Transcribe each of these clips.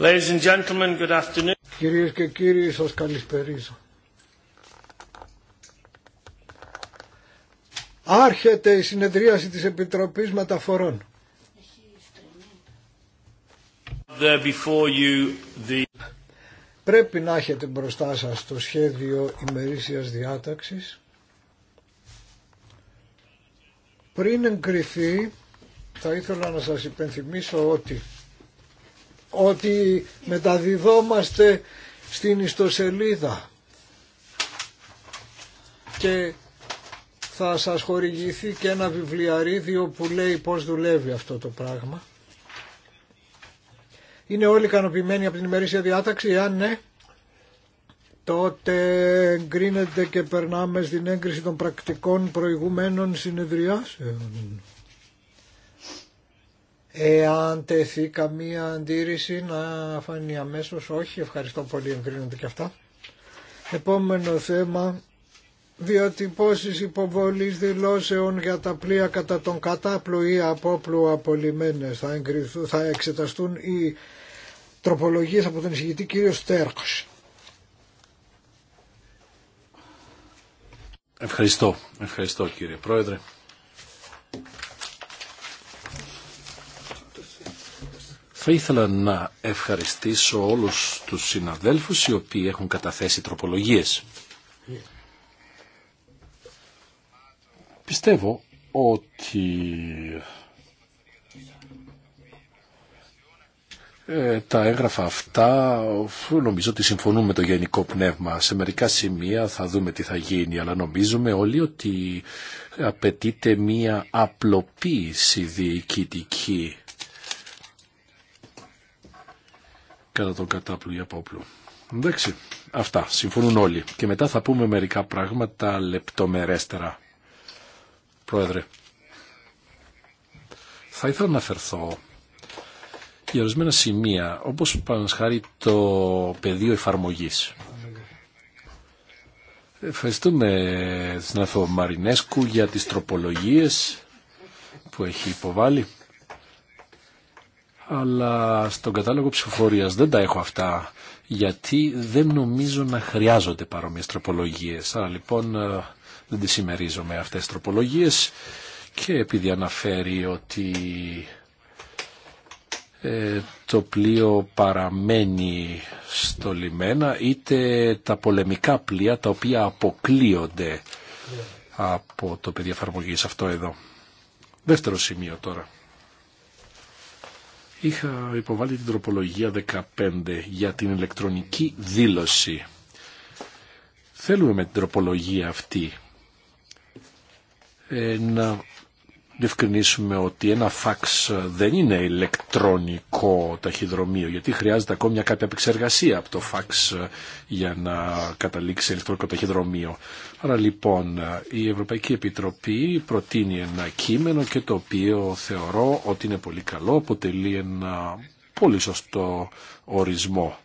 Ladies and gentlemen, good afternoon. Κυρίες και κύριοι, σας καλησπερίζω. Άρχεται η συνεδρίαση της Επιτροπής Μεταφορών. Πρέπει να έχετε μπροστά σας το σχέδιο ημερήσιας διάταξης. Πριν εγκριθεί, θα ήθελα να σας υπενθυμίσω ότι ότι μεταδιδόμαστε στην ιστοσελίδα και θα σας χορηγηθεί και ένα βιβλιαρίδιο που λέει πώς δουλεύει αυτό το πράγμα. Είναι όλοι ικανοποιημένοι από την ημερήσια διάταξη, αν ναι, τότε εγκρίνεται και περνάμε στην έγκριση των πρακτικών προηγουμένων συνεδριάσεων. Εάν τεθεί καμία αντίρρηση να φανεί αμέσως όχι, ευχαριστώ πολύ, εγκρίνονται και αυτά. Επόμενο θέμα, διατυπώσεις υποβολής δηλώσεων για τα πλοία κατά τον κατάπλου ή απόπλου απολυμμένες. Θα, θα εξεταστούν οι τροπολογίες από τον εισηγητή κύριο Στέρκος. Ευχαριστώ, ευχαριστώ κύριε Πρόεδρε. Θα ήθελα να ευχαριστήσω όλους τους συναδέλφους οι οποίοι έχουν καταθέσει τροπολογίες. Πιστεύω ότι ε, τα έγγραφα αυτά νομίζω ότι συμφωνούν με το γενικό πνεύμα. Σε μερικά σημεία θα δούμε τι θα γίνει, αλλά νομίζουμε όλοι ότι απαιτείται μία απλοποίηση διοικητική κατά τον κατάπλου από πόπλου. Εντάξει, αυτά συμφωνούν όλοι. Και μετά θα πούμε μερικά πράγματα λεπτομερέστερα. Πρόεδρε, θα ήθελα να αφαιρθώ για ορισμένα σημεία, όπως χάρη το πεδίο εφαρμογής. Ευχαριστούμε τον Μαρινέσκου για τις τροπολογίες που έχει υποβάλει αλλά στον κατάλογο ψηφοφορίας δεν τα έχω αυτά γιατί δεν νομίζω να χρειάζονται παρόμοιες τροπολογίες. Άρα λοιπόν ε, δεν τις με αυτές τις τροπολογίες και επειδή αναφέρει ότι ε, το πλοίο παραμένει στο λιμένα είτε τα πολεμικά πλοία τα οποία αποκλείονται ναι. από το πεδίο εφαρμογή αυτό εδώ. Δεύτερο σημείο τώρα είχα υποβάλει την τροπολογία 15 για την ηλεκτρονική δήλωση. Θέλουμε με την τροπολογία αυτή ε, να διευκρινίσουμε ότι ένα φαξ δεν είναι ηλεκτρονικό ταχυδρομείο, γιατί χρειάζεται ακόμη μια κάποια επεξεργασία από το φαξ για να καταλήξει ηλεκτρονικό ταχυδρομείο. Άρα λοιπόν η Ευρωπαϊκή Επιτροπή προτείνει ένα κείμενο και το οποίο θεωρώ ότι είναι πολύ καλό, αποτελεί ένα πολύ σωστό ορισμό.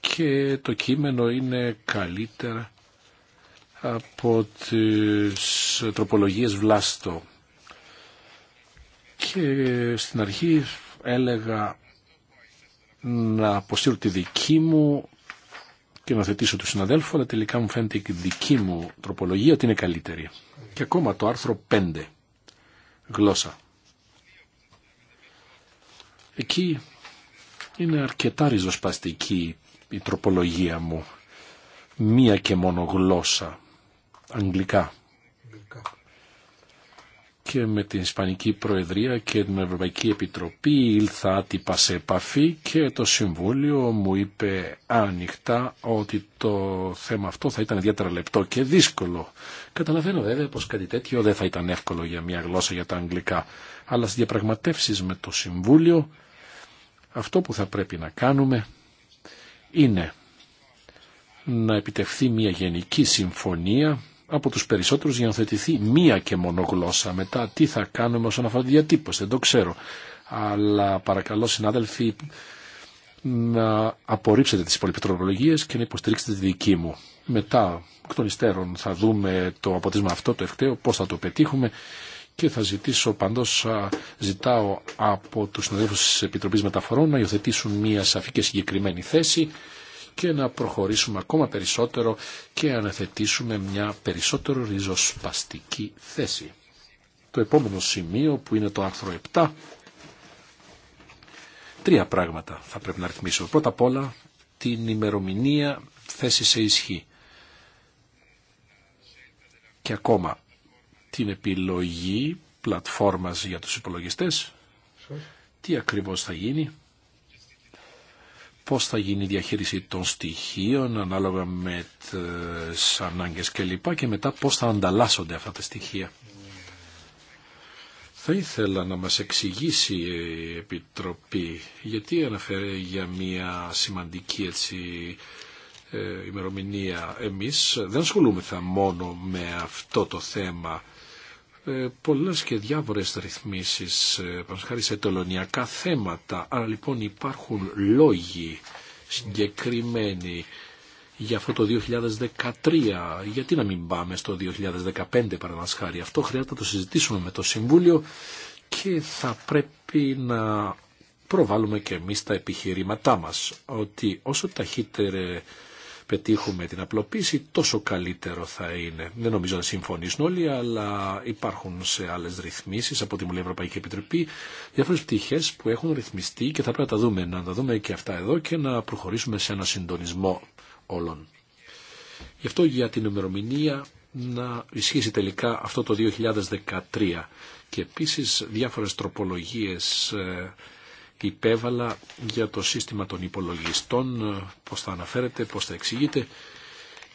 Και το κείμενο είναι καλύτερα από τις τροπολογίες Βλάστο και στην αρχή έλεγα να αποσύρω τη δική μου και να θετήσω του συναδέλφου, αλλά τελικά μου φαίνεται η δική μου τροπολογία ότι είναι καλύτερη. Και ακόμα το άρθρο 5, γλώσσα. Εκεί είναι αρκετά ριζοσπαστική η τροπολογία μου. Μία και μόνο γλώσσα, αγγλικά και με την Ισπανική Προεδρία και την Ευρωπαϊκή Επιτροπή ήλθα άτυπα σε επαφή και το Συμβούλιο μου είπε άνοιχτα ότι το θέμα αυτό θα ήταν ιδιαίτερα λεπτό και δύσκολο. Καταλαβαίνω βέβαια πως κάτι τέτοιο δεν θα ήταν εύκολο για μια γλώσσα για τα αγγλικά, αλλά στις διαπραγματεύσεις με το Συμβούλιο αυτό που θα πρέπει να κάνουμε είναι να επιτευχθεί μια γενική συμφωνία από τους περισσότερους για να θετηθεί μία και μόνο γλώσσα. Μετά τι θα κάνουμε όσον αφορά τη διατύπωση, δεν το ξέρω. Αλλά παρακαλώ συνάδελφοι να απορρίψετε τις πολυπιτροπολογίες και να υποστηρίξετε τη δική μου. Μετά, εκ των υστέρων, θα δούμε το αποτέλεσμα αυτό, το ευκταίο, πώς θα το πετύχουμε και θα ζητήσω παντός, ζητάω από τους συναδέλφους της Επιτροπής Μεταφορών να υιοθετήσουν μια σαφή και συγκεκριμένη θέση και να προχωρήσουμε ακόμα περισσότερο και αναθετήσουμε μια περισσότερο ριζοσπαστική θέση. Το επόμενο σημείο που είναι το άρθρο 7, τρία πράγματα θα πρέπει να ρυθμίσουμε. Πρώτα απ' όλα την ημερομηνία θέση σε ισχύ. Και ακόμα την επιλογή πλατφόρμας για τους υπολογιστές. Τι ακριβώς θα γίνει πώς θα γίνει η διαχείριση των στοιχείων ανάλογα με τις ανάγκες κλπ. και μετά πώς θα ανταλλάσσονται αυτά τα στοιχεία. Θα ήθελα να μας εξηγήσει η Επιτροπή γιατί αναφέρει για μια σημαντική έτσι, ε, ημερομηνία. Εμείς δεν ασχολούμεθα μόνο με αυτό το θέμα ε, πολλές και διάφορες ρυθμίσεις ε, χάρη σε τελωνιακά θέματα. Άρα λοιπόν υπάρχουν λόγοι συγκεκριμένοι για αυτό το 2013. Γιατί να μην πάμε στο 2015 παραδείγματος Αυτό χρειάζεται να το συζητήσουμε με το Συμβούλιο και θα πρέπει να προβάλλουμε και εμείς τα επιχειρήματά μας ότι όσο ταχύτερε πετύχουμε την απλοποίηση τόσο καλύτερο θα είναι. Δεν νομίζω να συμφωνήσουν όλοι, αλλά υπάρχουν σε άλλες ρυθμίσεις από τη Μουλή Ευρωπαϊκή Επιτροπή διάφορες πτυχές που έχουν ρυθμιστεί και θα πρέπει να τα δούμε, να τα δούμε και αυτά εδώ και να προχωρήσουμε σε ένα συντονισμό όλων. Γι' αυτό για την ημερομηνία να ισχύσει τελικά αυτό το 2013 και επίσης διάφορες τροπολογίες ε, υπέβαλα για το σύστημα των υπολογιστών, πώς θα αναφέρεται, πώς θα εξηγείτε.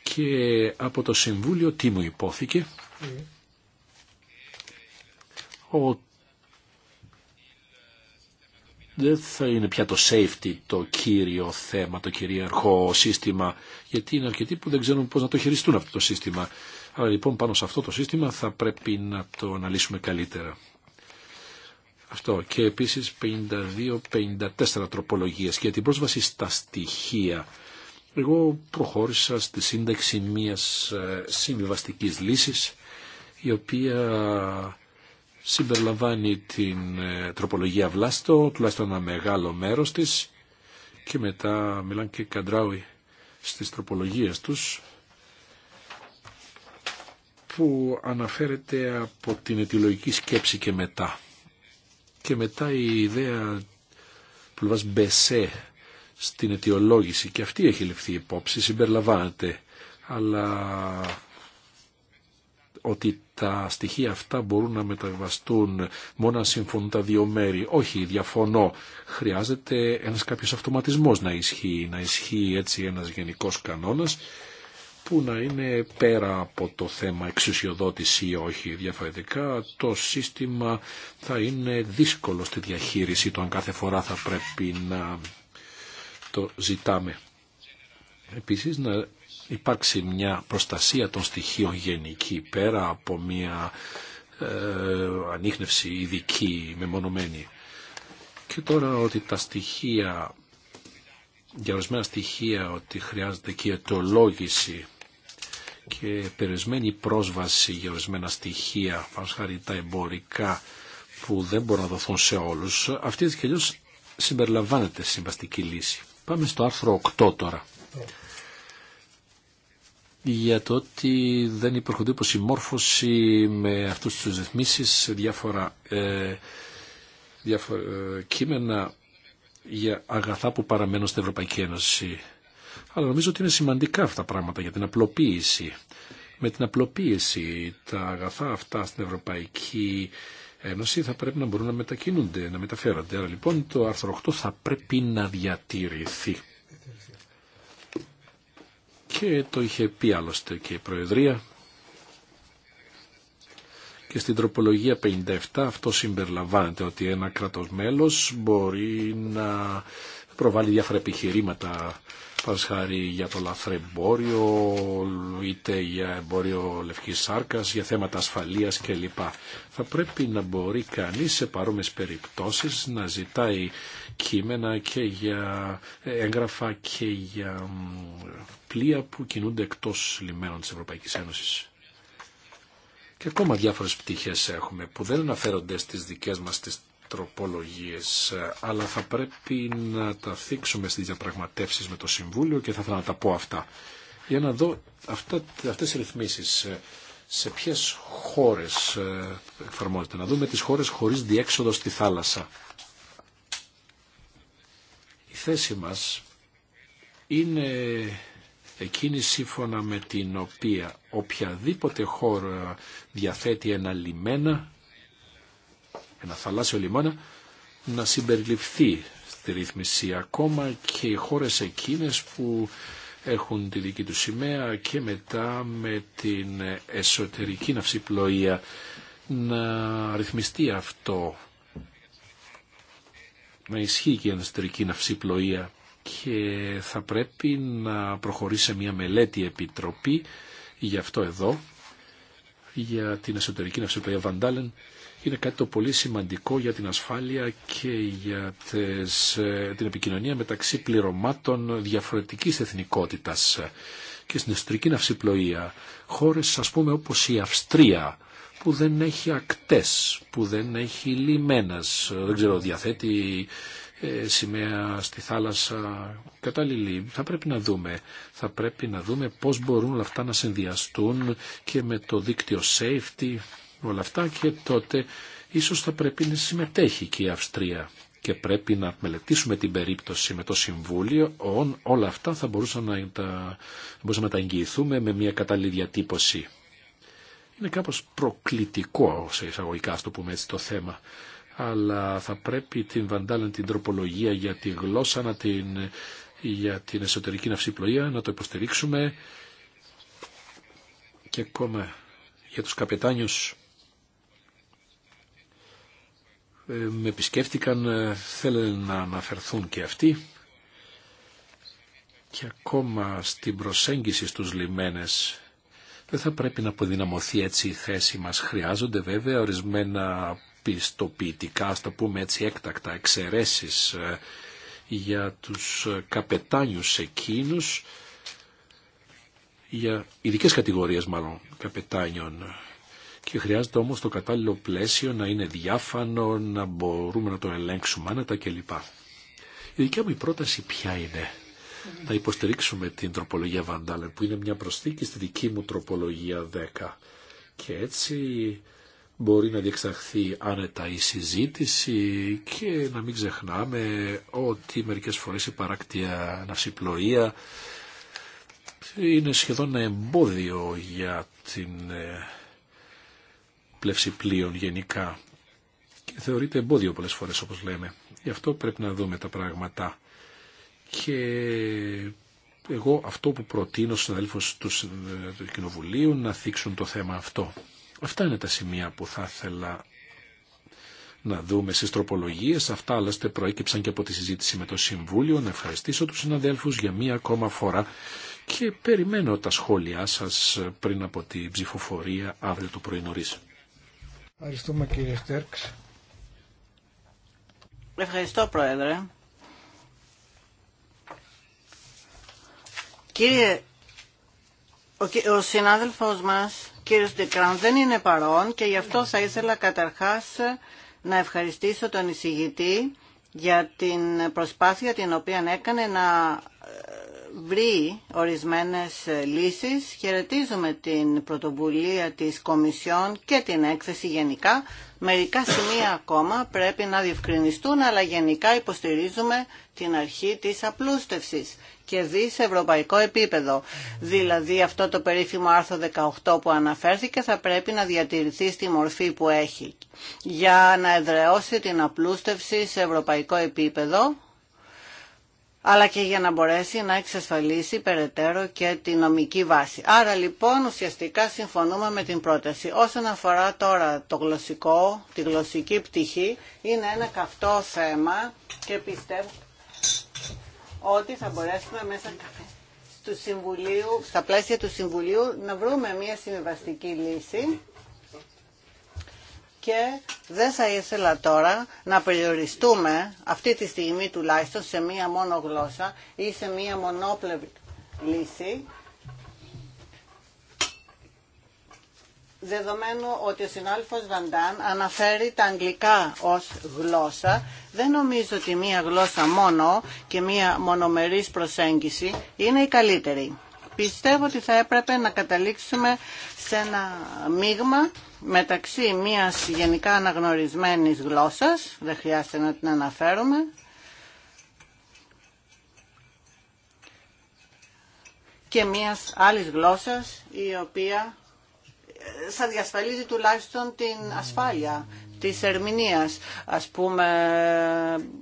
και από το Συμβούλιο τι μου υπόθηκε δεν θα είναι πια το safety το κύριο θέμα, το κυρίαρχο σύστημα, γιατί είναι αρκετοί που δεν ξέρουν πώς να το χειριστούν αυτό το σύστημα. Αλλά λοιπόν πάνω σε αυτό το σύστημα θα πρέπει να το αναλύσουμε καλύτερα αυτό και επίσης 52-54 τροπολογίες και την πρόσβαση στα στοιχεία. Εγώ προχώρησα στη σύνταξη μιας ε, συμβιβαστικής λύσης η οποία συμπεριλαμβάνει την ε, τροπολογία Βλάστο, τουλάχιστον ένα μεγάλο μέρος της και μετά μιλάνε και καντράουι στις τροπολογίες τους που αναφέρεται από την αιτιολογική σκέψη και μετά. Και μετά η ιδέα πλευράς Μπεσέ στην αιτιολόγηση και αυτή έχει ληφθεί υπόψη, συμπεριλαμβάνεται. Αλλά ότι τα στοιχεία αυτά μπορούν να μεταβαστούν μόνο αν συμφωνούν τα δύο μέρη. Όχι, διαφωνώ. Χρειάζεται ένας κάποιος αυτοματισμός να ισχύει, να ισχύει έτσι ένας γενικός κανόνας που να είναι πέρα από το θέμα εξουσιοδότηση ή όχι. Διαφορετικά το σύστημα θα είναι δύσκολο στη διαχείριση του αν κάθε φορά θα πρέπει να το ζητάμε. Επίσης να υπάρξει μια προστασία των στοιχείων γενική πέρα από μια ε, ανείχνευση ειδική μεμονωμένη. Και τώρα ότι τα στοιχεία για ορισμένα στοιχεία ότι χρειάζεται και αιτολόγηση και περιορισμένη πρόσβαση για ορισμένα στοιχεία, πάνω χάρη τα εμπορικά που δεν μπορούν να δοθούν σε όλους, αυτή και αλλιώς συμπεριλαμβάνεται συμβαστική λύση. Πάμε στο άρθρο 8 τώρα. Για το ότι δεν υπερχονται μόρφωση με αυτούς τους ρυθμίσεις σε διάφορα, ε, ε, κείμενα για αγαθά που παραμένουν στην Ευρωπαϊκή Ένωση. Αλλά νομίζω ότι είναι σημαντικά αυτά τα πράγματα για την απλοποίηση. Με την απλοποίηση τα αγαθά αυτά στην Ευρωπαϊκή Ένωση θα πρέπει να μπορούν να μετακινούνται, να μεταφέρονται. Άρα λοιπόν το άρθρο 8 θα πρέπει να διατηρηθεί. Και το είχε πει άλλωστε και η Προεδρία. Και στην τροπολογία 57 αυτό συμπεριλαμβάνεται ότι ένα κράτος μέλος μπορεί να προβάλλει διάφορα επιχειρήματα παρασχάρη για το λαθρεμπόριο, είτε για εμπόριο λευκής σάρκας, για θέματα ασφαλείας κλπ. Θα πρέπει να μπορεί κανείς σε παρόμοιες περιπτώσεις να ζητάει κείμενα και για έγγραφα και για πλοία που κινούνται εκτός λιμένων της Ευρωπαϊκής Ένωσης. Και ακόμα διάφορες πτυχές έχουμε που δεν αναφέρονται στις δικές μας τι τροπολογίες, ε, αλλά θα πρέπει να τα θίξουμε στις διαπραγματεύσεις με το Συμβούλιο και θα ήθελα να τα πω αυτά. Για να δω αυτά, αυτές οι ρυθμίσεις ε, σε ποιες χώρες ε, εφαρμόζεται. Να δούμε τις χώρες χωρίς διέξοδο στη θάλασσα. Η θέση μας είναι εκείνη σύμφωνα με την οποία οποιαδήποτε χώρα διαθέτει ένα λιμένα ένα θαλάσσιο λιμάνι, να συμπεριληφθεί στη ρύθμιση ακόμα και οι χώρες εκείνες που έχουν τη δική του σημαία και μετά με την εσωτερική ναυσιπλοεία να ρυθμιστεί αυτό να ισχύει και η εσωτερική ναυσιπλοεία και θα πρέπει να προχωρήσει μια μελέτη επιτροπή για αυτό εδώ για την εσωτερική ναυσιπλοεία Βαντάλεν είναι κάτι το πολύ σημαντικό για την ασφάλεια και για τις, ε, την επικοινωνία μεταξύ πληρωμάτων διαφορετικής εθνικότητας και στην εσωτερική ναυσιπλοεία χώρες ας πούμε όπως η Αυστρία που δεν έχει ακτές, που δεν έχει λιμένας, δεν ξέρω διαθέτει ε, σημαία στη θάλασσα κατάλληλη. Θα πρέπει να δούμε. Θα πρέπει να δούμε πώς μπορούν όλα αυτά να συνδυαστούν και με το δίκτυο safety όλα αυτά και τότε ίσως θα πρέπει να συμμετέχει και η Αυστρία και πρέπει να μελετήσουμε την περίπτωση με το Συμβούλιο, όν όλα αυτά θα μπορούσαμε να τα, να τα εγγυηθούμε με μια κατάλληλη διατύπωση. Είναι κάπως προκλητικό σε εισαγωγικά, ας το πούμε έτσι, το θέμα. Αλλά θα πρέπει την Βαντάλεν την τροπολογία για τη γλώσσα, να την, για την εσωτερική ναυσιπλοεία, να το υποστηρίξουμε. Και ακόμα για τους καπετάνιους ε, με επισκέφτηκαν, ε, θέλουν να αναφερθούν και αυτοί και ακόμα στην προσέγγιση στους λιμένες δεν θα πρέπει να αποδυναμωθεί έτσι η θέση μας. Χρειάζονται βέβαια ορισμένα πιστοποιητικά, στο το πούμε έτσι έκτακτα, εξαιρέσεις ε, για τους καπετάνιους εκείνους, για ειδικές κατηγορίες μάλλον καπετάνιων και χρειάζεται όμως το κατάλληλο πλαίσιο να είναι διάφανο, να μπορούμε να το ελέγξουμε άνετα κλπ. Η δικιά μου πρόταση ποια είναι. Να υποστηρίξουμε την τροπολογία Βαντάλεν που είναι μια προσθήκη στη δική μου τροπολογία 10 και έτσι μπορεί να διεξαχθεί άνετα η συζήτηση και να μην ξεχνάμε ότι μερικές φορές η παράκτεια ανασυπλοεία είναι σχεδόν εμπόδιο για την ε, ανάπλευση πλοίων γενικά και θεωρείται εμπόδιο πολλές φορές όπως λέμε. Γι' αυτό πρέπει να δούμε τα πράγματα. Και εγώ αυτό που προτείνω στους αδέλφους ε, του Κοινοβουλίου να θίξουν το θέμα αυτό. Αυτά είναι τα σημεία που θα ήθελα να δούμε στις τροπολογίες. Αυτά άλλωστε προέκυψαν και από τη συζήτηση με το Συμβούλιο. Να ευχαριστήσω τους συναδέλφους για μία ακόμα φορά και περιμένω τα σχόλιά σας πριν από την ψηφοφορία αύριο το πρωί νωρίς. Ευχαριστούμε κύριε Στέρξ. Ευχαριστώ Πρόεδρε. Κύριε, ο, ο συνάδελφός μας, κύριος Ντεκράν, δεν είναι παρόν και γι' αυτό θα ήθελα καταρχάς να ευχαριστήσω τον εισηγητή για την προσπάθεια την οποία έκανε να βρει ορισμένες λύσεις. Χαιρετίζουμε την πρωτοβουλία της Κομισιόν και την έκθεση γενικά. Μερικά σημεία ακόμα πρέπει να διευκρινιστούν, αλλά γενικά υποστηρίζουμε την αρχή της απλούστευσης και δει σε ευρωπαϊκό επίπεδο. Δηλαδή αυτό το περίφημο άρθρο 18 που αναφέρθηκε θα πρέπει να διατηρηθεί στη μορφή που έχει για να εδραιώσει την απλούστευση σε ευρωπαϊκό επίπεδο αλλά και για να μπορέσει να εξασφαλίσει περαιτέρω και τη νομική βάση. Άρα λοιπόν ουσιαστικά συμφωνούμε με την πρόταση. Όσον αφορά τώρα το γλωσσικό, τη γλωσσική πτυχή, είναι ένα καυτό θέμα και πιστεύω ότι θα μπορέσουμε μέσα του συμβουλίου, στα πλαίσια του Συμβουλίου να βρούμε μια συμβαστική λύση και δεν θα ήθελα τώρα να περιοριστούμε αυτή τη στιγμή τουλάχιστον σε μία μόνο γλώσσα ή σε μία μονόπλευρη λύση δεδομένου ότι ο συνάδελφος Βαντάν αναφέρει τα αγγλικά ως γλώσσα, δεν νομίζω ότι μία γλώσσα μόνο και μία μονομερής προσέγγιση είναι η καλύτερη. Πιστεύω ότι θα έπρεπε να καταλήξουμε σε μια μονοπλευρη λυση δεδομενου οτι ο συναλφος βανταν αναφερει τα αγγλικα ως γλωσσα δεν νομιζω οτι μια γλωσσα μείγμα μεταξύ μιας γενικά αναγνωρισμένης γλώσσας, δεν χρειάζεται να την αναφέρουμε, και μιας άλλης γλώσσας η οποία ε, θα διασφαλίζει τουλάχιστον την ασφάλεια της ερμηνείας, ας πούμε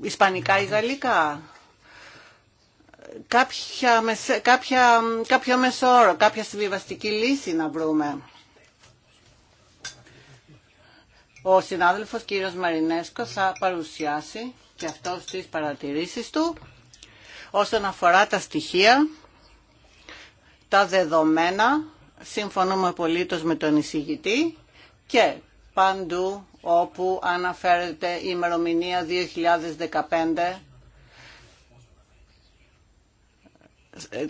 ισπανικά ή γαλλικά. Κάποια, κάποια, κάποιο μεσόωρο, κάποια συμβιβαστική λύση να βρούμε. Ο συνάδελφος κύριος Μαρινέσκο θα παρουσιάσει και αυτό στις παρατηρήσεις του όσον αφορά τα στοιχεία, τα δεδομένα, συμφωνούμε απολύτως με τον εισηγητή και παντού όπου αναφέρεται η ημερομηνία 2015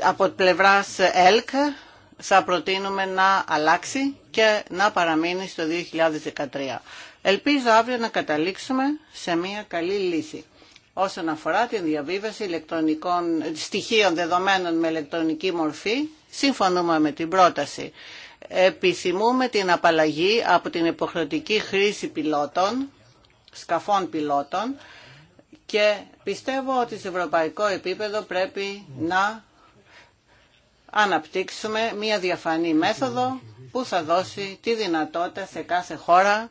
από πλευράς ΕΛΚ θα προτείνουμε να αλλάξει και να παραμείνει στο 2013. Ελπίζω αύριο να καταλήξουμε σε μια καλή λύση όσον αφορά την διαβίβαση ηλεκτρονικών, στοιχείων δεδομένων με ηλεκτρονική μορφή, συμφωνούμε με την πρόταση. Επιθυμούμε την απαλλαγή από την υποχρεωτική χρήση πιλότων, σκαφών πιλότων και πιστεύω ότι σε ευρωπαϊκό επίπεδο πρέπει να αναπτύξουμε μία διαφανή μέθοδο που θα δώσει τη δυνατότητα σε κάθε χώρα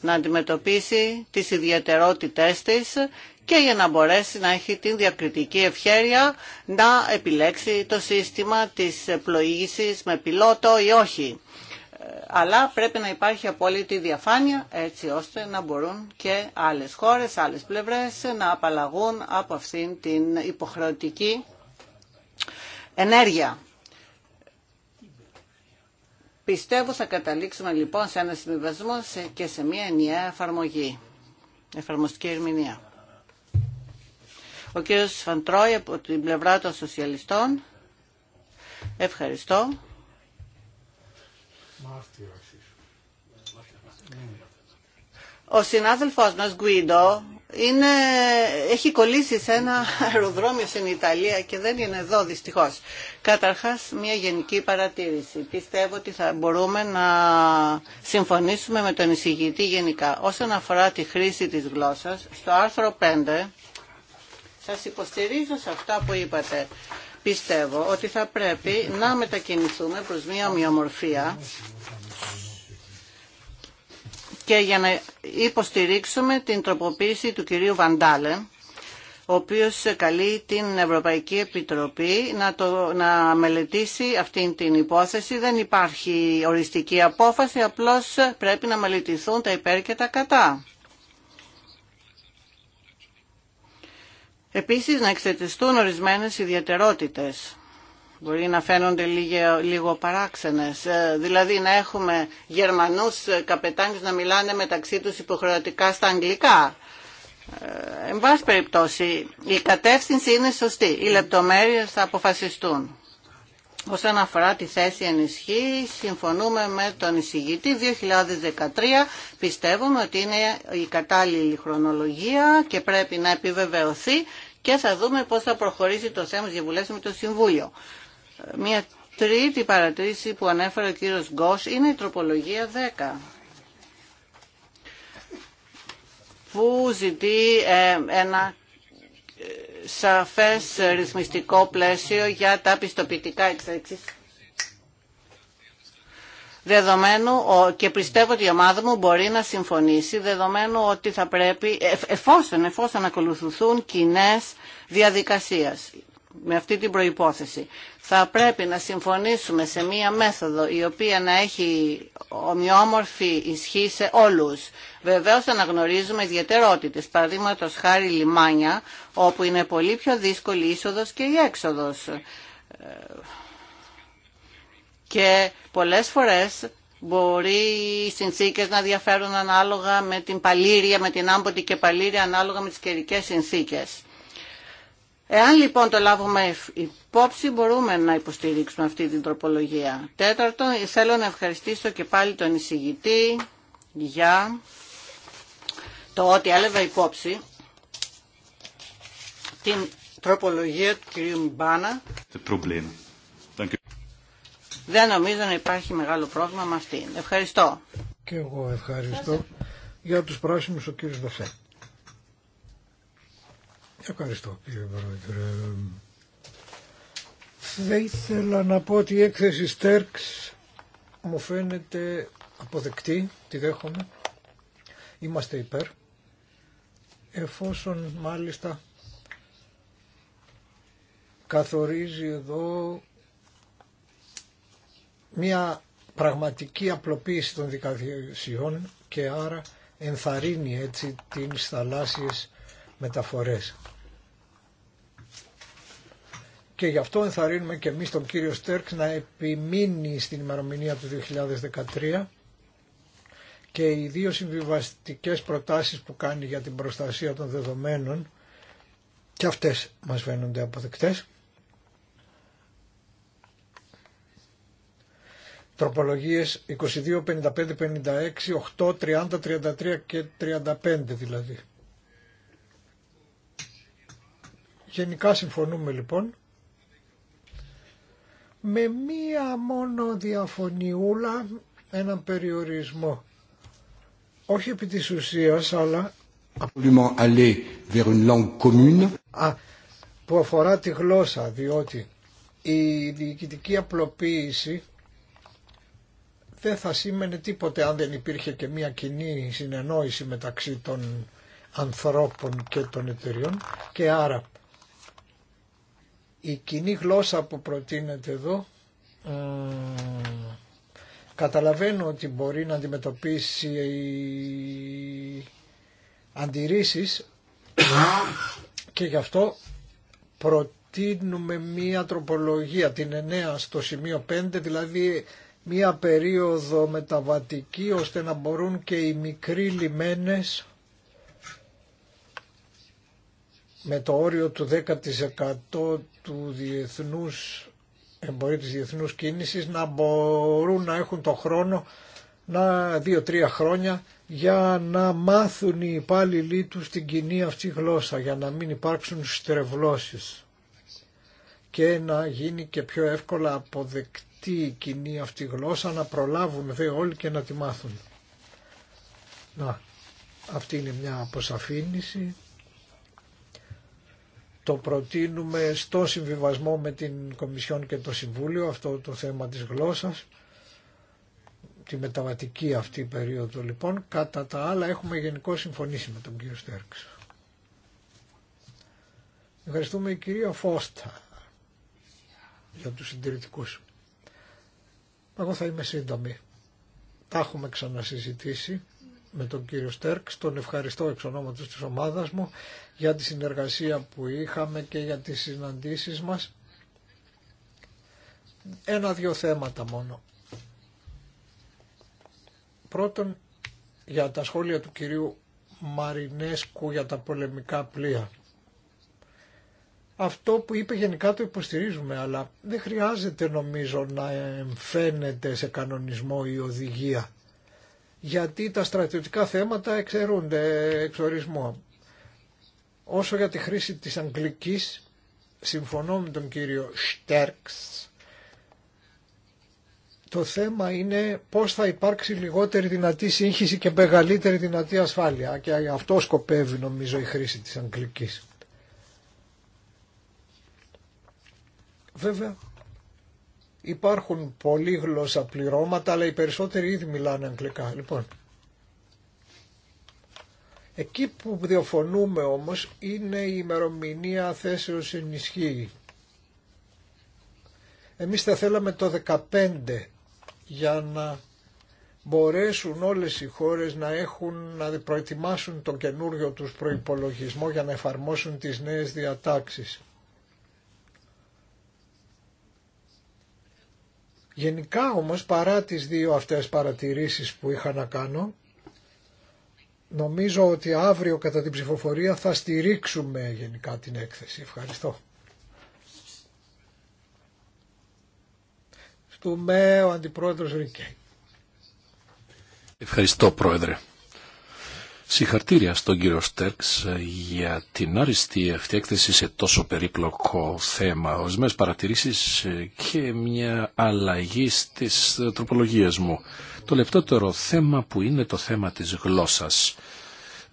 να αντιμετωπίσει τις ιδιαιτερότητές της και για να μπορέσει να έχει την διακριτική ευχέρεια να επιλέξει το σύστημα της πλοήγησης με πιλότο ή όχι. Αλλά πρέπει να υπάρχει απόλυτη διαφάνεια έτσι ώστε να μπορούν και άλλες χώρες, άλλες πλευρές να απαλλαγούν από αυτήν την υποχρεωτική ενέργεια Πιστεύω θα καταλήξουμε λοιπόν σε ένα συμβιβασμό και σε μια ενιαία εφαρμογή, εφαρμοστική ερμηνεία. Ο κύριος Φαντρόη από την πλευρά των σοσιαλιστών. Ευχαριστώ. Ο συνάδελφός μας Γκουίντο είναι, έχει κολλήσει σε ένα αεροδρόμιο στην Ιταλία και δεν είναι εδώ δυστυχώς. Καταρχάς μια γενική παρατήρηση. Πιστεύω ότι θα μπορούμε να συμφωνήσουμε με τον εισηγητή γενικά. Όσον αφορά τη χρήση της γλώσσας, στο άρθρο 5 σας υποστηρίζω σε αυτά που είπατε. Πιστεύω ότι θα πρέπει να μετακινηθούμε προς μια ομοιομορφία και για να υποστηρίξουμε την τροποποίηση του κυρίου Βαντάλε, ο οποίος καλεί την Ευρωπαϊκή Επιτροπή να, το, να μελετήσει αυτή την υπόθεση. Δεν υπάρχει οριστική απόφαση, απλώς πρέπει να μελετηθούν τα υπέρ και τα κατά. Επίσης να εξετιστούν ορισμένες ιδιαιτερότητες μπορεί να φαίνονται λίγο, λίγο παράξενες. Ε, δηλαδή να έχουμε Γερμανούς ε, καπετάνιους να μιλάνε μεταξύ του υποχρεωτικά στα αγγλικά. Ε, εν πάση περιπτώσει, η κατεύθυνση είναι σωστή. Οι λεπτομέρειες θα αποφασιστούν. Όσον αφορά τη θέση ενισχύ, συμφωνούμε με τον εισηγητή 2013. Πιστεύουμε ότι είναι η κατάλληλη χρονολογία και πρέπει να επιβεβαιωθεί και θα δούμε πώς θα προχωρήσει το θέμα διαβουλεύσεις με το Συμβούλιο. Μια τρίτη παρατήρηση που ανέφερε ο κύριος Γκος είναι η τροπολογία 10 που ζητεί ε, ένα ε, σαφές ρυθμιστικό πλαίσιο για τα πιστοποιητικά εξέξεις. Δεδομένου και πιστεύω ότι η ομάδα μου μπορεί να συμφωνήσει, δεδομένου ότι θα πρέπει, εφόσον, εφόσον ακολουθούν κοινέ διαδικασίες με αυτή την προϋπόθεση. Θα πρέπει να συμφωνήσουμε σε μία μέθοδο η οποία να έχει ομοιόμορφη ισχύ σε όλους. Βεβαίως αναγνωρίζουμε ιδιαιτερότητες, παραδείγματο χάρη λιμάνια, όπου είναι πολύ πιο δύσκολη η είσοδος και η έξοδος. Και πολλές φορές μπορεί οι συνθήκες να διαφέρουν ανάλογα με την παλήρια, με την άμποτη και παλήρια, ανάλογα με τις καιρικέ συνθήκες. Εάν λοιπόν το λάβουμε υπόψη μπορούμε να υποστηρίξουμε αυτή την τροπολογία. Τέταρτον, θέλω να ευχαριστήσω και πάλι τον εισηγητή για το ότι έλεγα υπόψη την τροπολογία του κυρίου Μπάνα. Δεν νομίζω να υπάρχει μεγάλο πρόβλημα με αυτήν. Ευχαριστώ. Και εγώ ευχαριστώ. Για τους πράσινους ο κύριος Δαφέ. Ευχαριστώ κύριε Πρόεδρε. Θα ήθελα να πω ότι η έκθεση Στέρξ μου φαίνεται αποδεκτή, τη δέχομαι. Είμαστε υπέρ. Εφόσον μάλιστα καθορίζει εδώ μια πραγματική απλοποίηση των δικασιών και άρα ενθαρρύνει έτσι τις θαλάσσιες μεταφορές. Και γι' αυτό ενθαρρύνουμε και εμείς τον κύριο Στέρξ να επιμείνει στην ημερομηνία του 2013 και οι δύο συμβιβαστικές προτάσεις που κάνει για την προστασία των δεδομένων και αυτές μας φαίνονται αποδεκτές. Τροπολογίες 22, 55, 56, 8, 30, 33 και 35 δηλαδή. Γενικά συμφωνούμε λοιπόν με μία μόνο διαφωνιούλα έναν περιορισμό. Όχι επί της ουσίας, αλλά aller που αφορά τη γλώσσα, διότι η διοικητική απλοποίηση δεν θα σήμαινε τίποτε αν δεν υπήρχε και μία κοινή συνεννόηση μεταξύ των ανθρώπων και των εταιριών και άρα η κοινή γλώσσα που προτείνεται εδώ ε, καταλαβαίνω ότι μπορεί να αντιμετωπίσει αντιρρήσεις και γι' αυτό προτείνουμε μία τροπολογία, την 9 στο σημείο 5, δηλαδή μία περίοδο μεταβατική ώστε να μπορούν και οι μικροί λιμένες με το όριο του 10% του διεθνούς εμπορίου της διεθνούς κίνησης να μπορούν να έχουν το χρόνο να δύο-τρία χρόνια για να μάθουν οι υπάλληλοι του την κοινή αυτή γλώσσα για να μην υπάρξουν στρεβλώσεις και να γίνει και πιο εύκολα αποδεκτή η κοινή αυτή γλώσσα να προλάβουν δε όλοι και να τη μάθουν. Να, αυτή είναι μια αποσαφήνιση το προτείνουμε στο συμβιβασμό με την Κομισιόν και το Συμβούλιο, αυτό το θέμα της γλώσσας, τη μεταβατική αυτή περίοδο λοιπόν. Κατά τα άλλα έχουμε γενικό συμφωνήσει με τον κύριο Στέρξ. Ευχαριστούμε η κυρία Φώστα για τους συντηρητικούς. Εγώ θα είμαι σύντομη. Τα έχουμε ξανασυζητήσει με τον κύριο Στέρξ. Τον ευχαριστώ εξ ονόματος της ομάδας μου για τη συνεργασία που είχαμε και για τις συναντήσεις μας. Ένα-δυο θέματα μόνο. Πρώτον, για τα σχόλια του κυρίου Μαρινέσκου για τα πολεμικά πλοία. Αυτό που είπε γενικά το υποστηρίζουμε, αλλά δεν χρειάζεται νομίζω να εμφαίνεται σε κανονισμό η οδηγία γιατί τα στρατιωτικά θέματα εξαιρούνται εξορισμό. Όσο για τη χρήση της Αγγλικής, συμφωνώ με τον κύριο Στέρξ, το θέμα είναι πώς θα υπάρξει λιγότερη δυνατή σύγχυση και μεγαλύτερη δυνατή ασφάλεια. Και αυτό σκοπεύει νομίζω η χρήση της Αγγλικής. Βέβαια, Υπάρχουν πολλή γλώσσα πληρώματα, αλλά οι περισσότεροι ήδη μιλάνε αγγλικά. Λοιπόν, εκεί που διαφωνούμε όμως είναι η ημερομηνία θέσεως ενισχύει. Εμείς θα θέλαμε το 15 για να μπορέσουν όλες οι χώρες να, έχουν, να προετοιμάσουν τον καινούριο τους προϋπολογισμό για να εφαρμόσουν τις νέες διατάξεις. Γενικά όμως παρά τις δύο αυτές παρατηρήσεις που είχα να κάνω, νομίζω ότι αύριο κατά την ψηφοφορία θα στηρίξουμε γενικά την έκθεση. Ευχαριστώ. με, ο Αντιπρόεδρος Ρίκε. Ευχαριστώ Πρόεδρε. Συγχαρτήρια στον κύριο Στέρξ ε, για την άριστη αυτή έκθεση σε τόσο περίπλοκο θέμα. Ορισμένε παρατηρήσεις ε, και μια αλλαγή στις ε, τροπολογίες μου. Το λεπτότερο θέμα που είναι το θέμα της γλώσσα.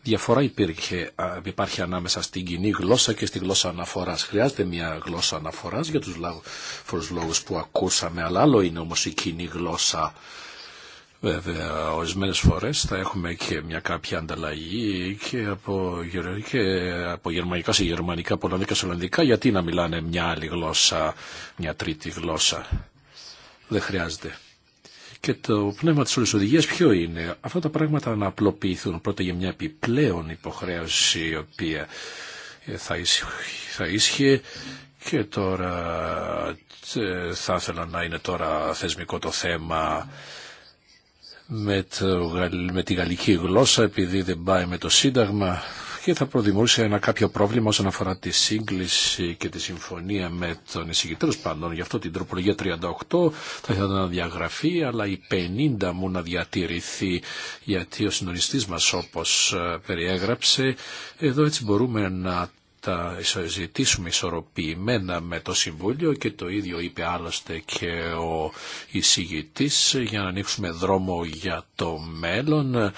Διαφορά υπήρχε, υπάρχει ανάμεσα στην κοινή γλώσσα και στη γλώσσα αναφοράς. Χρειάζεται μια γλώσσα αναφοράς για τους λόγου που ακούσαμε, αλλά άλλο είναι όμω η κοινή γλώσσα Βέβαια, ορισμένε φορέ θα έχουμε και μια κάποια ανταλλαγή και από, γερμανικά σε γερμανικά, από ολλανδικά σε ολλανδικά, γιατί να μιλάνε μια άλλη γλώσσα, μια τρίτη γλώσσα. Δεν χρειάζεται. Και το πνεύμα τη όλης οδηγίας ποιο είναι. Αυτά τα πράγματα να απλοποιηθούν πρώτα για μια επιπλέον υποχρέωση η οποία ε, θα, ίσχυε, και τώρα ε, θα ήθελα να είναι τώρα θεσμικό το θέμα με, με τη γαλλική γλώσσα επειδή δεν πάει με το Σύνταγμα και θα προδημούσε ένα κάποιο πρόβλημα όσον αφορά τη σύγκληση και τη συμφωνία με τον εισηγητήριο πάντων. Γι' αυτό την τροπολογία 38 θα ήθελα να διαγραφεί, αλλά η 50 μου να διατηρηθεί, γιατί ο συντονιστή μα όπω ε, περιέγραψε, εδώ έτσι μπορούμε να τα ζητήσουμε ισορροπημένα με το Συμβούλιο και το ίδιο είπε άλλωστε και ο εισηγητής για να ανοίξουμε δρόμο για το μέλλον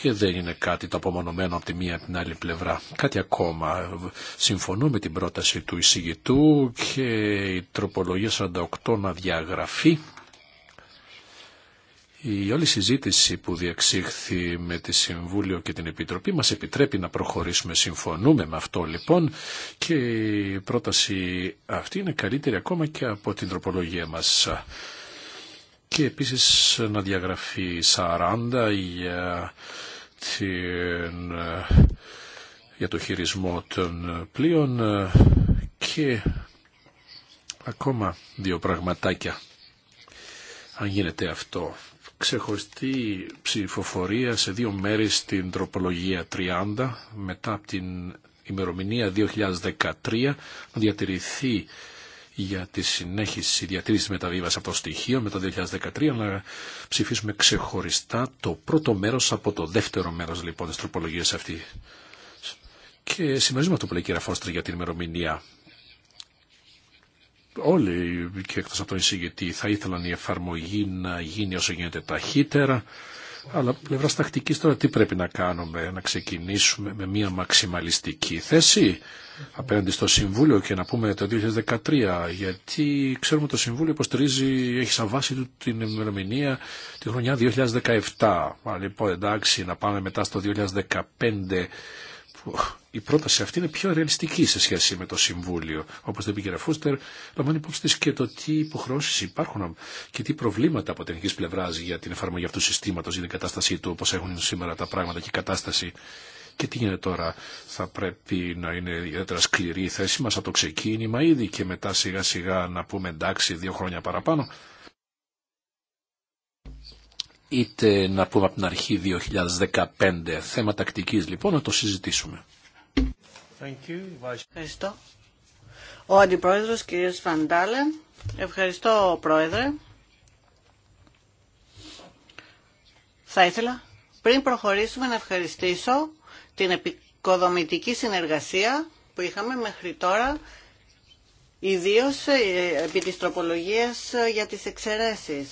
και δεν είναι κάτι το απομονωμένο από τη μία την άλλη πλευρά. Κάτι ακόμα. Συμφωνώ με την πρόταση του εισηγητού και η τροπολογία 48 να διαγραφεί η όλη συζήτηση που διεξήχθη με τη Συμβούλιο και την Επιτροπή μας επιτρέπει να προχωρήσουμε. Συμφωνούμε με αυτό λοιπόν και η πρόταση αυτή είναι καλύτερη ακόμα και από την τροπολογία μας. Και επίσης να διαγραφεί 40 για, την, για το χειρισμό των πλοίων και ακόμα δύο πραγματάκια αν γίνεται αυτό ξεχωριστή ψηφοφορία σε δύο μέρη στην τροπολογία 30 μετά από την ημερομηνία 2013 να διατηρηθεί για τη συνέχιση διατήρηση μεταβίβαση από το στοιχείο μετά το 2013 να ψηφίσουμε ξεχωριστά το πρώτο μέρος από το δεύτερο μέρος λοιπόν της τροπολογίας αυτή. Και συμμερίζουμε αυτό που λέει η για την ημερομηνία όλοι και εκτός από τον εισηγητή θα ήθελαν η εφαρμογή να γίνει όσο γίνεται ταχύτερα. Αλλά πλευρά τακτική τώρα τι πρέπει να κάνουμε, να ξεκινήσουμε με μια μαξιμαλιστική θέση απέναντι στο Συμβούλιο και να πούμε το 2013, γιατί ξέρουμε το Συμβούλιο υποστηρίζει, έχει σαν βάση του την ημερομηνία τη χρονιά 2017. Αλλά λοιπόν εντάξει να πάμε μετά στο 2015 η πρόταση αυτή είναι πιο ρεαλιστική σε σχέση με το Συμβούλιο. Όπω δεν πήγε Φούστερ, λαμβάνει υπόψη τη και το τι υποχρεώσει υπάρχουν και τι προβλήματα από τεχνική πλευρά για την εφαρμογή αυτού του συστήματο, για την κατάστασή του, όπω έχουν σήμερα τα πράγματα και η κατάσταση. Και τι γίνεται τώρα, θα πρέπει να είναι ιδιαίτερα σκληρή η θέση μα από το ξεκίνημα ήδη και μετά σιγά σιγά να πούμε εντάξει δύο χρόνια παραπάνω είτε να πούμε από την αρχή 2015. Θέμα τακτικής λοιπόν να το συζητήσουμε. Thank you. Ευχαριστώ. Ο Αντιπρόεδρος κ. Φαντάλε. Ευχαριστώ Πρόεδρε. Θα ήθελα πριν προχωρήσουμε να ευχαριστήσω την επικοδομητική συνεργασία που είχαμε μέχρι τώρα ιδίως ε, επί της τροπολογίας ε, για τις εξαιρέσεις.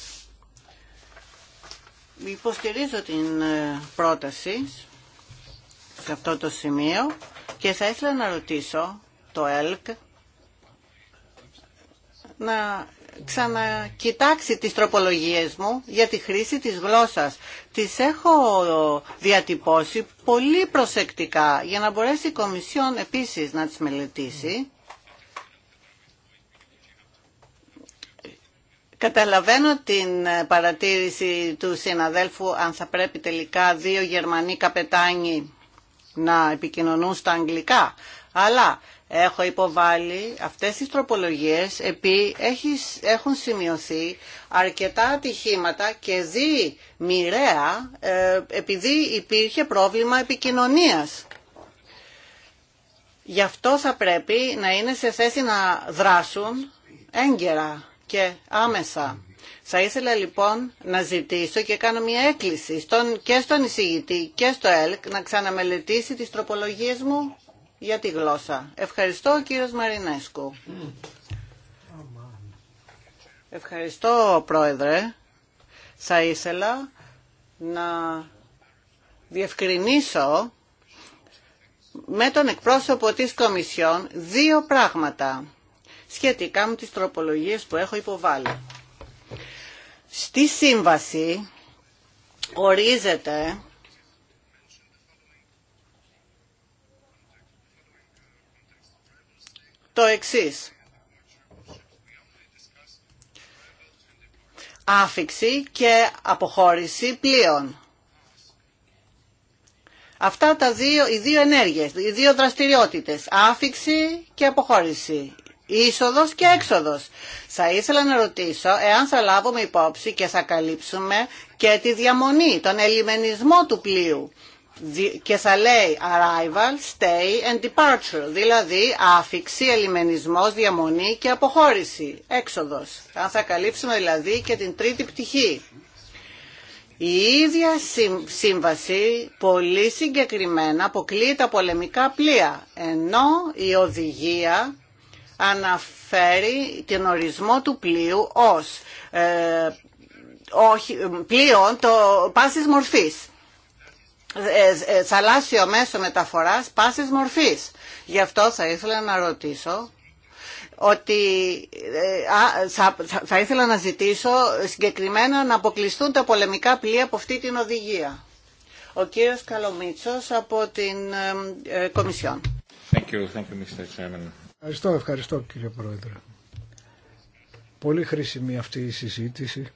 Υποστηρίζω την ε, πρόταση σε αυτό το σημείο και θα ήθελα να ρωτήσω το ΕΛΚ να ξανακοιτάξει τις τροπολογίες μου για τη χρήση της γλώσσας. Τις έχω διατυπώσει πολύ προσεκτικά για να μπορέσει η Κομισιόν επίσης να τις μελετήσει Καταλαβαίνω την ε, παρατήρηση του συναδέλφου αν θα πρέπει τελικά δύο Γερμανοί καπετάνοι να επικοινωνούν στα αγγλικά. Αλλά έχω υποβάλει αυτές τις τροπολογίες επί έχουν σημειωθεί αρκετά ατυχήματα και δεί μοιραία ε, επειδή υπήρχε πρόβλημα επικοινωνίας. Γι' αυτό θα πρέπει να είναι σε θέση να δράσουν έγκαιρα και άμεσα. Θα ήθελα λοιπόν να ζητήσω και κάνω μια έκκληση στον, και στον εισηγητή και στο ΕΛΚ να ξαναμελετήσει τις τροπολογίες μου για τη γλώσσα. Ευχαριστώ κύριος Μαρινέσκου. Ευχαριστώ πρόεδρε. Θα ήθελα να διευκρινίσω με τον εκπρόσωπο της Κομισιόν δύο πράγματα σχετικά με τις τροπολογίες που έχω υποβάλει. Στη σύμβαση ορίζεται το εξής. άφηξη και αποχώρηση πλοίων. Αυτά τα δύο, οι δύο ενέργειες, οι δύο δραστηριότητες, άφηξη και αποχώρηση είσοδος και έξοδος. Θα ήθελα να ρωτήσω εάν θα λάβουμε υπόψη και θα καλύψουμε και τη διαμονή, τον ελιμενισμό του πλοίου και θα λέει arrival, stay and departure, δηλαδή άφηξη, ελιμενισμός, διαμονή και αποχώρηση, έξοδος. Αν θα καλύψουμε δηλαδή και την τρίτη πτυχή. Η ίδια σύμβαση πολύ συγκεκριμένα αποκλείει τα πολεμικά πλοία, ενώ η οδηγία αναφέρει τον ορισμό του πλοίου ως ε, όχι, πλοίο το, πάσης μορφής. Ε, ε μέσο μεταφοράς πάσης μορφής. Γι' αυτό θα ήθελα να ρωτήσω ότι ε, θα, ήθελα να ζητήσω συγκεκριμένα να αποκλειστούν τα πολεμικά πλοία από αυτή την οδηγία. Ο κύριος Καλομίτσος από την Κομισιόν. Thank you, thank Ευχαριστώ, ευχαριστώ κύριε Πρόεδρε. Πολύ χρήσιμη αυτή η συζήτηση.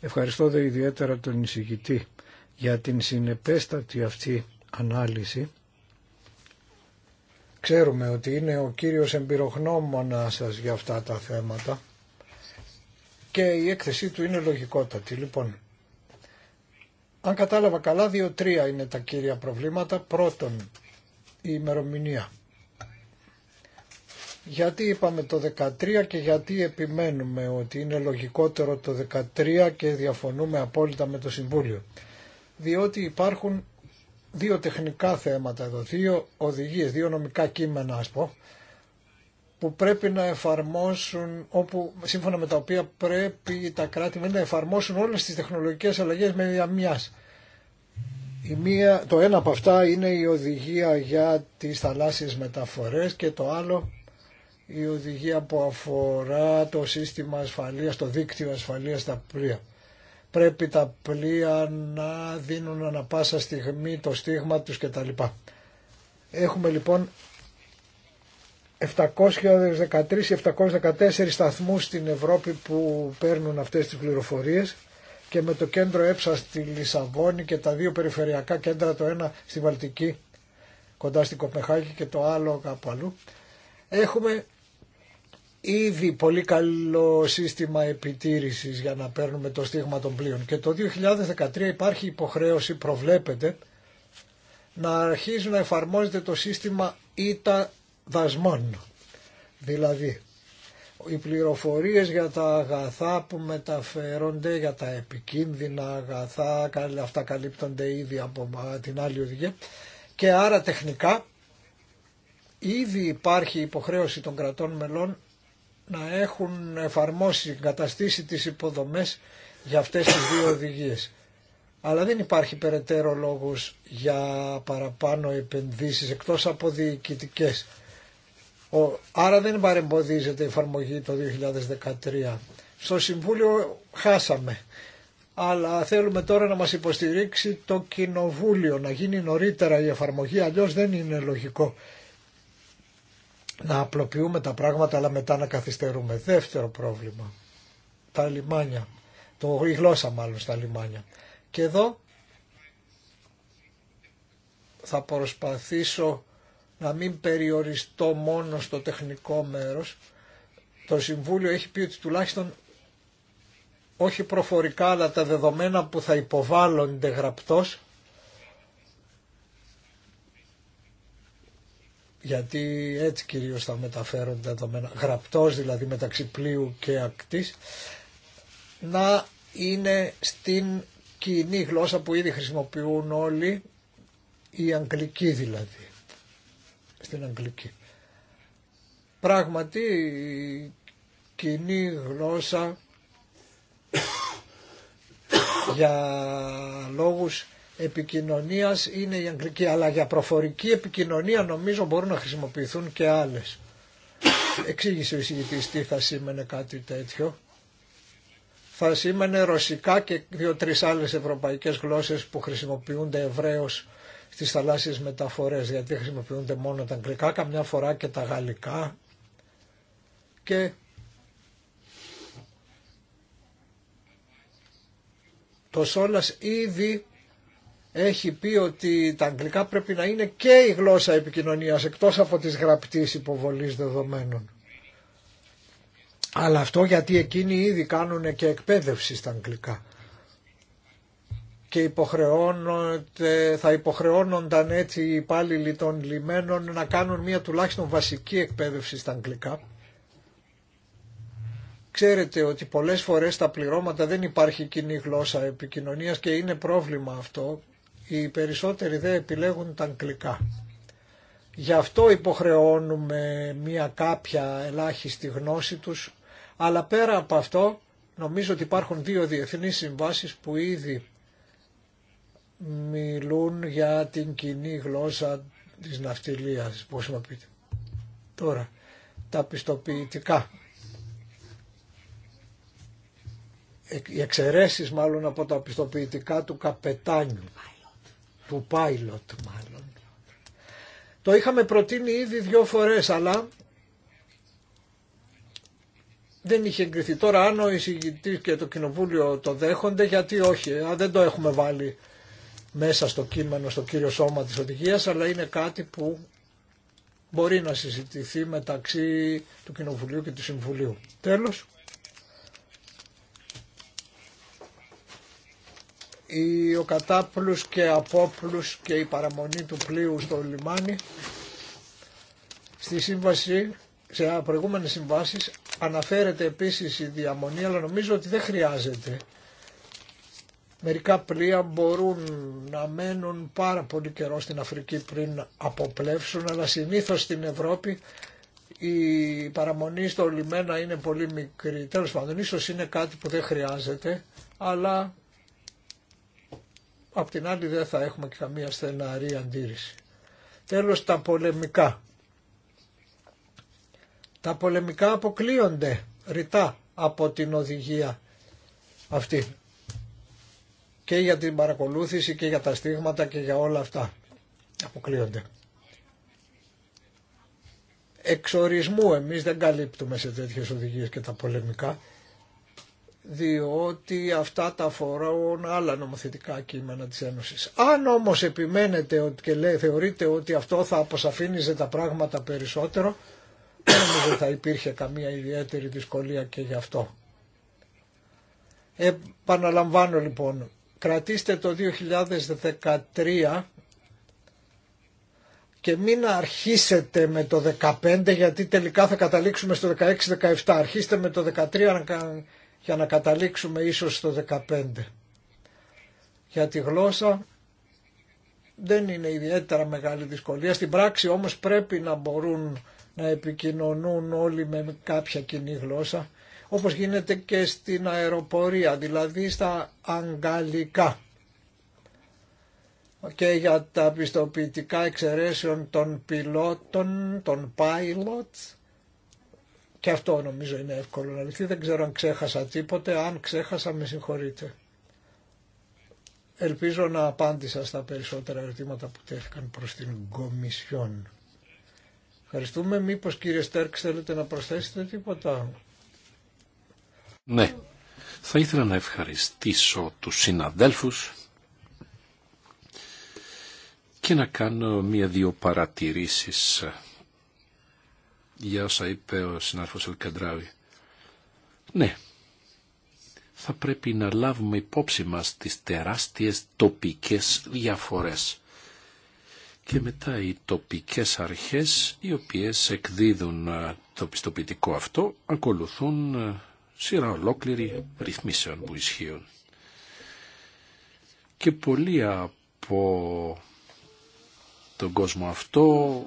Ευχαριστώ δε ιδιαίτερα τον εισηγητή για την συνεπέστατη αυτή ανάλυση. Ξέρουμε ότι είναι ο κύριος εμπειρογνώμονα σας για αυτά τα θέματα και η έκθεσή του είναι λογικότατη. Λοιπόν, αν κατάλαβα καλά, δύο-τρία είναι τα κύρια προβλήματα. Πρώτον, η ημερομηνία. Γιατί είπαμε το 13 και γιατί επιμένουμε ότι είναι λογικότερο το 13 και διαφωνούμε απόλυτα με το Συμβούλιο. Διότι υπάρχουν δύο τεχνικά θέματα εδώ, δύο οδηγίες, δύο νομικά κείμενα ας πω, που πρέπει να εφαρμόσουν, όπου, σύμφωνα με τα οποία πρέπει τα κράτη να εφαρμόσουν όλες τις τεχνολογικές αλλαγές με διαμιάς. Η μία, το ένα από αυτά είναι η οδηγία για τις θαλάσσιες μεταφορές και το άλλο η οδηγία που αφορά το σύστημα ασφαλείας, το δίκτυο ασφαλείας στα πλοία. Πρέπει τα πλοία να δίνουν ανα πάσα στιγμή το στίγμα τους κτλ. Έχουμε λοιπόν 713-714 σταθμούς στην Ευρώπη που παίρνουν αυτές τις πληροφορίες και με το κέντρο ΕΨΑ στη Λισαβόνη και τα δύο περιφερειακά κέντρα, το ένα στη Βαλτική κοντά στην Κοπεχάγη και το άλλο κάπου αλλού, έχουμε ήδη πολύ καλό σύστημα επιτήρησης για να παίρνουμε το στίγμα των πλοίων και το 2013 υπάρχει υποχρέωση, προβλέπεται, να αρχίζει να εφαρμόζεται το σύστημα ΙΤΑ δασμών. Δηλαδή, οι πληροφορίες για τα αγαθά που μεταφέρονται, για τα επικίνδυνα αγαθά, αυτά καλύπτονται ήδη από την άλλη οδηγία και άρα τεχνικά ήδη υπάρχει υποχρέωση των κρατών μελών να έχουν εφαρμόσει, καταστήσει τις υποδομές για αυτές τις δύο οδηγίες. Αλλά δεν υπάρχει περαιτέρω λόγος για παραπάνω επενδύσεις εκτός από διοικητικέ. Άρα δεν παρεμποδίζεται η εφαρμογή το 2013. Στο Συμβούλιο χάσαμε. Αλλά θέλουμε τώρα να μας υποστηρίξει το Κοινοβούλιο, να γίνει νωρίτερα η εφαρμογή, αλλιώς δεν είναι λογικό να απλοποιούμε τα πράγματα αλλά μετά να καθυστερούμε. Δεύτερο πρόβλημα, τα λιμάνια, το, η γλώσσα μάλλον στα λιμάνια. Και εδώ θα προσπαθήσω να μην περιοριστώ μόνο στο τεχνικό μέρος. Το Συμβούλιο έχει πει ότι τουλάχιστον όχι προφορικά αλλά τα δεδομένα που θα υποβάλλονται γραπτός γιατί έτσι κυρίως θα μεταφέρονται τα δεδομένα, γραπτός δηλαδή μεταξύ πλοίου και ακτής, να είναι στην κοινή γλώσσα που ήδη χρησιμοποιούν όλοι, η αγγλική δηλαδή, στην αγγλική. Πράγματι η κοινή γλώσσα για λόγους επικοινωνίας είναι η αγγλική, αλλά για προφορική επικοινωνία νομίζω μπορούν να χρησιμοποιηθούν και άλλες. Εξήγησε ο εισηγητής τι θα σήμαινε κάτι τέτοιο. Θα σήμαινε ρωσικά και δύο-τρεις άλλες ευρωπαϊκές γλώσσες που χρησιμοποιούνται ευρέως στις θαλάσσιες μεταφορές, γιατί χρησιμοποιούνται μόνο τα αγγλικά, καμιά φορά και τα γαλλικά και το Σόλας ήδη έχει πει ότι τα αγγλικά πρέπει να είναι και η γλώσσα επικοινωνίας εκτός από τις γραπτής υποβολής δεδομένων. Αλλά αυτό γιατί εκείνοι ήδη κάνουν και εκπαίδευση στα αγγλικά. Και θα υποχρεώνονταν έτσι οι υπάλληλοι των λιμένων να κάνουν μια τουλάχιστον βασική εκπαίδευση στα αγγλικά. Ξέρετε ότι πολλές φορές στα πληρώματα δεν υπάρχει κοινή γλώσσα επικοινωνίας και είναι πρόβλημα αυτό οι περισσότεροι δε επιλέγουν τα αγγλικά. Γι' αυτό υποχρεώνουμε μία κάποια ελάχιστη γνώση τους, αλλά πέρα από αυτό νομίζω ότι υπάρχουν δύο διεθνείς συμβάσεις που ήδη μιλούν για την κοινή γλώσσα της ναυτιλίας να πείτε; Τώρα, τα πιστοποιητικά. Ε, οι εξαιρέσεις μάλλον από τα πιστοποιητικά του καπετάνιου του παίλοτ μάλλον. Το είχαμε προτείνει ήδη δυο φορές αλλά δεν είχε εγκριθεί. Τώρα αν ο εισηγητής και το κοινοβούλιο το δέχονται γιατί όχι, αν δεν το έχουμε βάλει μέσα στο κείμενο, στο κύριο σώμα της οδηγίας, αλλά είναι κάτι που μπορεί να συζητηθεί μεταξύ του Κοινοβουλίου και του Συμβουλίου. Τέλος, ο κατάπλους και απόπλους και η παραμονή του πλοίου στο λιμάνι στη σύμβαση, σε προηγούμενες συμβάσεις αναφέρεται επίσης η διαμονή αλλά νομίζω ότι δεν χρειάζεται. Μερικά πλοία μπορούν να μένουν πάρα πολύ καιρό στην Αφρική πριν αποπλέψουν αλλά συνήθως στην Ευρώπη η παραμονή στο λιμένα είναι πολύ μικρή. Τέλος πάντων, ίσως είναι κάτι που δεν χρειάζεται, αλλά απ' την άλλη δεν θα έχουμε και καμία στεναρή αντίρρηση. Τέλος τα πολεμικά. Τα πολεμικά αποκλείονται ρητά από την οδηγία αυτή και για την παρακολούθηση και για τα στίγματα και για όλα αυτά αποκλείονται. Εξορισμού εμείς δεν καλύπτουμε σε τέτοιες οδηγίες και τα πολεμικά διότι αυτά τα αφορούν άλλα νομοθετικά κείμενα της Ένωσης. Αν όμως επιμένετε και λέει, θεωρείτε ότι αυτό θα αποσαφήνιζε τα πράγματα περισσότερο, δεν νομίζω θα υπήρχε καμία ιδιαίτερη δυσκολία και γι' αυτό. Επαναλαμβάνω λοιπόν, κρατήστε το 2013 και μην αρχίσετε με το 2015 γιατί τελικά θα καταλήξουμε στο 16-17. Αρχίστε με το 2013. να για να καταλήξουμε ίσως στο 15. Για τη γλώσσα δεν είναι ιδιαίτερα μεγάλη δυσκολία. Στην πράξη όμως πρέπει να μπορούν να επικοινωνούν όλοι με κάποια κοινή γλώσσα, όπως γίνεται και στην αεροπορία, δηλαδή στα αγγαλικά και για τα πιστοποιητικά εξαιρέσεων των πιλότων, των pilots, και αυτό νομίζω είναι εύκολο να λυθεί. Δεν ξέρω αν ξέχασα τίποτε. Αν ξέχασα με συγχωρείτε. Ελπίζω να απάντησα στα περισσότερα ερωτήματα που τέθηκαν προς την Κομισιόν. Ευχαριστούμε. Μήπως κύριε Στέρξ θέλετε να προσθέσετε τίποτα. Ναι. Θα ήθελα να ευχαριστήσω τους συναδέλφους και να κάνω μία-δύο παρατηρήσεις για όσα είπε ο συνάδελφος Ελκαντράουι. Ναι, θα πρέπει να λάβουμε υπόψη μας τις τεράστιες τοπικές διαφορές. Και μετά οι τοπικές αρχές οι οποίες εκδίδουν το πιστοποιητικό αυτό ακολουθούν σειρά ολόκληρη ρυθμίσεων που ισχύουν. Και πολλοί από τον κόσμο αυτό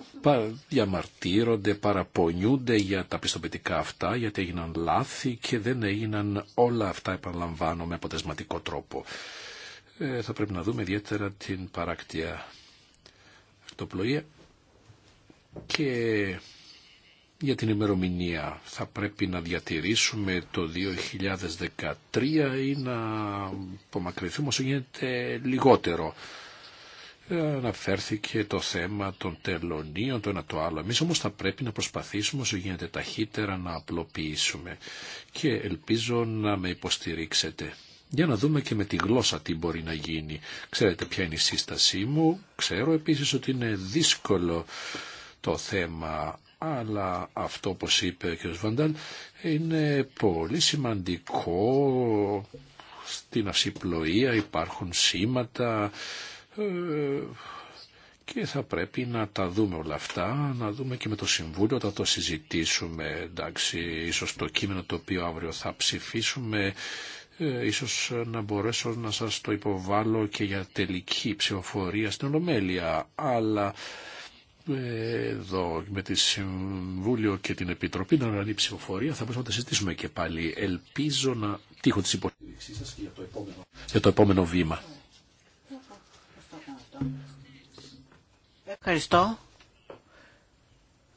διαμαρτύρονται, παραπονιούνται για τα πιστοποιητικά αυτά, γιατί έγιναν λάθη και δεν έγιναν όλα αυτά, επαναλαμβάνω, με αποτεσματικό τρόπο. Ε, θα πρέπει να δούμε ιδιαίτερα την παράκτια αυτοπλοεία και για την ημερομηνία. Θα πρέπει να διατηρήσουμε το 2013 ή να απομακρυνθούμε όσο γίνεται λιγότερο αναφέρθηκε το θέμα των τελωνίων, το ένα το άλλο. Εμείς όμως θα πρέπει να προσπαθήσουμε όσο γίνεται ταχύτερα να απλοποιήσουμε και ελπίζω να με υποστηρίξετε. Για να δούμε και με τη γλώσσα τι μπορεί να γίνει. Ξέρετε ποια είναι η σύστασή μου. Ξέρω επίσης ότι είναι δύσκολο το θέμα αλλά αυτό όπως είπε ο κ. Βαντάλ είναι πολύ σημαντικό στην αυσιπλοεία υπάρχουν σήματα ε, και θα πρέπει να τα δούμε όλα αυτά, να δούμε και με το Συμβούλιο, θα το συζητήσουμε, εντάξει, ίσως το κείμενο το οποίο αύριο θα ψηφίσουμε, ε, ίσως να μπορέσω να σας το υποβάλω και για τελική ψηφοφορία στην Ολομέλεια, αλλά ε, εδώ με τη Συμβούλιο και την Επιτροπή να αναλύει ψηφοφορία θα μπορούσαμε να τα συζητήσουμε και πάλι. Ελπίζω να τύχω τις υποστηρίξεις σας για το επόμενο, για το επόμενο βήμα. Ευχαριστώ.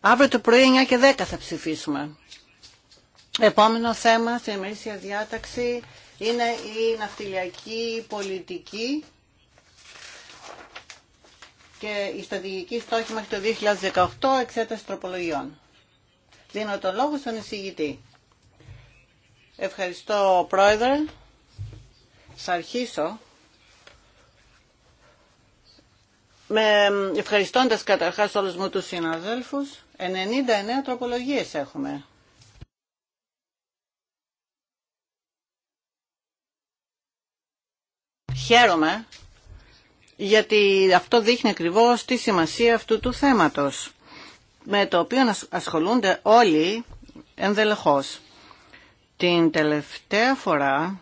Αύριο το πρωί 9 και 10 θα ψηφίσουμε. Επόμενο θέμα στην ημερήσια διάταξη είναι η ναυτιλιακή πολιτική και η στρατηγική στόχη μέχρι το 2018 εξέταση τροπολογιών. Δίνω το λόγο στον εισηγητή. Ευχαριστώ πρόεδρε. Σ' αρχίσω με, ευχαριστώντας καταρχάς όλους μου τους συναδέλφους, 99 τροπολογίες έχουμε. Χαίρομαι, γιατί αυτό δείχνει ακριβώς τη σημασία αυτού του θέματος, με το οποίο ασχολούνται όλοι ενδελεχώς. Την τελευταία φορά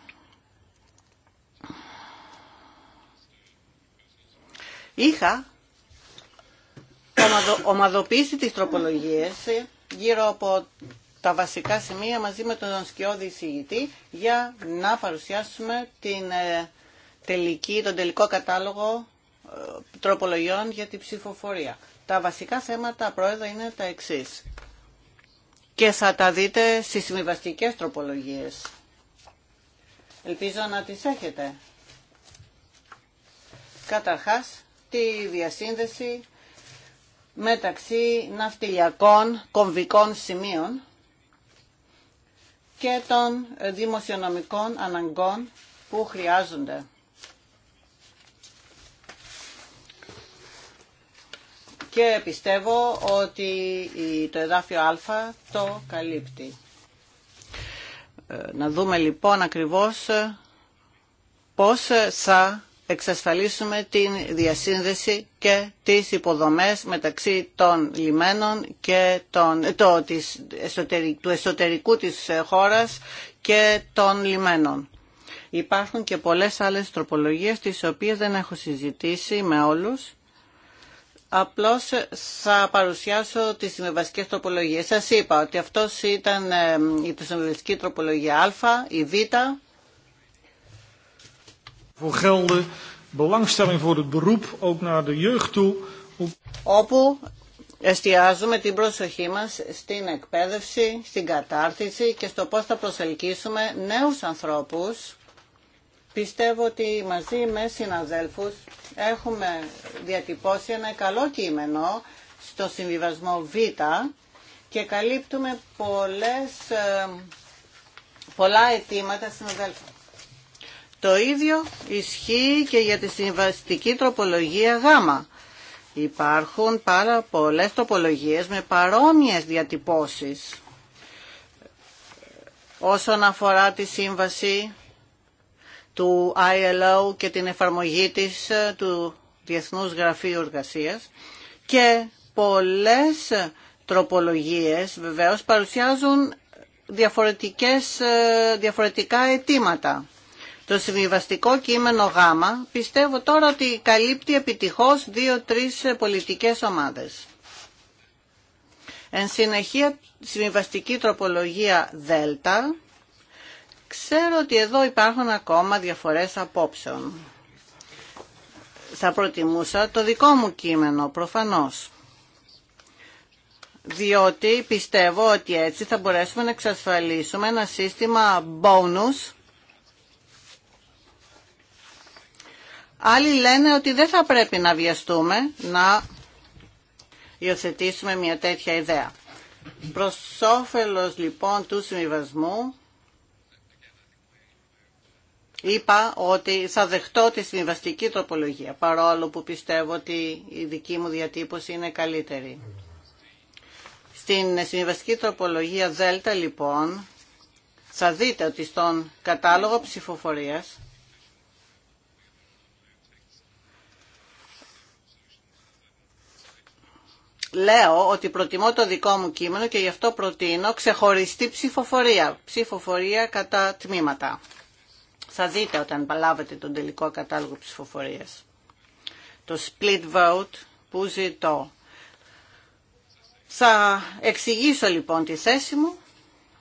Είχα ομαδοποιήσει τις τροπολογίες γύρω από τα βασικά σημεία μαζί με τον σκιώδη εισηγητή για να παρουσιάσουμε την ε, τελική, τον τελικό κατάλογο ε, τροπολογιών για την ψηφοφορία. Τα βασικά θέματα, πρόεδρε, είναι τα εξής. Και θα τα δείτε στις συμβιβαστικέ τροπολογίες. Ελπίζω να τις έχετε. Καταρχάς, τη διασύνδεση μεταξύ ναυτιλιακών κομβικών σημείων και των δημοσιονομικών αναγκών που χρειάζονται. Και πιστεύω ότι το εδάφιο Α το καλύπτει. Ε, να δούμε λοιπόν ακριβώς πώς θα εξασφαλίσουμε την διασύνδεση και τις υποδομές μεταξύ των λιμένων και των, το, του εσωτερικού της χώρας και των λιμένων. Υπάρχουν και πολλές άλλες τροπολογίες τις οποίες δεν έχω συζητήσει με όλους. Απλώς θα παρουσιάσω τις συμβιβαστικές τροπολογίες. Σας είπα ότι αυτός ήταν ε, η συμβιβαστική τροπολογία Α, η Β, Voor gelden, belangstelling Όπου εστιάζουμε την προσοχή μας στην εκπαίδευση, στην κατάρτιση και στο πώς θα προσελκύσουμε νέους ανθρώπους. Πιστεύω ότι μαζί με συναδέλφους έχουμε διατυπώσει ένα καλό κείμενο στο συμβιβασμό Β και καλύπτουμε πολλές, ε, πολλά αιτήματα συναδέλφων. Το ίδιο ισχύει και για τη συμβαστική τροπολογία Γ. Υπάρχουν πάρα πολλές τροπολογίες με παρόμοιες διατυπώσεις όσον αφορά τη σύμβαση του ILO και την εφαρμογή της του Διεθνούς Γραφείου Εργασίας και πολλές τροπολογίες βεβαίως παρουσιάζουν διαφορετικές, διαφορετικά αιτήματα. Το συμβιβαστικό κείμενο Γ πιστεύω τώρα ότι καλύπτει επιτυχώς δύο-τρεις πολιτικές ομάδες. Εν συνεχεία, συμβιβαστική τροπολογία Δ. Ξέρω ότι εδώ υπάρχουν ακόμα διαφορές απόψεων. Θα προτιμούσα το δικό μου κείμενο, προφανώς. Διότι πιστεύω ότι έτσι θα μπορέσουμε να εξασφαλίσουμε ένα σύστημα bonus Άλλοι λένε ότι δεν θα πρέπει να βιαστούμε να υιοθετήσουμε μια τέτοια ιδέα. Προς όφελος λοιπόν του συμβιβασμού είπα ότι θα δεχτώ τη συμβιβαστική τροπολογία παρόλο που πιστεύω ότι η δική μου διατύπωση είναι καλύτερη. Στην συμβιβαστική τροπολογία Δέλτα λοιπόν θα δείτε ότι στον κατάλογο ψηφοφορίας λέω ότι προτιμώ το δικό μου κείμενο και γι' αυτό προτείνω ξεχωριστή ψηφοφορία, ψηφοφορία κατά τμήματα. Θα δείτε όταν παλάβετε τον τελικό κατάλογο ψηφοφορίας. Το split vote που ζητώ. Θα εξηγήσω λοιπόν τη θέση μου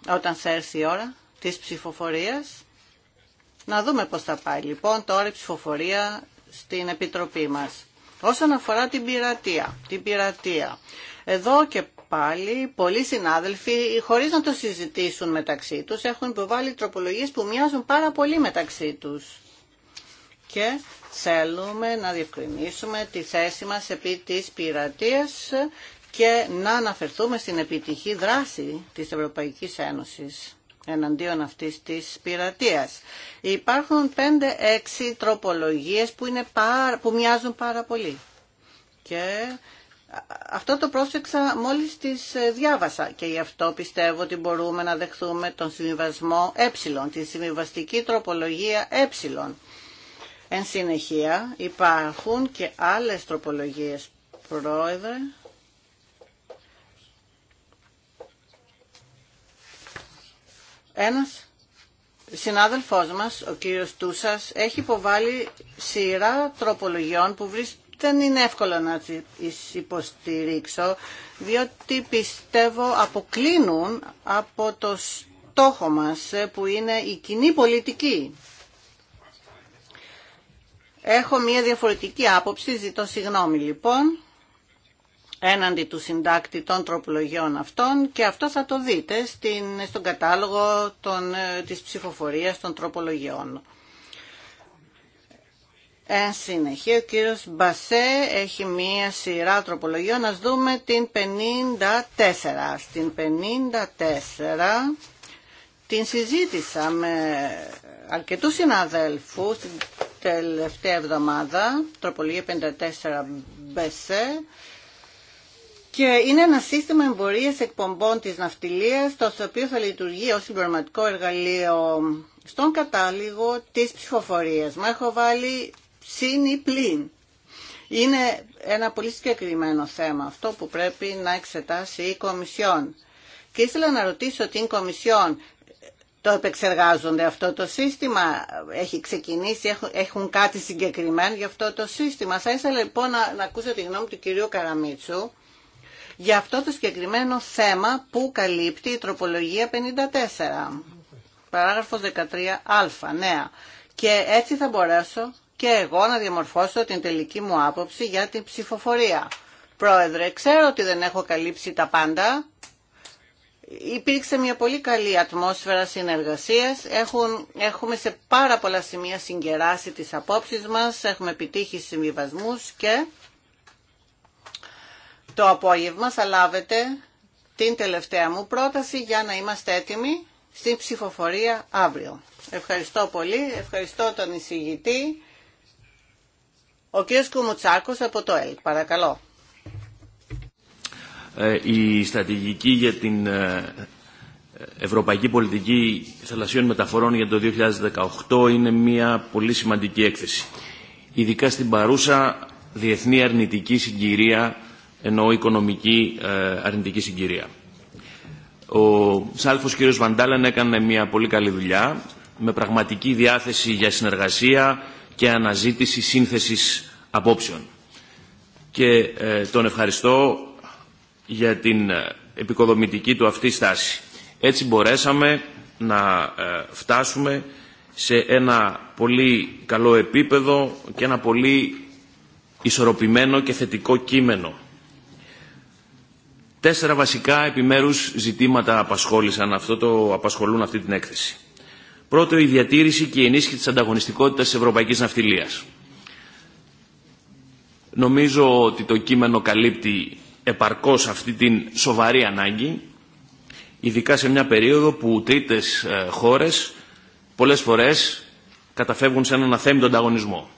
όταν θα έρθει η ώρα της ψηφοφορίας. Να δούμε πώς θα πάει λοιπόν τώρα η ψηφοφορία στην Επιτροπή μας. Όσον αφορά την πειρατεία, την πειρατεία. Εδώ και πάλι πολλοί συνάδελφοι, χωρίς να το συζητήσουν μεταξύ τους, έχουν υποβάλει τροπολογίες που μοιάζουν πάρα πολύ μεταξύ τους. Και θέλουμε να διευκρινίσουμε τη θέση μας επί της πειρατείας και να αναφερθούμε στην επιτυχή δράση της Ευρωπαϊκής Ένωσης εναντίον αυτής της πειρατείας. Υπάρχουν 5-6 τροπολογίες που, είναι πάρα, που μοιάζουν πάρα πολύ. Και αυτό το πρόσεξα μόλις τις ε, διάβασα και γι' αυτό πιστεύω ότι μπορούμε να δεχθούμε τον συμβιβασμό ε, τη συμβιβαστική τροπολογία ε. Εν συνεχεία υπάρχουν και άλλες τροπολογίες πρόεδρε Ένας συνάδελφός μας, ο κύριος Τούσας, έχει υποβάλει σειρά τροπολογιών που βρίσκει δεν είναι εύκολο να τις υποστηρίξω, διότι πιστεύω αποκλίνουν από το στόχο μας που είναι η κοινή πολιτική. Έχω μία διαφορετική άποψη, ζητώ συγγνώμη λοιπόν έναντι του συντάκτη των τροπολογιών αυτών και αυτό θα το δείτε στον κατάλογο των, ε, της ψηφοφορίας των τροπολογιών. Εν συνεχεία, ο κύριος Μπασέ έχει μία σειρά τροπολογιών. Ας δούμε την 54. Στην 54 την συζήτησα με αρκετούς συναδέλφους την τελευταία εβδομάδα, τροπολογία 54 Μπασέ, και είναι ένα σύστημα εμπορία εκπομπών τη ναυτιλία, το οποίο θα λειτουργεί ω συμπληρωματικό εργαλείο στον κατάλληλο τη ψηφοφορία, Μα έχω βάλει συν ή πλην. Είναι ένα πολύ συγκεκριμένο θέμα αυτό που πρέπει να εξετάσει η Κομισιόν. Και ήθελα να ρωτήσω την Κομισιόν, το επεξεργάζονται αυτό το σύστημα, έχει ξεκινήσει, έχουν κάτι συγκεκριμένο για αυτό το σύστημα. Θα ήθελα λοιπόν να, να ακούσω τη γνώμη του κυρίου Καραμίτσου για αυτό το συγκεκριμένο θέμα που καλύπτει η τροπολογία 54, παράγραφος 13α, νέα. Και έτσι θα μπορέσω και εγώ να διαμορφώσω την τελική μου άποψη για την ψηφοφορία. Πρόεδρε, ξέρω ότι δεν έχω καλύψει τα πάντα. Υπήρξε μια πολύ καλή ατμόσφαιρα συνεργασίας. Έχουν, έχουμε σε πάρα πολλά σημεία συγκεράσει τις απόψεις μας, έχουμε επιτύχει συμβιβασμούς και το απόγευμα θα λάβετε την τελευταία μου πρόταση για να είμαστε έτοιμοι στην ψηφοφορία αύριο. Ευχαριστώ πολύ, ευχαριστώ τον εισηγητή. Ο κ. Κουμουτσάκος από το ΕΛΚ, παρακαλώ. Ε, η στρατηγική για την ε, Ευρωπαϊκή Πολιτική Θαλασσίων Μεταφορών για το 2018 είναι μια πολύ σημαντική έκθεση. Ειδικά στην παρούσα διεθνή αρνητική συγκυρία ενώ οικονομική ε, αρνητική συγκυρία. Ο Σάλφος κ. Βαντάλεν έκανε μια πολύ καλή δουλειά με πραγματική διάθεση για συνεργασία και αναζήτηση σύνθεσης απόψεων. Και ε, τον ευχαριστώ για την ε, επικοδομητική του αυτή στάση. Έτσι μπορέσαμε να φτάσουμε σε ένα πολύ καλό επίπεδο και ένα πολύ ισορροπημένο και θετικό κείμενο Τέσσερα βασικά επιμέρους ζητήματα απασχόλησαν αυτό το, απασχολούν αυτή την έκθεση. Πρώτο, η διατήρηση και η ενίσχυση της ανταγωνιστικότητας της ευρωπαϊκής ναυτιλίας. Νομίζω ότι το κείμενο καλύπτει επαρκώς αυτή την σοβαρή ανάγκη, ειδικά σε μια περίοδο που τρίτες ε, χώρες πολλές φορές καταφεύγουν σε έναν αθέμητο ανταγωνισμό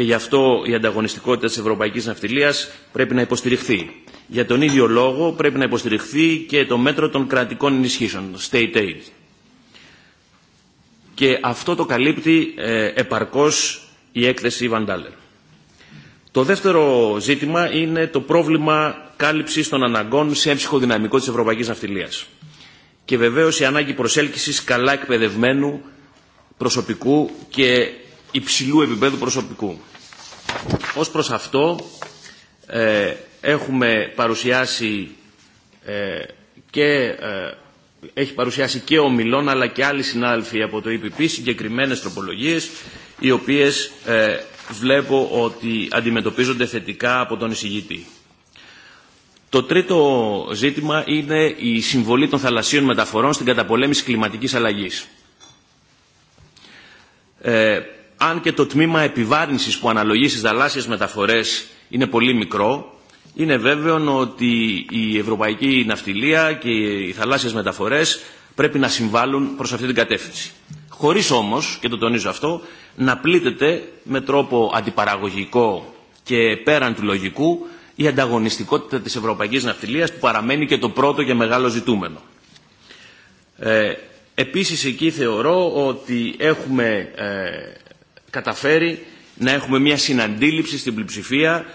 και γι' αυτό η ανταγωνιστικότητα της ευρωπαϊκής ναυτιλίας πρέπει να υποστηριχθεί. Για τον ίδιο λόγο πρέπει να υποστηριχθεί και το μέτρο των κρατικών ενισχύσεων, state aid. Και αυτό το καλύπτει ε, επαρκώς η έκθεση Βαντάλερ. Το δεύτερο ζήτημα είναι το πρόβλημα κάλυψης των αναγκών σε ψυχοδυναμικό δυναμικό της ευρωπαϊκής ναυτιλίας. Και βεβαίως η ανάγκη προσέλκυσης καλά εκπαιδευμένου προσωπικού και υψηλού επίπεδου προσωπικού. Ως προς αυτό ε, έχουμε παρουσιάσει ε, και ε, έχει παρουσιάσει και ο Μιλών αλλά και άλλοι συνάδελφοι από το ΕΠΠ συγκεκριμένες τροπολογίες οι οποίες βλέπω ότι αντιμετωπίζονται θετικά από τον εισηγητή. Το τρίτο ζήτημα είναι η συμβολή των θαλασσίων μεταφορών στην καταπολέμηση κλιματικής αλλαγής αν και το τμήμα επιβάρυνσης που αναλογεί στις θαλάσσιες μεταφορές είναι πολύ μικρό, είναι βέβαιο ότι η ευρωπαϊκή ναυτιλία και οι θαλάσσιες μεταφορές πρέπει να συμβάλλουν προς αυτή την κατεύθυνση. Χωρίς όμως, και το τονίζω αυτό, να πλήττεται με τρόπο αντιπαραγωγικό και πέραν του λογικού η ανταγωνιστικότητα της ευρωπαϊκής ναυτιλίας που παραμένει και το πρώτο και μεγάλο ζητούμενο. Ε, επίσης εκεί θεωρώ ότι έχουμε ε, καταφέρει να έχουμε μια συναντήληψη στην πλειοψηφία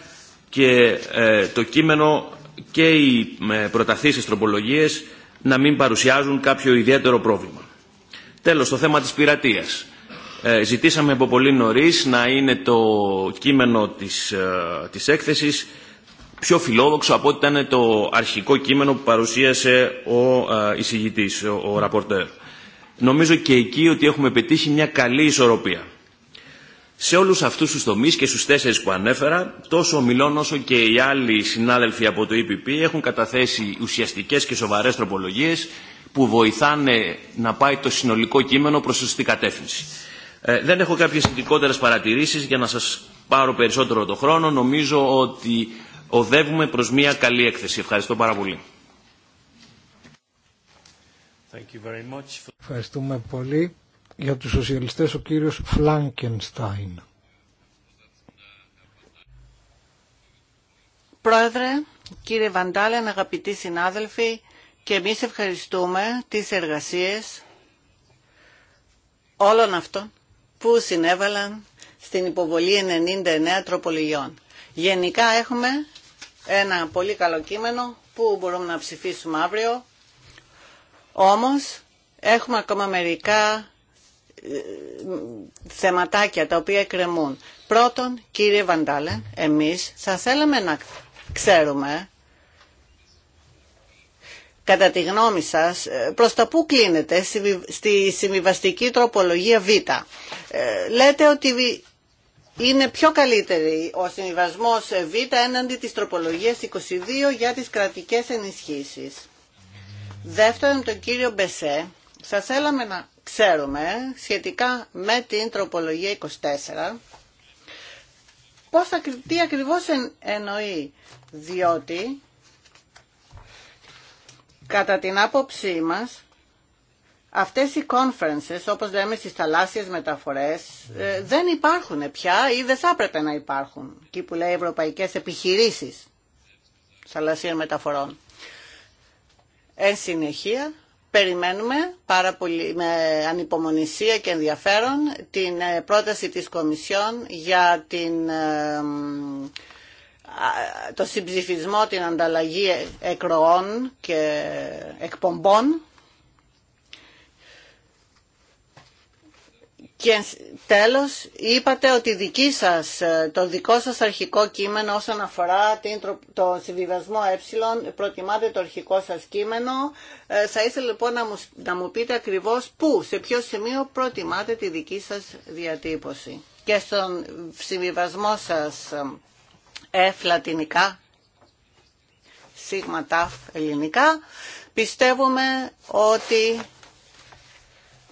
και ε, το κείμενο και οι προταθήσεις τροπολογίες να μην παρουσιάζουν κάποιο ιδιαίτερο πρόβλημα. Τέλος, το θέμα της πειρατείας. Ε, ζητήσαμε από πολύ νωρίς να είναι το κείμενο της, ε, της έκθεσης πιο φιλόδοξο από ό,τι ήταν το αρχικό κείμενο που παρουσίασε ο εισηγητής, ο, ο ραπορτέρ. Νομίζω και εκεί ότι έχουμε πετύχει μια καλή ισορροπία. Σε όλους αυτούς τους τομείς και στους τέσσερις που ανέφερα, τόσο ο Μιλών όσο και οι άλλοι συνάδελφοι από το ΕΠΠ έχουν καταθέσει ουσιαστικές και σοβαρές τροπολογίες που βοηθάνε να πάει το συνολικό κείμενο προς σωστή κατεύθυνση. Ε, δεν έχω κάποιες ειδικότερες παρατηρήσεις για να σας πάρω περισσότερο το χρόνο. Νομίζω ότι οδεύουμε προς μια καλή έκθεση. Ευχαριστώ πάρα πολύ. Ευχαριστούμε πολύ για τους σοσιαλιστές ο κύριος Φλάνκενστάιν. Πρόεδρε, κύριε Βαντάλεν, αγαπητοί συνάδελφοι, και εμείς ευχαριστούμε τις εργασίες όλων αυτών που συνέβαλαν στην υποβολή 99 τροπολογιών. Γενικά έχουμε ένα πολύ καλό κείμενο που μπορούμε να ψηφίσουμε αύριο, όμως έχουμε ακόμα μερικά θεματάκια τα οποία εκκρεμούν. Πρώτον, κύριε Βαντάλεν, εμείς θα θέλαμε να ξέρουμε κατά τη γνώμη σας, ε, προς τα πού κλείνετε στη συμβιβαστική τροπολογία Β. Ε, λέτε ότι είναι πιο καλύτερη ο συμβιβασμός ε, Β έναντι της τροπολογίας 22 για τις κρατικές ενισχύσεις. Δεύτερον, τον κύριο Μπεσέ, θα θέλαμε να ξέρουμε σχετικά με την τροπολογία 24 πώς τι ακριβώς εννοεί διότι κατά την άποψή μας αυτές οι conferences όπως λέμε στις θαλάσσιες μεταφορές ε, δεν υπάρχουν πια ή δεν θα έπρεπε να υπάρχουν εκεί που λέει ευρωπαϊκές επιχειρήσεις θαλασσίων μεταφορών. Εν συνεχεία Περιμένουμε πάρα πολύ με ανυπομονησία και ενδιαφέρον την ε, πρόταση της Κομισιόν για την, ε, το συμψηφισμό, την ανταλλαγή ε, εκροών και εκπομπών Και τέλος είπατε ότι δική σας, ε, το δικό σας αρχικό κείμενο όσον αφορά την, το συμβιβασμό ε, προτιμάτε το αρχικό σας κείμενο. Ε, θα ήθελα λοιπόν να μου, πείτε ακριβώς πού, σε ποιο σημείο προτιμάτε τη δική σας διατύπωση. Και στον συμβιβασμό σας ε λατινικά, σίγμα ταφ ελληνικά, πιστεύουμε ότι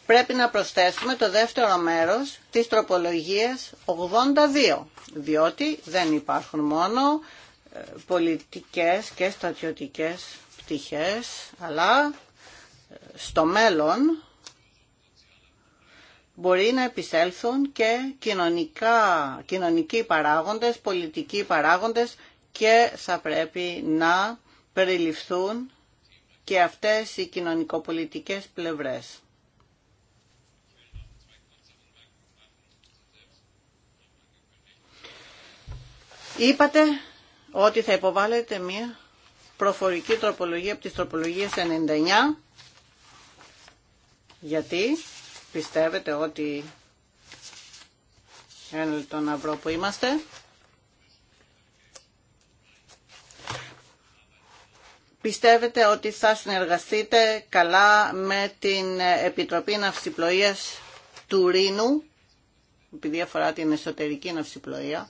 πρέπει να προσθέσουμε το δεύτερο μέρος της τροπολογίας 82, διότι δεν υπάρχουν μόνο ε, πολιτικές και στρατιωτικές πτυχές, αλλά ε, στο μέλλον μπορεί να επισέλθουν και κοινωνικά, κοινωνικοί παράγοντες, πολιτικοί παράγοντες και θα πρέπει να περιληφθούν και αυτές οι κοινωνικοπολιτικές πλευρές. Είπατε ότι θα υποβάλλετε μία προφορική τροπολογία από τις τροπολογίες 99 γιατί πιστεύετε ότι ένα λεπτό να που είμαστε Πιστεύετε ότι θα συνεργαστείτε καλά με την Επιτροπή Ναυσιπλοείας του Ρήνου, επειδή αφορά την εσωτερική ναυσιπλοεία,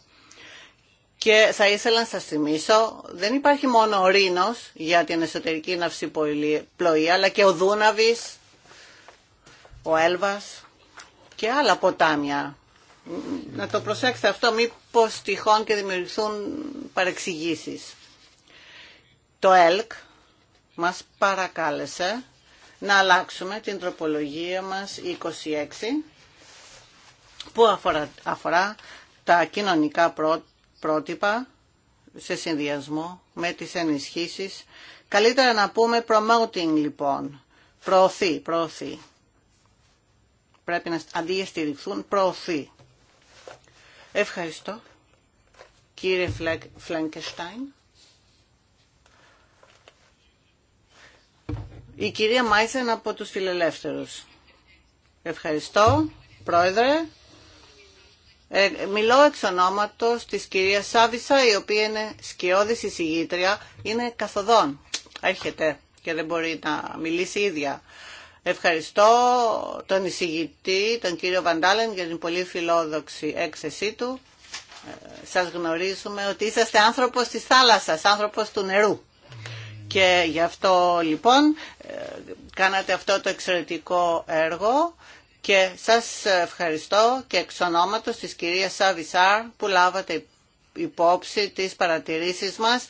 και θα ήθελα να σας θυμίσω, δεν υπάρχει μόνο ο Ρήνος για την εσωτερική ναυσιπλοεία, αλλά και ο Δούναβης, ο Έλβας και άλλα ποτάμια. Να το προσέξετε αυτό, μήπως τυχόν και δημιουργηθούν παρεξηγήσεις. Το ΕΛΚ μας παρακάλεσε να αλλάξουμε την τροπολογία μας 26, που αφορά, αφορά τα κοινωνικά πρότυπα πρότυπα σε συνδυασμό με τις ενισχύσεις. Καλύτερα να πούμε promoting λοιπόν. Προωθεί, προωθεί. Πρέπει να αντί προωθεί. Ευχαριστώ. Κύριε Φλέγκεστάιν. Η κυρία Μάισεν από τους φιλελεύθερους. Ευχαριστώ, Πρόεδρε. Ε, μιλώ εξ ονόματος της κυρίας Σάβησα, η οποία είναι σκιώδης εισηγήτρια, είναι καθοδόν. Έρχεται και δεν μπορεί να μιλήσει ίδια. Ευχαριστώ τον εισηγητή, τον κύριο Βαντάλεν, για την πολύ φιλόδοξη έξεση του. Ε, σας γνωρίζουμε ότι είσαστε άνθρωπος της θάλασσας, άνθρωπος του νερού. Και γι' αυτό λοιπόν ε, κάνατε αυτό το εξαιρετικό έργο και σας ευχαριστώ και εξ ονόματος της κυρίας Σαβισάρ που λάβατε υπόψη τις παρατηρήσεις μας.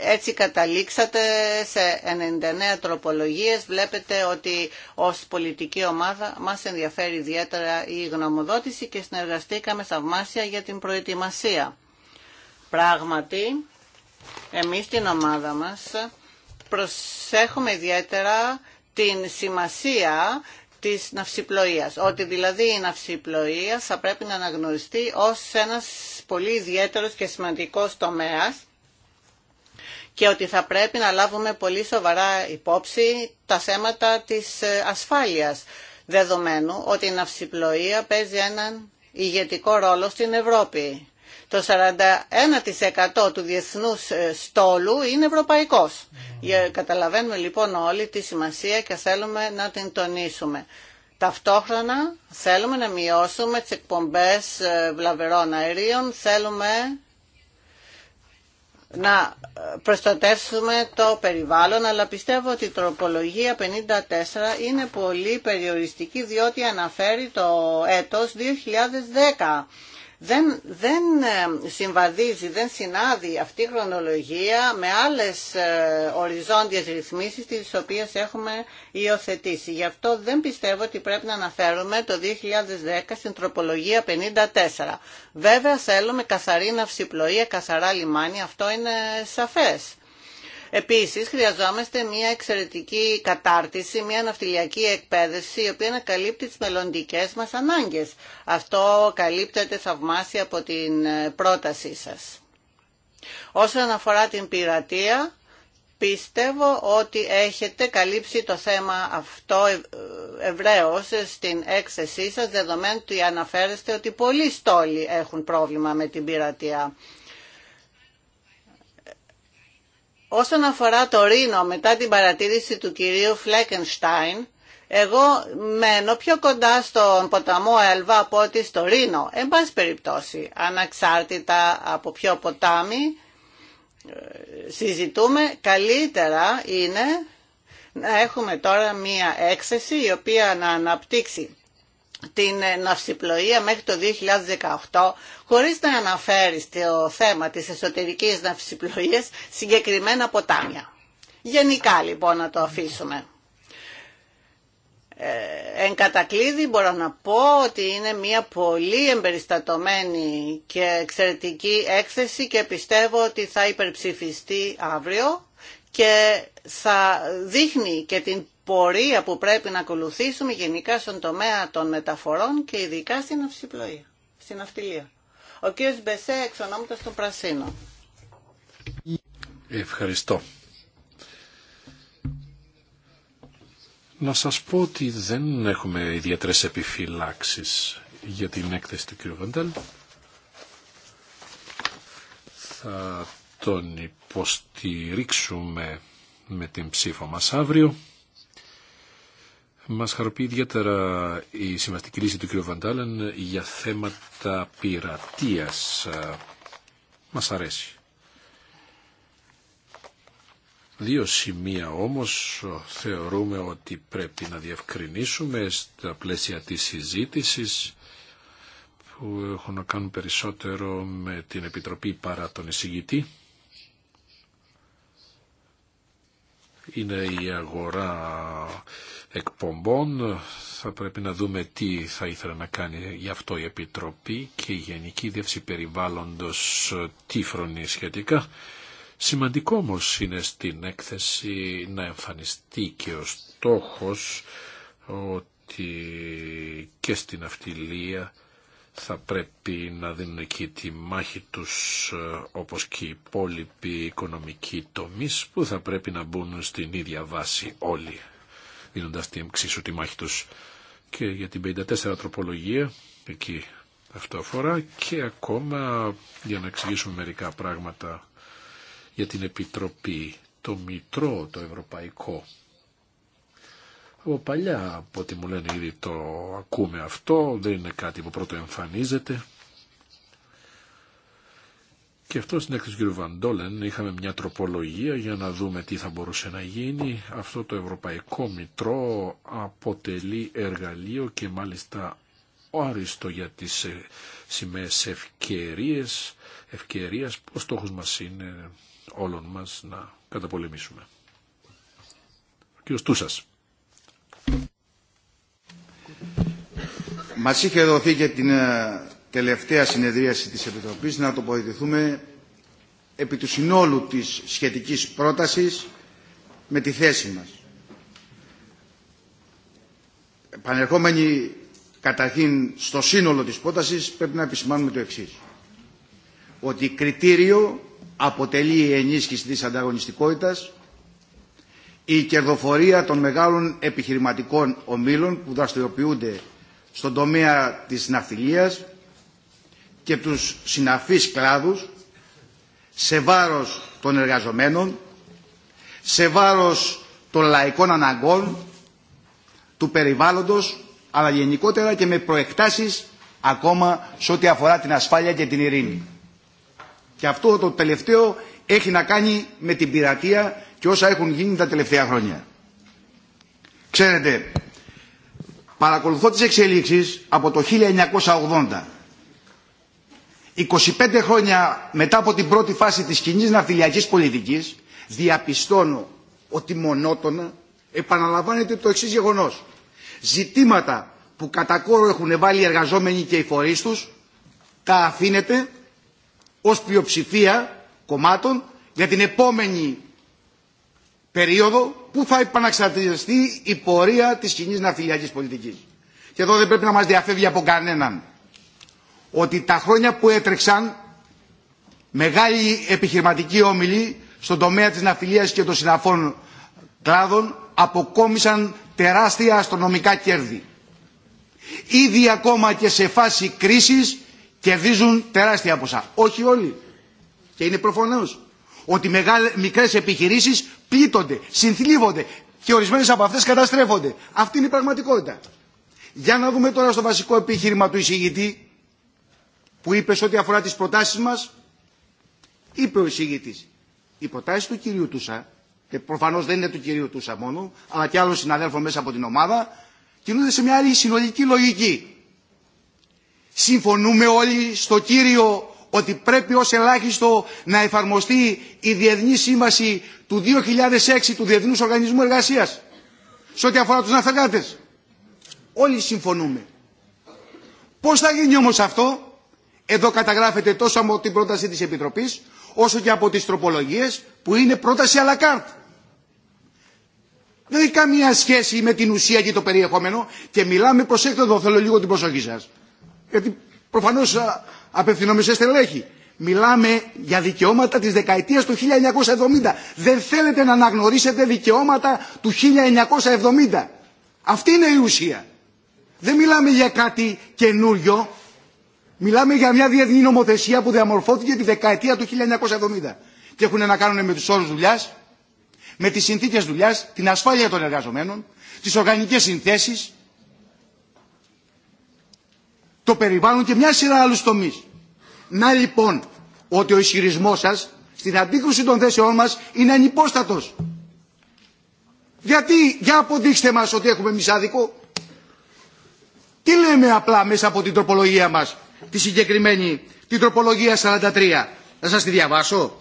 Έτσι καταλήξατε σε 99 τροπολογίες. Βλέπετε ότι ως πολιτική ομάδα μας ενδιαφέρει ιδιαίτερα η γνωμοδότηση και συνεργαστήκαμε θαυμάσια για την προετοιμασία. Πράγματι, εμείς την ομάδα μας προσέχουμε ιδιαίτερα την σημασία της ναυσιπλοείας. Ότι δηλαδή η ναυσιπλοεία θα πρέπει να αναγνωριστεί ως ένας πολύ ιδιαίτερος και σημαντικός τομέας και ότι θα πρέπει να λάβουμε πολύ σοβαρά υπόψη τα θέματα της ε, ασφάλειας, δεδομένου ότι η ναυσιπλοεία παίζει έναν ηγετικό ρόλο στην Ευρώπη το 41% του διεθνούς ε, στόλου είναι ευρωπαϊκός. Καταλαβαίνουμε λοιπόν όλη τη σημασία και θέλουμε να την τονίσουμε. Ταυτόχρονα θέλουμε να μειώσουμε τις εκπομπές ε, βλαβερών αερίων, θέλουμε να ε, προστατεύσουμε το περιβάλλον, αλλά πιστεύω ότι η τροπολογία 54 είναι πολύ περιοριστική διότι αναφέρει το έτος 2010 δεν, δεν ε, συμβαδίζει, δεν συνάδει αυτή η χρονολογία με άλλες ε, οριζόντιες ρυθμίσεις τις οποίες έχουμε υιοθετήσει. Γι' αυτό δεν πιστεύω ότι πρέπει να αναφέρουμε το 2010 στην τροπολογία 54. Βέβαια θέλουμε καθαρή ναυσιπλοεία, καθαρά λιμάνια, αυτό είναι σαφές. Επίσης, χρειαζόμαστε μια εξαιρετική κατάρτιση, μια ναυτιλιακή εκπαίδευση, η οποία να καλύπτει τις μελλοντικέ μας ανάγκες. Αυτό καλύπτεται θαυμάσια από την ε, πρότασή σας. Όσον αφορά την πειρατεία, πιστεύω ότι έχετε καλύψει το θέμα αυτό ε, ε, ευρέως στην έκθεσή σας, δεδομένου ότι αναφέρεστε ότι πολλοί στόλοι έχουν πρόβλημα με την πειρατεία. Όσον αφορά το Ρήνο, μετά την παρατήρηση του κυρίου Φλέκενστάιν, εγώ μένω πιο κοντά στον ποταμό Ελβά από ότι στο Ρήνο. Εν πάση περιπτώσει, αναξάρτητα από ποιο ποτάμι ε, συζητούμε, καλύτερα είναι να έχουμε τώρα μία έξεση η οποία να αναπτύξει την ε, ναυσιπλοεία μέχρι το 2018 χωρίς να αναφέρει στο θέμα της εσωτερικής ναυσιπλοείας συγκεκριμένα ποτάμια. Γενικά λοιπόν να το αφήσουμε. Ε, εν κατακλείδη μπορώ να πω ότι είναι μια πολύ εμπεριστατωμένη και εξαιρετική έκθεση και πιστεύω ότι θα υπερψηφιστεί αύριο και θα δείχνει και την πορεία που πρέπει να ακολουθήσουμε γενικά στον τομέα των μεταφορών και ειδικά στην αυσιπλοεία, στην αυτιλία. Ο κ. Μπεσέ, εξ ονόματος των Πρασίνων. Ευχαριστώ. Να σας πω ότι δεν έχουμε ιδιαίτερες επιφυλάξεις για την έκθεση του κ. Βεντέλ. Θα τον υποστηρίξουμε με την ψήφο μας αύριο. Μας χαροποιεί ιδιαίτερα η σημαντική λύση του κ. Βαντάλεν για θέματα πειρατείας. Μας αρέσει. Δύο σημεία όμως θεωρούμε ότι πρέπει να διευκρινίσουμε στα πλαίσια της συζήτησης που έχουν να κάνουν περισσότερο με την Επιτροπή παρά τον εισηγητή. είναι η αγορά εκπομπών. Θα πρέπει να δούμε τι θα ήθελα να κάνει γι' αυτό η Επιτροπή και η Γενική Διεύθυνση Περιβάλλοντος τι φρονεί σχετικά. Σημαντικό όμω είναι στην έκθεση να εμφανιστεί και ο στόχος ότι και στην αυτιλία θα πρέπει να δίνουν εκεί τη μάχη τους ε, όπως και οι υπόλοιποι οικονομικοί τομείς που θα πρέπει να μπουν στην ίδια βάση όλοι δίνοντας την εξίσου τη μάχη τους και για την 54 τροπολογία εκεί αυτό αφορά και ακόμα για να εξηγήσουμε μερικά πράγματα για την Επιτροπή το Μητρό το Ευρωπαϊκό από παλιά, από ό,τι μου λένε ήδη το ακούμε αυτό, δεν είναι κάτι που πρώτο εμφανίζεται. Και αυτό στην έκθεση του κ. Βαντόλεν είχαμε μια τροπολογία για να δούμε τι θα μπορούσε να γίνει. Αυτό το Ευρωπαϊκό Μητρό αποτελεί εργαλείο και μάλιστα άριστο για τις ε, σημαίες ευκαιρίες, ευκαιρίας που ο στόχος μας είναι όλων μας να καταπολεμήσουμε. Ο κ. Τούσας. Μας είχε δοθεί και την ε, τελευταία συνεδρίαση της Επιτροπής να τοποθετηθούμε επί του συνόλου της σχετικής πρότασης με τη θέση μας. Πανερχόμενοι καταρχήν στο σύνολο της πρότασης πρέπει να επισημάνουμε το εξής. Ότι κριτήριο αποτελεί η ενίσχυση της ανταγωνιστικότητας η κερδοφορία των μεγάλων επιχειρηματικών ομίλων που δραστηριοποιούνται στον τομέα της ναυτιλίας και τους συναφείς κλάδους σε βάρος των εργαζομένων, σε βάρος των λαϊκών αναγκών, του περιβάλλοντος, αλλά γενικότερα και με προεκτάσεις ακόμα σε ό,τι αφορά την ασφάλεια και την ειρήνη. Και αυτό το τελευταίο έχει να κάνει με την πειρατεία και όσα έχουν γίνει τα τελευταία χρόνια. Ξέρετε, παρακολουθώ τις εξελίξεις από το 1980. 25 χρόνια μετά από την πρώτη φάση της κοινή ναυτιλιακής πολιτικής διαπιστώνω ότι μονότονα επαναλαμβάνεται το εξής γεγονός. Ζητήματα που κατά κόρο έχουν βάλει οι εργαζόμενοι και οι φορείς τους τα αφήνεται ως πλειοψηφία κομμάτων για την επόμενη περίοδο που θα επαναξαρτηριστεί η πορεία της κοινή ναυτιλιακής πολιτικής. Και εδώ δεν πρέπει να μας διαφεύγει από κανέναν ότι τα χρόνια που έτρεξαν μεγάλοι επιχειρηματικοί όμιλοι στον τομέα της ναυτιλίας και των συναφών κλάδων αποκόμισαν τεράστια αστρονομικά κέρδη. Ήδη ακόμα και σε φάση κρίσης κερδίζουν τεράστια ποσά. Όχι όλοι. Και είναι προφανώς ότι μεγάλες, μικρές επιχειρήσεις πλήττονται, συνθλίβονται και ορισμένε από αυτέ καταστρέφονται. Αυτή είναι η πραγματικότητα. Για να δούμε τώρα στο βασικό επιχείρημα του εισηγητή που είπε ό,τι αφορά τι προτάσει μα. Είπε ο εισηγητή, οι προτάσει του κυρίου Τούσα, και προφανώ δεν είναι του κυρίου Τούσα μόνο, αλλά και άλλων συναδέλφων μέσα από την ομάδα, κινούνται σε μια άλλη συνολική λογική. Συμφωνούμε όλοι στο κύριο ότι πρέπει ως ελάχιστο να εφαρμοστεί η Διεθνή Σύμβαση του 2006 του Διεθνούς Οργανισμού Εργασίας σε ό,τι αφορά τους ναυτεργάτες. Όλοι συμφωνούμε. Πώς θα γίνει όμως αυτό, εδώ καταγράφεται τόσο από την πρόταση της Επιτροπής, όσο και από τις τροπολογίες που είναι πρόταση à la carte. Δεν έχει καμία σχέση με την ουσία και το περιεχόμενο και μιλάμε, προσέξτε εδώ, θέλω λίγο την προσοχή σας. Γιατί προφανώς απευθυνόμενοι σε στελέχη. Μιλάμε για δικαιώματα της δεκαετίας του 1970. Δεν θέλετε να αναγνωρίσετε δικαιώματα του 1970. Αυτή είναι η ουσία. Δεν μιλάμε για κάτι καινούριο. Μιλάμε για μια διεθνή νομοθεσία που διαμορφώθηκε τη δεκαετία του 1970. Και έχουν να κάνουν με τους όρους δουλειάς, με τις συνθήκες δουλειάς, την ασφάλεια των εργαζομένων, τις οργανικές συνθέσεις, το περιβάλλον και μια σειρά άλλου τομεί. Να λοιπόν ότι ο ισχυρισμό σα στην αντίκρουση των θέσεών μας είναι ανυπόστατο. Γιατί, για αποδείξτε μας ότι έχουμε μισάδικο. Τι λέμε απλά μέσα από την τροπολογία μας, τη συγκεκριμένη, την τροπολογία 43. Να σας τη διαβάσω.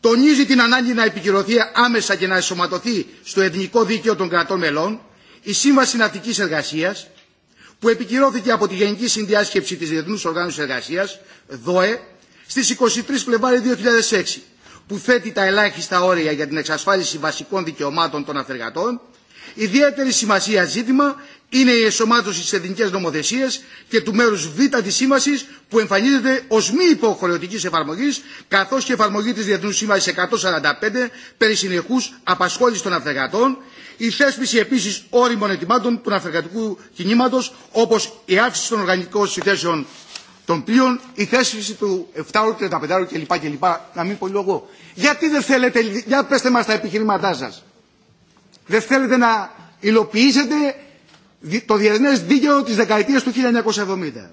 Τονίζει την ανάγκη να επικυρωθεί άμεσα και να εσωματωθεί στο εθνικό δίκαιο των κρατών μελών η Σύμβαση Ναυτικής εργασία, που επικυρώθηκε από τη Γενική Συνδιάσκεψη της Διεθνούς Οργάνωσης Εργασίας, ΔΟΕ, στις 23 Φλεβάρι 2006, που θέτει τα ελάχιστα όρια για την εξασφάλιση βασικών δικαιωμάτων των αφεργατών, ιδιαίτερη σημασία ζήτημα είναι η εσωμάτωση στις εθνικές νομοθεσίες και του μέρους Β της σύμβασης που εμφανίζεται ως μη υποχρεωτικής εφαρμογής καθώς και εφαρμογή της Διεθνούς Σύμβασης 145 περί συνεχούς απασχόλησης των αφεργατών η θέσπιση επίση όριμων ετοιμάτων του ναυτεργατικού κινήματο, όπω η αύξηση των οργανικών συνθέσεων των πλοίων, η θέσπιση του 7ου, 35ου κλπ. κλπ. Να μην πω λόγο. Γιατί δεν θέλετε, για πετε μα τα επιχειρήματά σα. Δεν θέλετε να υλοποιήσετε το διεθνέ δίκαιο τη δεκαετία του 1970.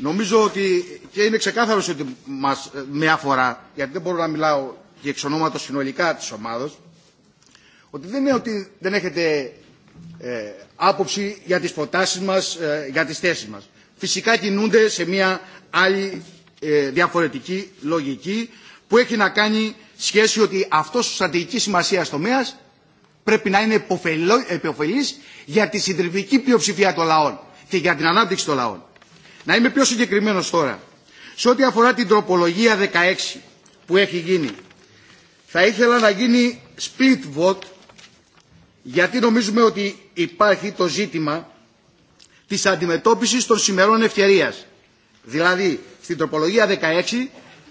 Νομίζω ότι και είναι ξεκάθαρο ότι μας, ε, με αφορά, γιατί δεν μπορώ να μιλάω και εξ ονόματος συνολικά της ομάδος, ότι δεν είναι ότι δεν έχετε ε, άποψη για τις προτάσεις μας, ε, για τις θέσεις μας. Φυσικά κινούνται σε μια άλλη ε, διαφορετική λογική που έχει να κάνει σχέση ότι αυτός ο στρατηγικής σημασία τομέα πρέπει να είναι επιοφελής για τη συντριβική πλειοψηφία των λαών και για την ανάπτυξη των λαών. Να είμαι πιο συγκεκριμένος τώρα. Σε ό,τι αφορά την τροπολογία 16 που έχει γίνει, θα ήθελα να γίνει split vote γιατί νομίζουμε ότι υπάρχει το ζήτημα της αντιμετώπισης των σημερών ευκαιρίας. Δηλαδή, στην τροπολογία 16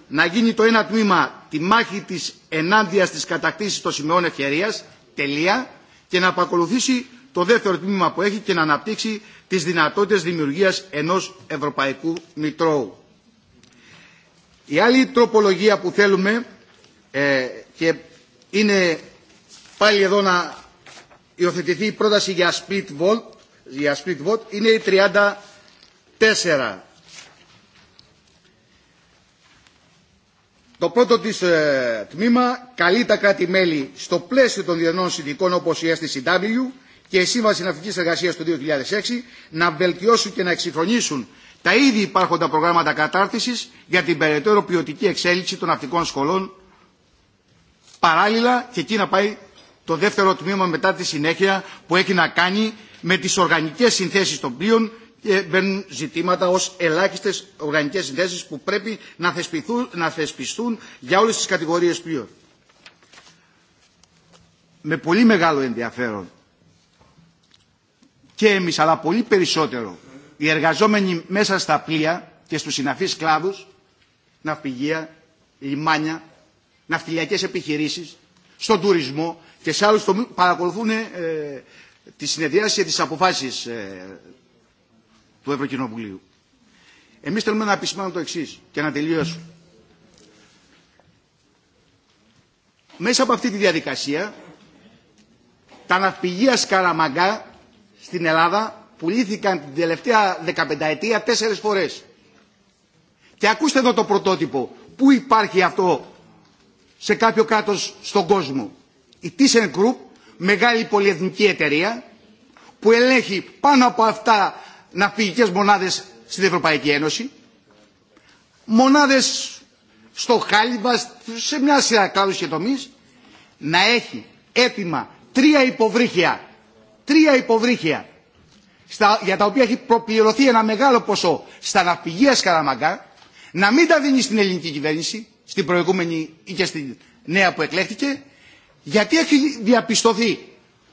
να γίνει το ένα τμήμα τη μάχη της ενάντια της κατακτήσης των σημερών ευκαιρίας, τελεία, και να απακολουθήσει το δεύτερο τμήμα που έχει και να αναπτύξει τις δυνατότητες δημιουργίας ενός ευρωπαϊκού μητρώου. Η άλλη τροπολογία που θέλουμε ε, και είναι πάλι εδώ να υιοθετηθεί η πρόταση για split vote, είναι η 34. Το πρώτο της ε, τμήμα καλεί τα κράτη-μέλη στο πλαίσιο των διεθνών συνδικών όπως η STCW και η Σύμβαση Ναυτικής Εργασίας του 2006 να βελτιώσουν και να εξυγχρονίσουν τα ήδη υπάρχοντα προγράμματα κατάρτισης για την περαιτέρω ποιοτική εξέλιξη των ναυτικών σχολών παράλληλα και εκεί να πάει το δεύτερο τμήμα μετά τη συνέχεια που έχει να κάνει με τις οργανικές συνθέσεις των πλοίων και μπαίνουν ζητήματα ως ελάχιστες οργανικές συνθέσεις που πρέπει να, θεσπιστούν, να θεσπιστούν για όλες τις κατηγορίες πλοίων. Με πολύ μεγάλο ενδιαφέρον και εμείς αλλά πολύ περισσότερο οι εργαζόμενοι μέσα στα πλοία και στους συναφείς κλάδους, ναυπηγεία, λιμάνια, ναυτιλιακές επιχειρήσεις, στον τουρισμό και σε άλλους τομείς παρακολουθούν ε, τη συνεδρίαση και τις αποφάσεις ε, του Ευρωκοινοβουλίου. Εμείς θέλουμε να επισημάνω το εξής και να τελειώσω. Μέσα από αυτή τη διαδικασία τα ναυπηγεία Σκαραμαγκά στην Ελλάδα πουλήθηκαν την τελευταία 15 ετία τέσσερις φορές. Και ακούστε εδώ το πρωτότυπο. Πού υπάρχει αυτό σε κάποιο κράτος στον κόσμο. Η Group, μεγάλη πολυεθνική εταιρεία, που ελέγχει πάνω από αυτά ναυπηγικές μονάδες στην Ευρωπαϊκή Ένωση, μονάδες στο Χάλιμπα, σε μια σειρά κλάδους και τομείς, να έχει έτοιμα τρία υποβρύχια, τρία υποβρύχια, στα, για τα οποία έχει προπληρωθεί ένα μεγάλο ποσό στα ναυπηγεία Σκαραμαγκά, να μην τα δίνει στην ελληνική κυβέρνηση, στην προηγούμενη ή και στην νέα που εκλέχθηκε; γιατί έχει διαπιστωθεί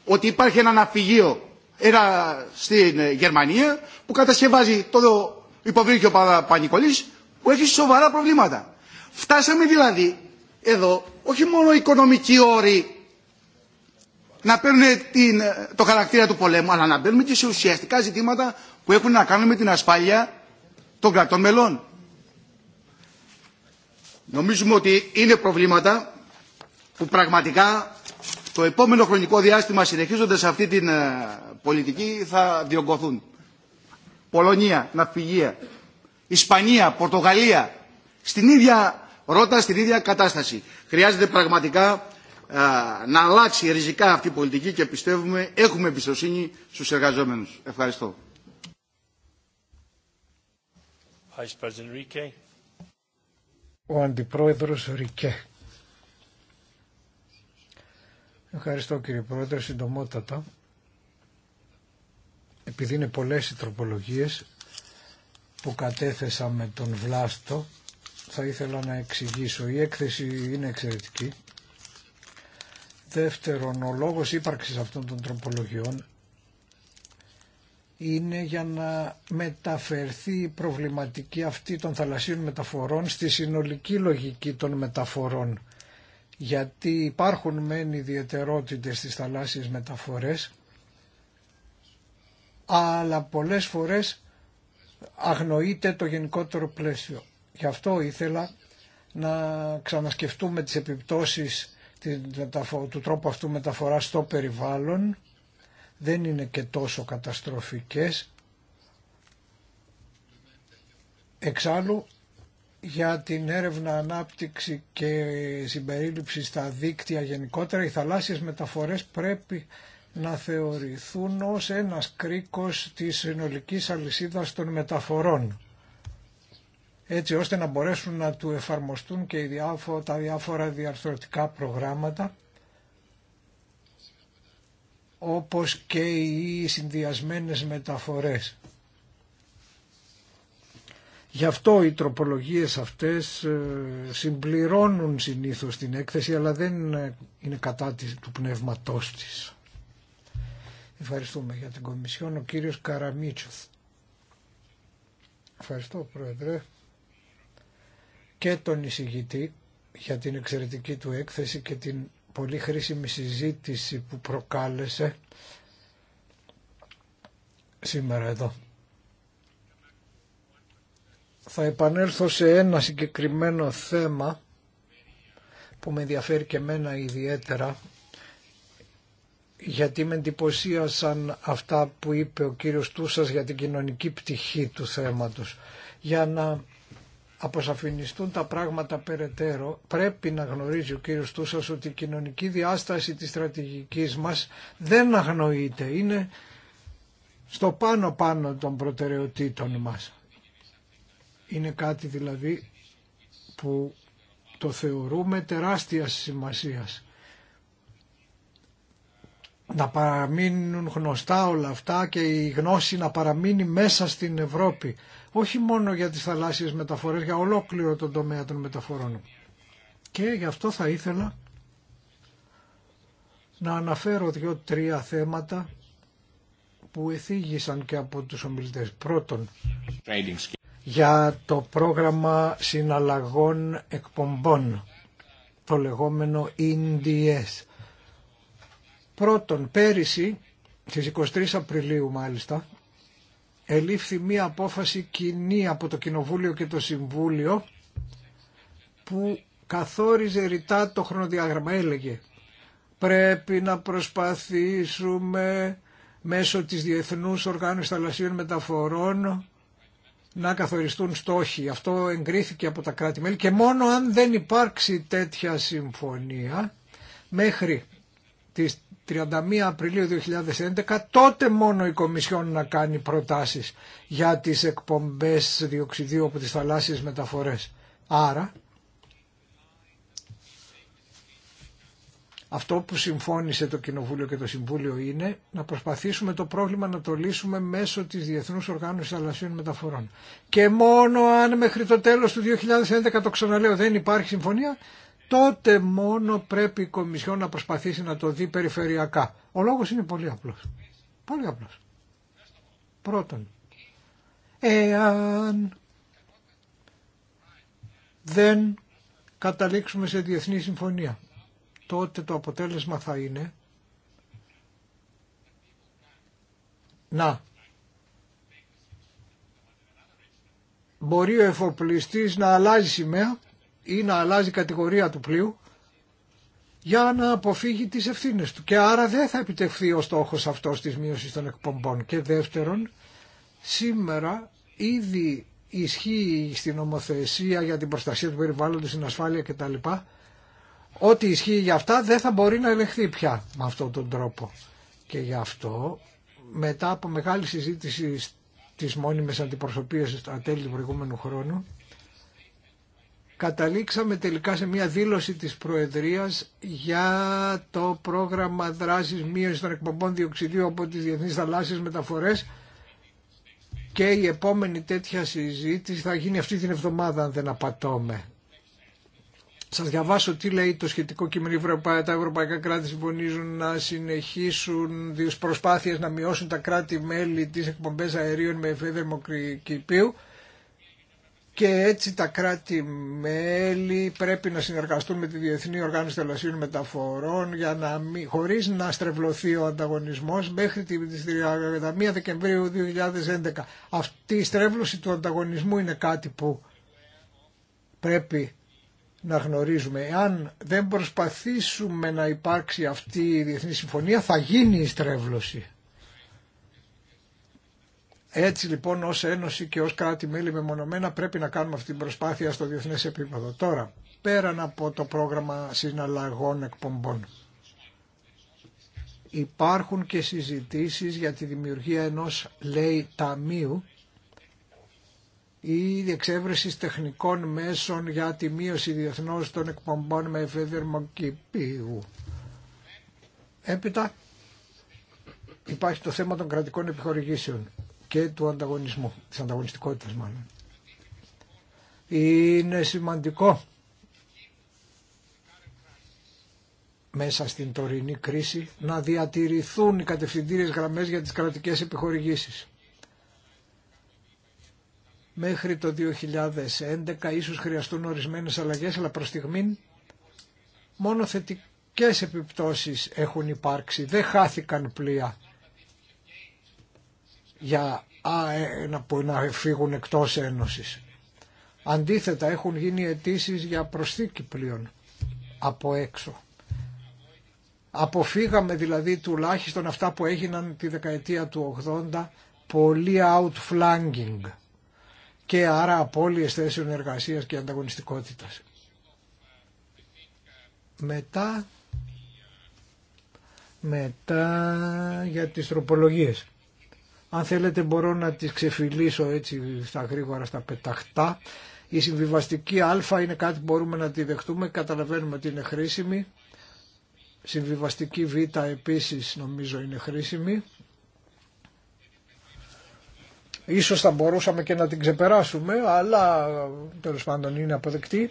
ότι υπάρχει ένα ναυπηγείο ένα στην ε, Γερμανία που κατασκευάζει το υποβρύχιο Πανικολής που έχει σοβαρά προβλήματα. Φτάσαμε δηλαδή εδώ όχι μόνο οικονομικοί όροι να παίρνουν την, ε, το χαρακτήρα του πολέμου, αλλά να μπαίνουμε και σε ουσιαστικά ζητήματα που έχουν να κάνουν με την ασφάλεια των κρατών μελών. Νομίζουμε ότι είναι προβλήματα που πραγματικά το επόμενο χρονικό διάστημα συνεχίζοντας αυτή την ε, πολιτική θα διωγκωθούν. Πολωνία, Ναυπηγία, Ισπανία, Πορτογαλία, στην ίδια ρότα, στην ίδια κατάσταση. Χρειάζεται πραγματικά ε, να αλλάξει ριζικά αυτή η πολιτική και πιστεύουμε έχουμε εμπιστοσύνη στους εργαζόμενους. Ευχαριστώ ο Αντιπρόεδρος Ρικέ. Ευχαριστώ κύριε Πρόεδρε, συντομότατα. Επειδή είναι πολλές οι τροπολογίες που κατέθεσα με τον Βλάστο, θα ήθελα να εξηγήσω. Η έκθεση είναι εξαιρετική. Δεύτερον, ο λόγος ύπαρξης αυτών των τροπολογιών είναι για να μεταφερθεί η προβληματική αυτή των θαλασσίων μεταφορών στη συνολική λογική των μεταφορών. Γιατί υπάρχουν μεν ιδιαιτερότητες στις θαλάσσιες μεταφορές, αλλά πολλές φορές αγνοείται το γενικότερο πλαίσιο. Γι' αυτό ήθελα να ξανασκεφτούμε τις επιπτώσεις του τρόπου αυτού μεταφοράς στο περιβάλλον δεν είναι και τόσο καταστροφικές. Εξάλλου για την έρευνα ανάπτυξη και συμπερίληψη στα δίκτυα γενικότερα οι θαλάσσιες μεταφορές πρέπει να θεωρηθούν ως ένας κρίκος της συνολικής αλυσίδας των μεταφορών έτσι ώστε να μπορέσουν να του εφαρμοστούν και τα διάφορα διαρθρωτικά προγράμματα όπως και οι συνδυασμένες μεταφορές. Γι' αυτό οι τροπολογίες αυτές ε, συμπληρώνουν συνήθως την έκθεση αλλά δεν είναι κατά του πνεύματός της. Ευχαριστούμε για την Κομισιόν. Ο κύριος Καραμίτσος. Ευχαριστώ Πρόεδρε και τον εισηγητή για την εξαιρετική του έκθεση και την πολύ χρήσιμη συζήτηση που προκάλεσε σήμερα εδώ. Θα επανέλθω σε ένα συγκεκριμένο θέμα που με ενδιαφέρει και μένα ιδιαίτερα γιατί με εντυπωσίασαν αυτά που είπε ο κύριος Τούσας για την κοινωνική πτυχή του θέματος. Για να αποσαφινιστούν τα πράγματα περαιτέρω, πρέπει να γνωρίζει ο κύριος Τούσας ότι η κοινωνική διάσταση της στρατηγικής μας δεν αγνοείται, είναι στο πάνω-πάνω των προτεραιοτήτων μας. Είναι κάτι δηλαδή που το θεωρούμε τεράστια σημασίας. Να παραμείνουν γνωστά όλα αυτά και η γνώση να παραμείνει μέσα στην Ευρώπη όχι μόνο για τις θαλάσσιες μεταφορές, για ολόκληρο τον τομέα των μεταφορών. Και γι' αυτό θα ήθελα να αναφέρω δύο-τρία θέματα που εθίγησαν και από τους ομιλητές. Πρώτον, για το πρόγραμμα συναλλαγών εκπομπών, το λεγόμενο INDS. Πρώτον, πέρυσι, στις 23 Απριλίου μάλιστα, ελήφθη μία απόφαση κοινή από το Κοινοβούλιο και το Συμβούλιο που καθόριζε ρητά το χρονοδιάγραμμα. Έλεγε πρέπει να προσπαθήσουμε μέσω της Διεθνούς Οργάνωσης Θαλασσίων Μεταφορών να καθοριστούν στόχοι. Αυτό εγκρίθηκε από τα κράτη-μέλη και μόνο αν δεν υπάρξει τέτοια συμφωνία μέχρι τις 31 Απριλίου 2011 τότε μόνο η Κομισιόν να κάνει προτάσεις για τις εκπομπές διοξιδίου από τις θαλάσσιες μεταφορές. Άρα αυτό που συμφώνησε το Κοινοβούλιο και το Συμβούλιο είναι να προσπαθήσουμε το πρόβλημα να το λύσουμε μέσω της Διεθνούς Οργάνωσης Θαλασσίων Μεταφορών. Και μόνο αν μέχρι το τέλος του 2011 το ξαναλέω δεν υπάρχει συμφωνία τότε μόνο πρέπει η Κομισιόν να προσπαθήσει να το δει περιφερειακά. Ο λόγος είναι πολύ απλός. Πολύ απλός. Πρώτον, εάν δεν καταλήξουμε σε διεθνή συμφωνία, τότε το αποτέλεσμα θα είναι να μπορεί ο εφοπλιστής να αλλάζει σημαία ή να αλλάζει κατηγορία του πλοίου για να αποφύγει τις ευθύνες του. Και άρα δεν θα επιτευχθεί ο στόχος αυτός της μείωσης των εκπομπών. Και δεύτερον, σήμερα ήδη ισχύει στην νομοθεσία για την προστασία του περιβάλλοντος, στην ασφάλεια κτλ. Ό,τι ισχύει για αυτά δεν θα μπορεί να ελεγχθεί πια με αυτόν τον τρόπο. Και γι' αυτό μετά από μεγάλη συζήτηση της μόνιμης αντιπροσωπείας στα τέλη του προηγούμενου χρόνου καταλήξαμε τελικά σε μια δήλωση της Προεδρίας για το πρόγραμμα δράσης μείωση των εκπομπών διοξιδίου από τις διεθνείς θαλάσσιες μεταφορές και η επόμενη τέτοια συζήτηση θα γίνει αυτή την εβδομάδα αν δεν απατώμε. Σας διαβάσω τι λέει το σχετικό κείμενο. Τα ευρωπαϊκά κράτη συμφωνίζουν να συνεχίσουν τις προσπάθειες να μειώσουν τα κράτη-μέλη τις εκπομπές αερίων με εφέδερμο κρυπίου και έτσι τα κράτη-μέλη πρέπει να συνεργαστούν με τη Διεθνή Οργάνωση Θελασσίων Μεταφορών για να μη χωρίς να στρεβλωθεί ο ανταγωνισμός μέχρι τη 31 Δεκεμβρίου 2011. Αυτή η στρέβλωση του ανταγωνισμού είναι κάτι που πρέπει να γνωρίζουμε. Αν δεν προσπαθήσουμε να υπάρξει αυτή η Διεθνή Συμφωνία θα γίνει η στρέβλωση. Έτσι λοιπόν ως Ένωση και ως κάτι μέλη μεμονωμένα πρέπει να κάνουμε αυτή την προσπάθεια στο διεθνές επίπεδο. Τώρα, πέραν από το πρόγραμμα συναλλαγών εκπομπών, υπάρχουν και συζητήσεις για τη δημιουργία ενός, λέει, ταμείου ή διεξέβρεση τεχνικών μέσων για τη μείωση διεθνώς των εκπομπών με εφέδερμο κηπίου. Έπειτα υπάρχει το θέμα των κρατικών επιχορηγήσεων και του ανταγωνισμού, της ανταγωνιστικότητας μάλλον. Είναι σημαντικό μέσα στην τωρινή κρίση να διατηρηθούν οι κατευθυντήριες γραμμές για τις κρατικές επιχορηγήσεις. Μέχρι το 2011 ίσως χρειαστούν ορισμένες αλλαγές, αλλά προς στιγμήν μόνο θετικές επιπτώσεις έχουν υπάρξει. Δεν χάθηκαν πλοία για να που να φύγουν εκτός Ένωσης. Αντίθετα έχουν γίνει αιτήσει για προσθήκη πλοίων από έξω. Αποφύγαμε δηλαδή τουλάχιστον αυτά που έγιναν τη δεκαετία του 80 πολύ outflanking και άρα απώλειες θέσεων εργασίας και ανταγωνιστικότητας. Μετά, μετά για τις τροπολογίες. Αν θέλετε μπορώ να τις ξεφυλίσω έτσι στα γρήγορα, στα πεταχτά. Η συμβιβαστική α είναι κάτι που μπορούμε να τη δεχτούμε, καταλαβαίνουμε ότι είναι χρήσιμη. Συμβιβαστική β επίσης νομίζω είναι χρήσιμη. Ίσως θα μπορούσαμε και να την ξεπεράσουμε, αλλά τέλο πάντων είναι αποδεκτή.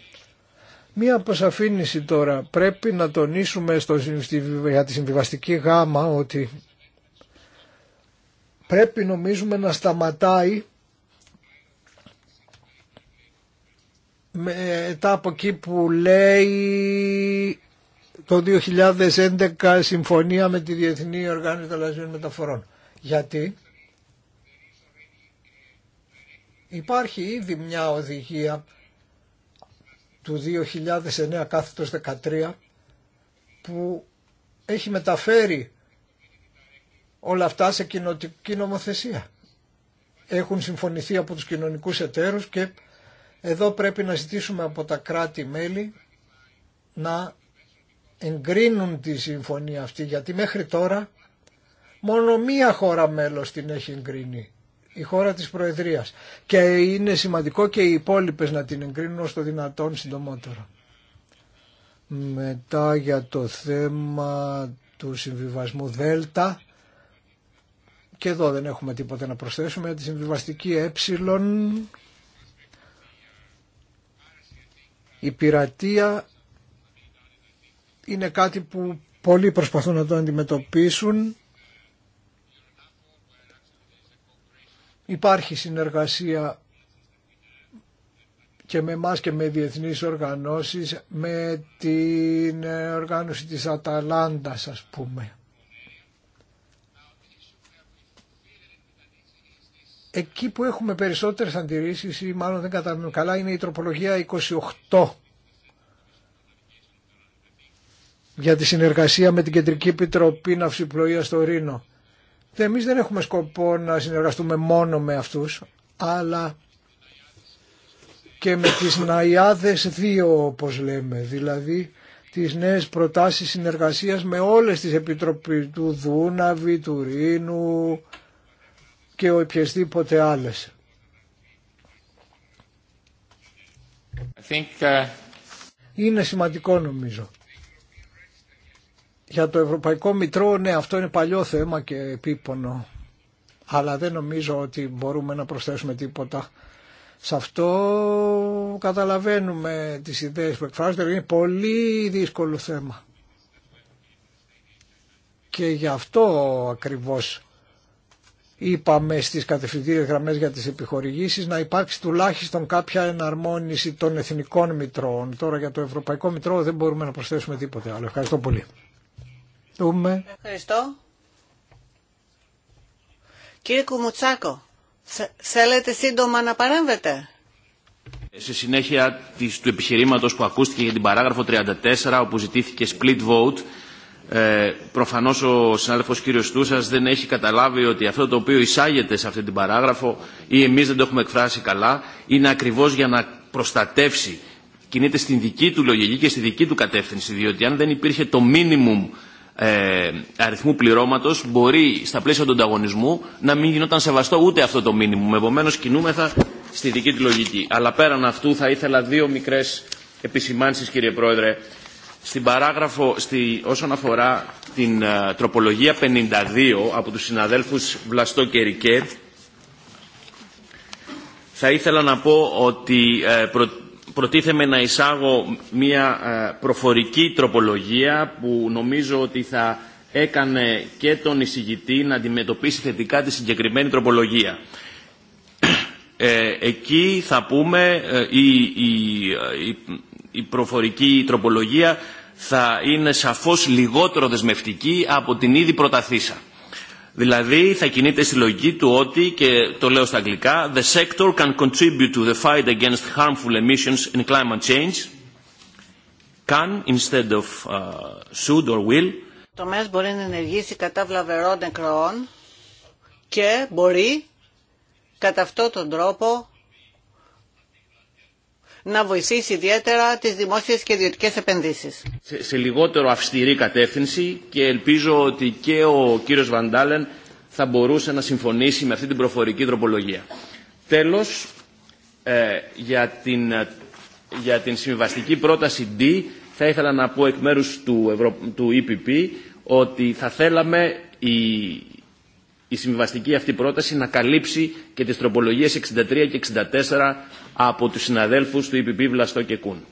Μία αποσαφήνιση τώρα. Πρέπει να τονίσουμε στο, για τη συμβιβαστική γάμα ότι πρέπει νομίζουμε να σταματάει μετά από εκεί που λέει το 2011 συμφωνία με τη Διεθνή Οργάνωση Ταλαζίων Μεταφορών. Γιατί υπάρχει ήδη μια οδηγία του 2009 κάθετος 13 που έχει μεταφέρει όλα αυτά σε κοινοτική νομοθεσία. Έχουν συμφωνηθεί από τους κοινωνικούς εταίρους και εδώ πρέπει να ζητήσουμε από τα κράτη-μέλη να εγκρίνουν τη συμφωνία αυτή γιατί μέχρι τώρα μόνο μία χώρα μέλος την έχει εγκρίνει η χώρα της Προεδρίας και είναι σημαντικό και οι υπόλοιπε να την εγκρίνουν ως το δυνατόν συντομότερο. Μετά για το θέμα του συμβιβασμού Δέλτα και εδώ δεν έχουμε τίποτα να προσθέσουμε. Τη συμβιβαστική ε η πειρατεία είναι κάτι που πολλοί προσπαθούν να το αντιμετωπίσουν. Υπάρχει συνεργασία και με μας και με διεθνείς οργανώσεις, με την ε, οργάνωση της Αταλάντας ας πούμε. Εκεί που έχουμε περισσότερες αντιρρήσεις ή μάλλον δεν καταλαβαίνουμε καλά είναι η τροπολογία 28 για τη συνεργασία με την Κεντρική Επιτροπή Ναυσιπλοεία στο Ρήνο. Και εμείς δεν έχουμε σκοπό να συνεργαστούμε μόνο με αυτούς, αλλά και με τις ναϊάδες 2 όπως λέμε, δηλαδή τις νέες προτάσεις συνεργασίας με όλες τις επιτροπές του Δούναβη, του Ρήνου, και οποιασδήποτε άλλες. Uh, είναι σημαντικό νομίζω. Για το Ευρωπαϊκό Μητρό, ναι, αυτό είναι παλιό θέμα και επίπονο. Αλλά δεν νομίζω ότι μπορούμε να προσθέσουμε τίποτα. Σε αυτό καταλαβαίνουμε τις ιδέες που εκφράζονται. Είναι πολύ δύσκολο θέμα. Και γι' αυτό ακριβώς είπαμε στις κατευθυντήριες γραμμές για τις επιχορηγήσεις να υπάρξει τουλάχιστον κάποια εναρμόνιση των εθνικών μητρώων. Τώρα για το Ευρωπαϊκό Μητρό δεν μπορούμε να προσθέσουμε τίποτε άλλο. Ευχαριστώ πολύ. Ευχαριστώ. Κύριε Κουμουτσάκο, θέλετε σύντομα να παρέμβετε. Σε συνέχεια του επιχειρήματος που ακούστηκε για την παράγραφο 34 όπου ζητήθηκε split vote ε, προφανώς ο συνάδελφος κύριος Τούσας δεν έχει καταλάβει ότι αυτό το οποίο εισάγεται σε αυτή την παράγραφο ή εμείς δεν το έχουμε εκφράσει καλά είναι ακριβώς για να προστατεύσει κινείται στην δική του λογική και στη δική του κατεύθυνση διότι αν δεν υπήρχε το μίνιμουμ ε, αριθμού πληρώματος μπορεί στα πλαίσια του ανταγωνισμού να μην γινόταν σεβαστό ούτε αυτό το μίνιμουμ επομένως κινούμεθα στη δική του λογική αλλά πέραν αυτού θα ήθελα δύο μικρές επισημάνσεις κύριε Πρόεδρε στην παράγραφο, στη, όσον αφορά την ε, τροπολογία 52 από τους συναδέλφους Βλαστό και Ρικέ, θα ήθελα να πω ότι uh, προτίθεμαι να εισάγω μια ε, προφορική τροπολογία που νομίζω ότι θα έκανε και τον εισηγητή να αντιμετωπίσει θετικά τη συγκεκριμένη τροπολογία. εκεί θα πούμε η, η προφορική τροπολογία θα είναι σαφώς λιγότερο δεσμευτική από την ήδη προταθήσα. Δηλαδή θα κινείται στη λογική του ότι, και το λέω στα αγγλικά, «The sector can contribute to the fight against harmful emissions and climate change» can instead of uh, should or will. Το ΜΕΣ μπορεί να ενεργήσει κατά βλαβερών νεκρών και μπορεί κατά αυτόν τον τρόπο να βοηθήσει ιδιαίτερα τις δημόσιες και ιδιωτικέ επενδύσεις. Σε, σε λιγότερο αυστηρή κατεύθυνση και ελπίζω ότι και ο κύριος Βαντάλεν θα μπορούσε να συμφωνήσει με αυτή την προφορική τροπολογία. Τέλος, ε, για, την, ε, για την συμβαστική πρόταση D θα ήθελα να πω εκ μέρους του, του EPP ότι θα θέλαμε η η συμβιβαστική αυτή πρόταση να καλύψει και τις τροπολογίες 63 και 64 από τους συναδέλφους του ΙΠΠ Βλαστό και Κούν.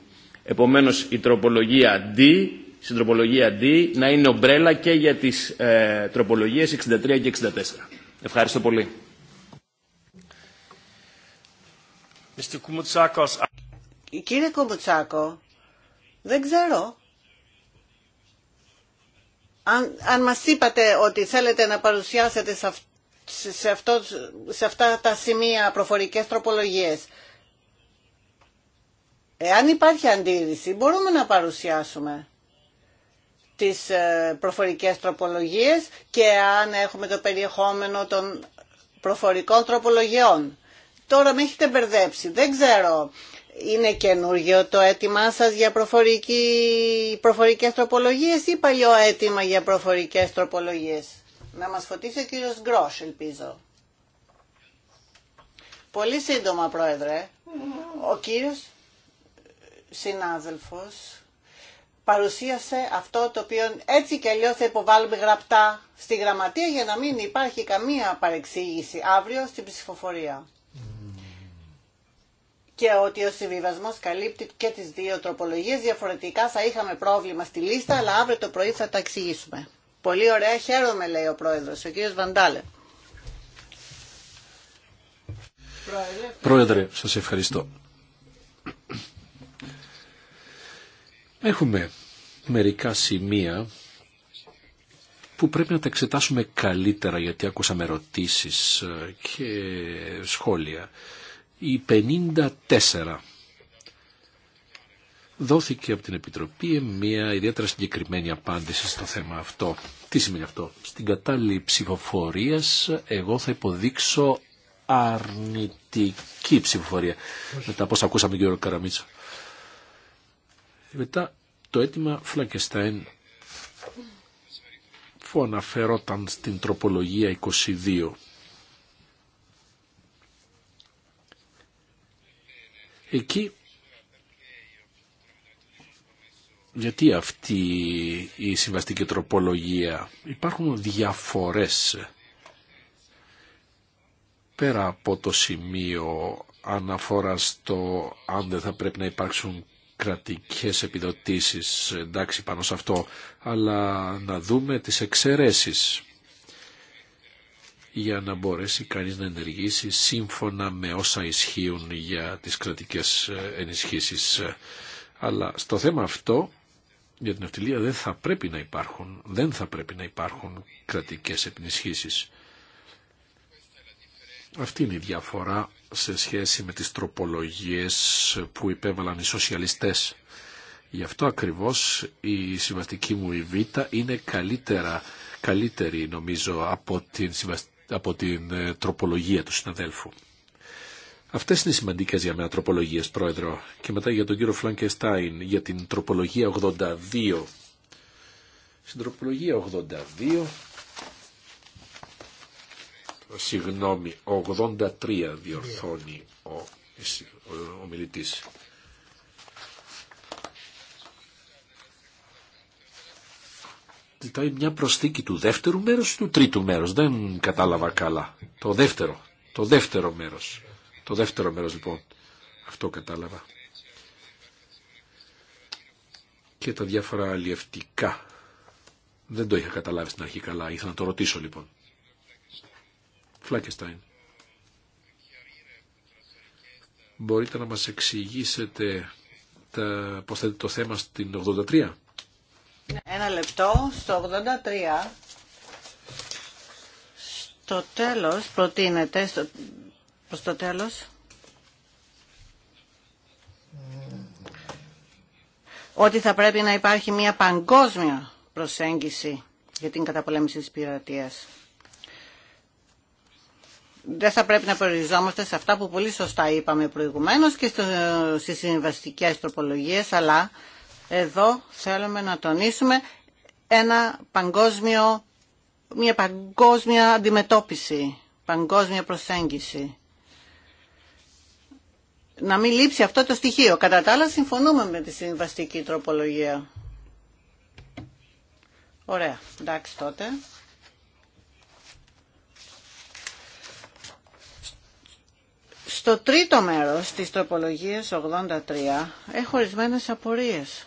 Επομένως, η τροπολογία D, στην τροπολογία D να είναι ομπρέλα και για τις ε, τροπολογίες 63 και 64. Ευχαριστώ πολύ. Κύριε Κουμουτσάκο, δεν ξέρω αν, αν μας είπατε ότι θέλετε να παρουσιάσετε σε, σε αυτά τα σημεία προφορικές τροπολογίες, εάν υπάρχει αντίρρηση μπορούμε να παρουσιάσουμε τις ε, προφορικές τροπολογίες και αν έχουμε το περιεχόμενο των προφορικών τροπολογιών. Τώρα με έχετε μπερδέψει. Δεν ξέρω είναι καινούργιο το αίτημά σας για προφορική, προφορικές τροπολογίες ή παλιό αίτημα για προφορικές τροπολογίες. Να μας φωτίσει ο κύριος Γκρός, ελπίζω. Πολύ σύντομα, Πρόεδρε. Ο κύριος συνάδελφος παρουσίασε αυτό το οποίο έτσι και αλλιώς θα υποβάλουμε γραπτά στη γραμματεία για να μην υπάρχει καμία παρεξήγηση αύριο στην ψηφοφορία και ότι ο συμβιβασμός καλύπτει και τις δύο τροπολογίες. Διαφορετικά θα είχαμε πρόβλημα στη λίστα, αλλά αύριο το πρωί θα τα εξηγήσουμε. Πολύ ωραία, χαίρομαι λέει ο πρόεδρος, ο κύριος Βαντάλε. Πρόεδρε, σας ευχαριστώ. Έχουμε μερικά σημεία που πρέπει να τα εξετάσουμε καλύτερα γιατί άκουσαμε ερωτήσει ε, και σχόλια η 54 δόθηκε από την Επιτροπή μια ιδιαίτερα συγκεκριμένη απάντηση στο θέμα αυτό. Τι σημαίνει αυτό. Στην κατάλληλη ψηφοφορία εγώ θα υποδείξω αρνητική ψηφοφορία. Μετά πώς ακούσαμε τον κύριο Καραμίτσο. Μετά το αίτημα Φλακεστάιν που αναφερόταν στην τροπολογία 22 Εκεί γιατί αυτή η συμβαστική τροπολογία υπάρχουν διαφορές πέρα από το σημείο αναφορά στο αν δεν θα πρέπει να υπάρξουν κρατικές επιδοτήσεις εντάξει πάνω σε αυτό αλλά να δούμε τις εξαιρέσεις για να μπορέσει κανείς να ενεργήσει σύμφωνα με όσα ισχύουν για τις κρατικές ε, ενισχύσεις. Αλλά στο θέμα αυτό για την αυτιλία δεν θα πρέπει να υπάρχουν, δεν θα πρέπει να υπάρχουν κρατικές ενισχύσεις. Αυτή είναι η διαφορά σε σχέση με τις τροπολογίες που υπέβαλαν οι σοσιαλιστές. Γι' αυτό ακριβώς η συμβαστική μου η Β είναι καλύτερα, καλύτερη νομίζω από την συμβαστική από την ε, τροπολογία του συναδέλφου. Αυτέ είναι σημαντικέ για μένα τροπολογίε, Πρόεδρο. Και μετά για τον κύριο Φλανκεστάιν, για την τροπολογία 82. Στην τροπολογία 82. Συγγνώμη, 83 διορθώνει ο, ο, ο ζητάει μια προσθήκη του δεύτερου μέρους ή του τρίτου μέρους. Δεν κατάλαβα καλά. Το δεύτερο. Το δεύτερο μέρος. Το δεύτερο μέρος λοιπόν. Αυτό κατάλαβα. Και τα διάφορα αλλιευτικά. Δεν το είχα καταλάβει στην αρχή καλά. Ήθελα να το ρωτήσω λοιπόν. Φλάκεστάιν. Μπορείτε να μας εξηγήσετε τα, πώς θέλετε το θέμα στην 83. Ένα λεπτό στο 83. Στο τέλος προτείνεται, στο, προς το τέλος, ότι θα πρέπει να υπάρχει μια παγκόσμια προσέγγιση για την καταπολέμηση της πειρατείας. Δεν θα πρέπει να περιοριζόμαστε σε αυτά που πολύ σωστά είπαμε προηγουμένως και στις συμβαστικές τροπολογίες, αλλά εδώ θέλουμε να τονίσουμε ένα παγκόσμιο, μια παγκόσμια αντιμετώπιση, παγκόσμια προσέγγιση. Να μην λείψει αυτό το στοιχείο. Κατά τα άλλα συμφωνούμε με τη συμβαστική τροπολογία. Ωραία. Εντάξει τότε. Στο τρίτο μέρος της τροπολογίας 83 έχω ορισμένε απορίες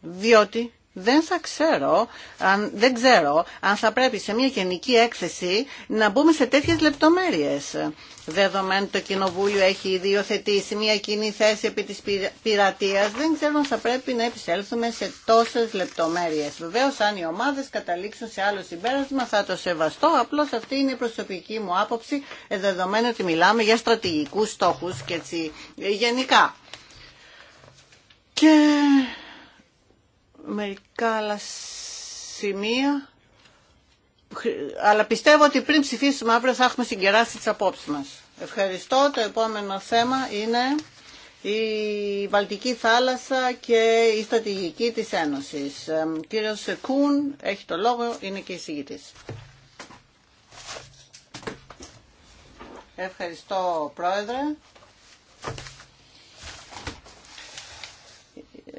διότι δεν θα ξέρω, αν, δεν ξέρω αν θα πρέπει σε μια γενική έκθεση να μπούμε σε τέτοιες λεπτομέρειες. Δεδομένου το Κοινοβούλιο έχει ιδιοθετήσει μια κοινή θέση επί της πειρατείας, δεν ξέρω αν θα πρέπει να επισέλθουμε σε τόσες λεπτομέρειες. Βεβαίως αν οι ομάδες καταλήξουν σε άλλο συμπέρασμα θα το σεβαστώ, απλώς αυτή είναι η προσωπική μου άποψη, δεδομένου ότι μιλάμε για στρατηγικούς στόχους και έτσι γενικά. Και μερικά άλλα σημεία, αλλά πιστεύω ότι πριν ψηφίσουμε αύριο θα έχουμε συγκεράσει τις απόψεις μας. Ευχαριστώ. Το επόμενο θέμα είναι η Βαλτική θάλασσα και η στρατηγική της Ένωσης. Κύριο κύριος έχει το λόγο, είναι και εισηγητής. Ευχαριστώ Πρόεδρε.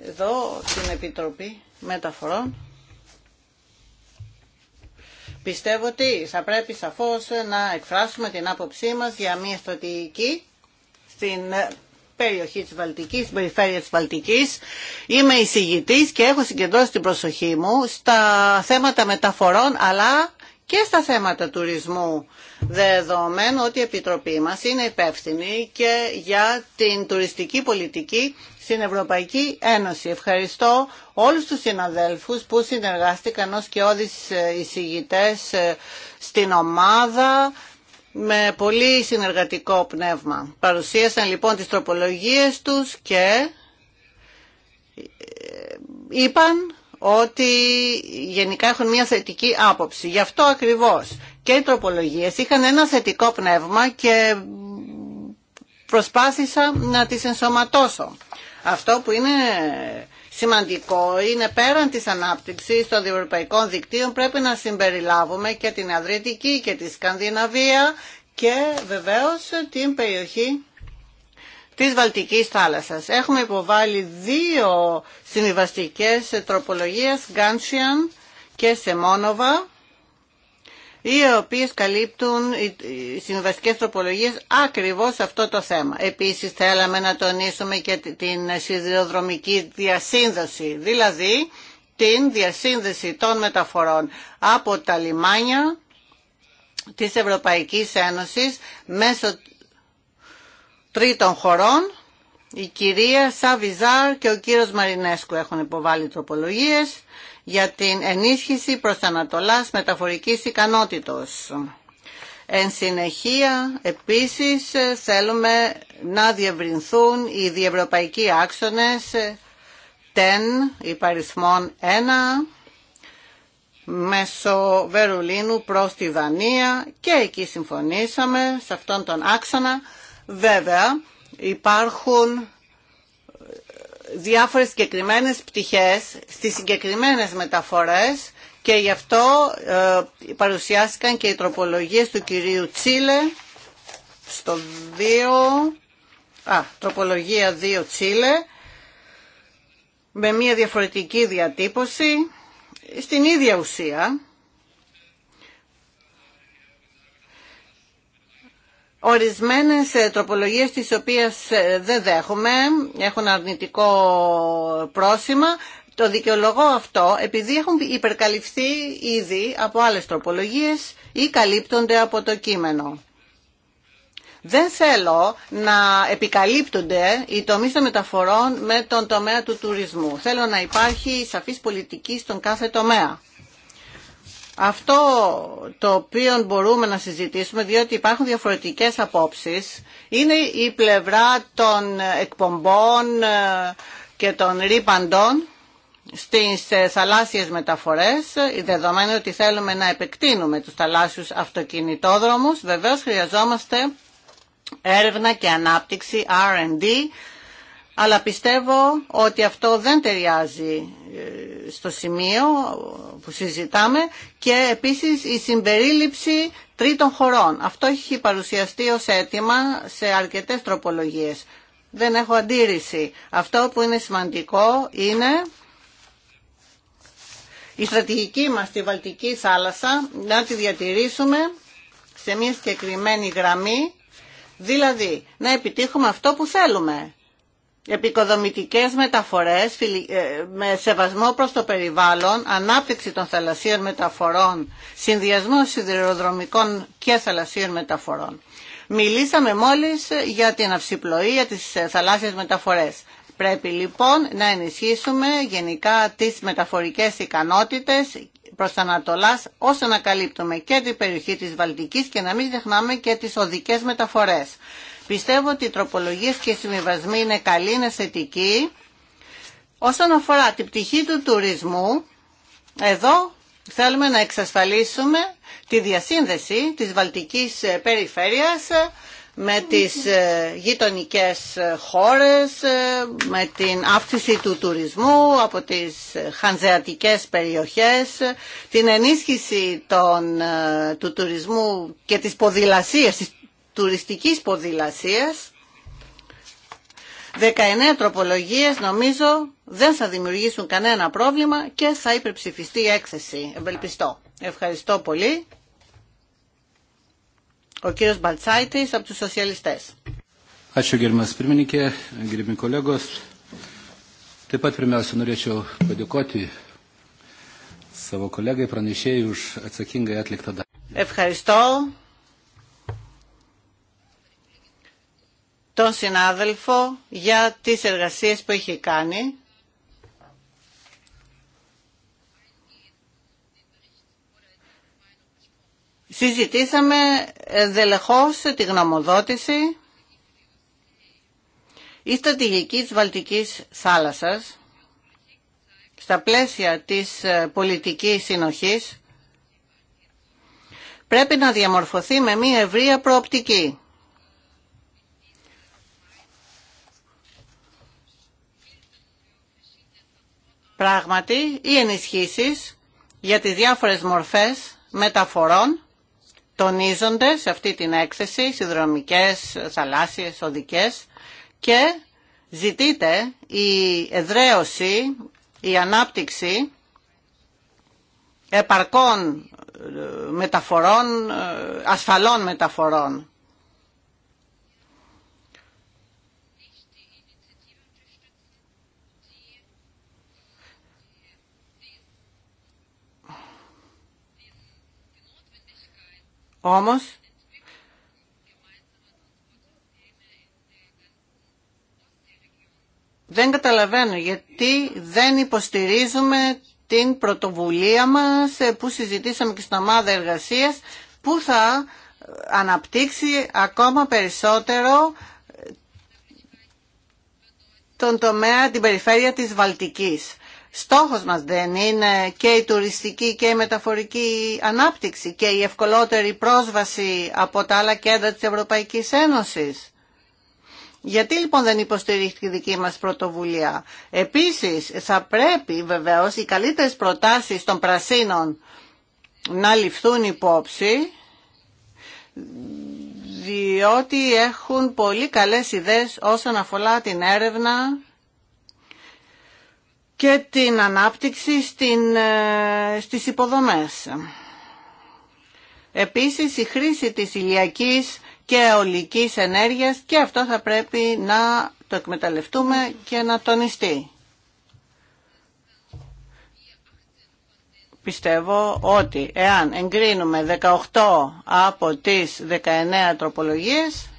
εδώ στην Επιτροπή Μεταφορών πιστεύω ότι θα πρέπει σαφώς να εκφράσουμε την άποψή μας για μια στρατηγική στην περιοχή της Βαλτικής, στην περιφέρεια της Βαλτικής. Είμαι εισηγητής και έχω συγκεντρώσει την προσοχή μου στα θέματα μεταφορών αλλά και στα θέματα τουρισμού, δεδομένου ότι η Επιτροπή μας είναι υπεύθυνη και για την τουριστική πολιτική στην Ευρωπαϊκή Ένωση. Ευχαριστώ όλους τους συναδέλφους που συνεργάστηκαν ως και όδης ε, εισηγητές ε, στην ομάδα με πολύ συνεργατικό πνεύμα. Παρουσίασαν λοιπόν τις τροπολογίες τους και ε, είπαν ότι γενικά έχουν μια θετική άποψη. Γι' αυτό ακριβώς και οι τροπολογίες είχαν ένα θετικό πνεύμα και προσπάθησα να τις ενσωματώσω. Αυτό που είναι σημαντικό είναι πέραν της ανάπτυξης των διευρωπαϊκών δικτύων πρέπει να συμπεριλάβουμε και την Αδρυτική και τη Σκανδιναβία και βεβαίως την περιοχή της Βαλτικής θάλασσας. Έχουμε υποβάλει δύο συμβιβαστικές τροπολογίες, Γκάνσιαν και Σεμόνοβα, οι οποίες καλύπτουν οι συμβιβαστικές τροπολογίες ακριβώς αυτό το θέμα. Επίσης θέλαμε να τονίσουμε και την σιδηροδρομική διασύνδεση, δηλαδή την διασύνδεση των μεταφορών από τα λιμάνια της Ευρωπαϊκής Ένωσης μέσω τρίτων χωρών. Η κυρία Σαβιζάρ και ο κύριος Μαρινέσκου έχουν υποβάλει τροπολογίες για την ενίσχυση προς Ανατολάς μεταφορικής ικανότητος. Εν συνεχεία, επίσης, θέλουμε να διευρυνθούν οι διευρωπαϊκοί άξονες TEN υπαριθμών 1 μέσω Βερολίνου προς τη Δανία και εκεί συμφωνήσαμε σε αυτόν τον άξονα Βέβαια, υπάρχουν διάφορες συγκεκριμένε πτυχές στις συγκεκριμένες μεταφορές και γι' αυτό ε, παρουσιάστηκαν και οι τροπολογίες του κυρίου Τσίλε στο 2, α, τροπολογία 2 Τσίλε με μια διαφορετική διατύπωση στην ίδια ουσία Ορισμένες ε, τροπολογίες τις οποίες ε, δεν δέχομαι έχουν αρνητικό πρόσημα. Το δικαιολογώ αυτό επειδή έχουν υπερκαλυφθεί ήδη από άλλες τροπολογίες ή καλύπτονται από το κείμενο. Δεν θέλω να επικαλύπτονται οι τομείς των μεταφορών με τον τομέα του τουρισμού. Θέλω να υπάρχει σαφής πολιτική στον κάθε τομέα. Αυτό το οποίο μπορούμε να συζητήσουμε, διότι υπάρχουν διαφορετικές απόψεις, είναι η πλευρά των εκπομπών ε, και των ρήπαντων στις ε, θαλάσσιες μεταφορές, ε, δεδομένου ότι θέλουμε να επεκτείνουμε τους θαλάσσιους αυτοκινητόδρομους, βεβαίως χρειαζόμαστε έρευνα και ανάπτυξη R&D αλλά πιστεύω ότι αυτό δεν ταιριάζει ε, στο σημείο που συζητάμε και επίσης η συμπερίληψη τρίτων χωρών. Αυτό έχει παρουσιαστεί ως αίτημα σε αρκετές τροπολογίες. Δεν έχω αντίρρηση. Αυτό που είναι σημαντικό είναι η στρατηγική μας στη Βαλτική θάλασσα να τη διατηρήσουμε σε μια συγκεκριμένη γραμμή, δηλαδή να επιτύχουμε αυτό που θέλουμε επικοδομητικές μεταφορές ε, με σεβασμό προς το περιβάλλον, ανάπτυξη των θαλασσίων μεταφορών, συνδυασμό σιδηροδρομικών και θαλασσίων μεταφορών. Μιλήσαμε μόλις για την αυσιπλοεία, τις ε, θαλάσσιες μεταφορές. Πρέπει λοιπόν να ενισχύσουμε γενικά τις μεταφορικές ικανότητες προς Ανατολάς ώστε να καλύπτουμε και την περιοχή της Βαλτικής και να μην δεχνάμε και τις οδικές μεταφορές. Πιστεύω ότι οι τροπολογίες και οι συμβιβασμοί είναι καλοί, είναι θετικοί. Όσον αφορά την πτυχή του τουρισμού, εδώ θέλουμε να εξασφαλίσουμε τη διασύνδεση της Βαλτικής ε, περιφέρειας ε, με τις ε, γειτονικές χώρες, με την αύξηση του τουρισμού από τις χανζεατικές περιοχές, την ενίσχυση των, του τουρισμού και της ποδηλασίας, της τουριστικής ποδηλασίας 19 τροπολογίες νομίζω δεν θα δημιουργήσουν κανένα πρόβλημα και θα υπερψηφιστεί η έκθεση. Ευελπιστώ. Ευχαριστώ πολύ. Ο κύριος Μπαλτσάιτης από τους Σοσιαλιστές. Ευχαριστώ τον συνάδελφο για τις εργασίες που έχει κάνει. Συζητήσαμε δελεχώς τη γνωμοδότηση η στρατηγική της Βαλτικής θάλασσας στα πλαίσια της ε, πολιτικής συνοχής πρέπει να διαμορφωθεί με μια ευρεία προοπτική Πράγματι, οι ενισχύσεις για τις διάφορες μορφές μεταφορών τονίζονται σε αυτή την έκθεση, συνδρομικές, θαλάσσιες, οδικές και ζητείται η εδραίωση, η ανάπτυξη επαρκών ε, μεταφορών, ε, ασφαλών μεταφορών. Όμως, δεν καταλαβαίνω γιατί δεν υποστηρίζουμε την πρωτοβουλία μας ε, που συζητήσαμε και στην ομάδα εργασίας που θα αναπτύξει ακόμα περισσότερο τον τομέα, την περιφέρεια της Βαλτικής. Στόχος μας δεν είναι και η τουριστική και η μεταφορική ανάπτυξη και η ευκολότερη πρόσβαση από τα άλλα κέντρα της Ευρωπαϊκής Ένωσης. Γιατί λοιπόν δεν υποστηρίχθηκε η δική μας πρωτοβουλία. Επίσης θα πρέπει βεβαίως οι καλύτερες προτάσεις των πρασίνων να ληφθούν υπόψη διότι έχουν πολύ καλές ιδέες όσον αφορά την έρευνα και την ανάπτυξη στην, ε, στις υποδομές. Επίσης η χρήση της ηλιακής και ολικής ενέργειας και αυτό θα πρέπει να το εκμεταλλευτούμε και να τονιστεί. Πιστεύω ότι εάν εγκρίνουμε 18 από τις 19 τροπολογίες,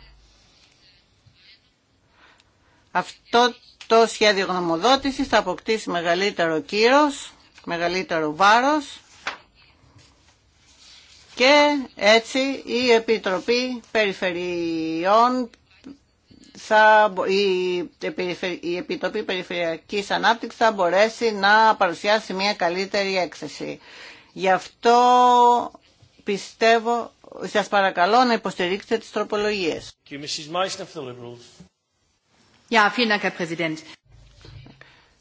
αυτό το σχέδιο γνωμοδότησης θα αποκτήσει μεγαλύτερο κύρος, μεγαλύτερο βάρος και έτσι η Επιτροπή Περιφερειών θα, η, Επιτροπή Περιφερειακής Ανάπτυξης θα μπορέσει να παρουσιάσει μια καλύτερη έκθεση. Γι' αυτό πιστεύω, σας παρακαλώ να υποστηρίξετε τις τροπολογίες.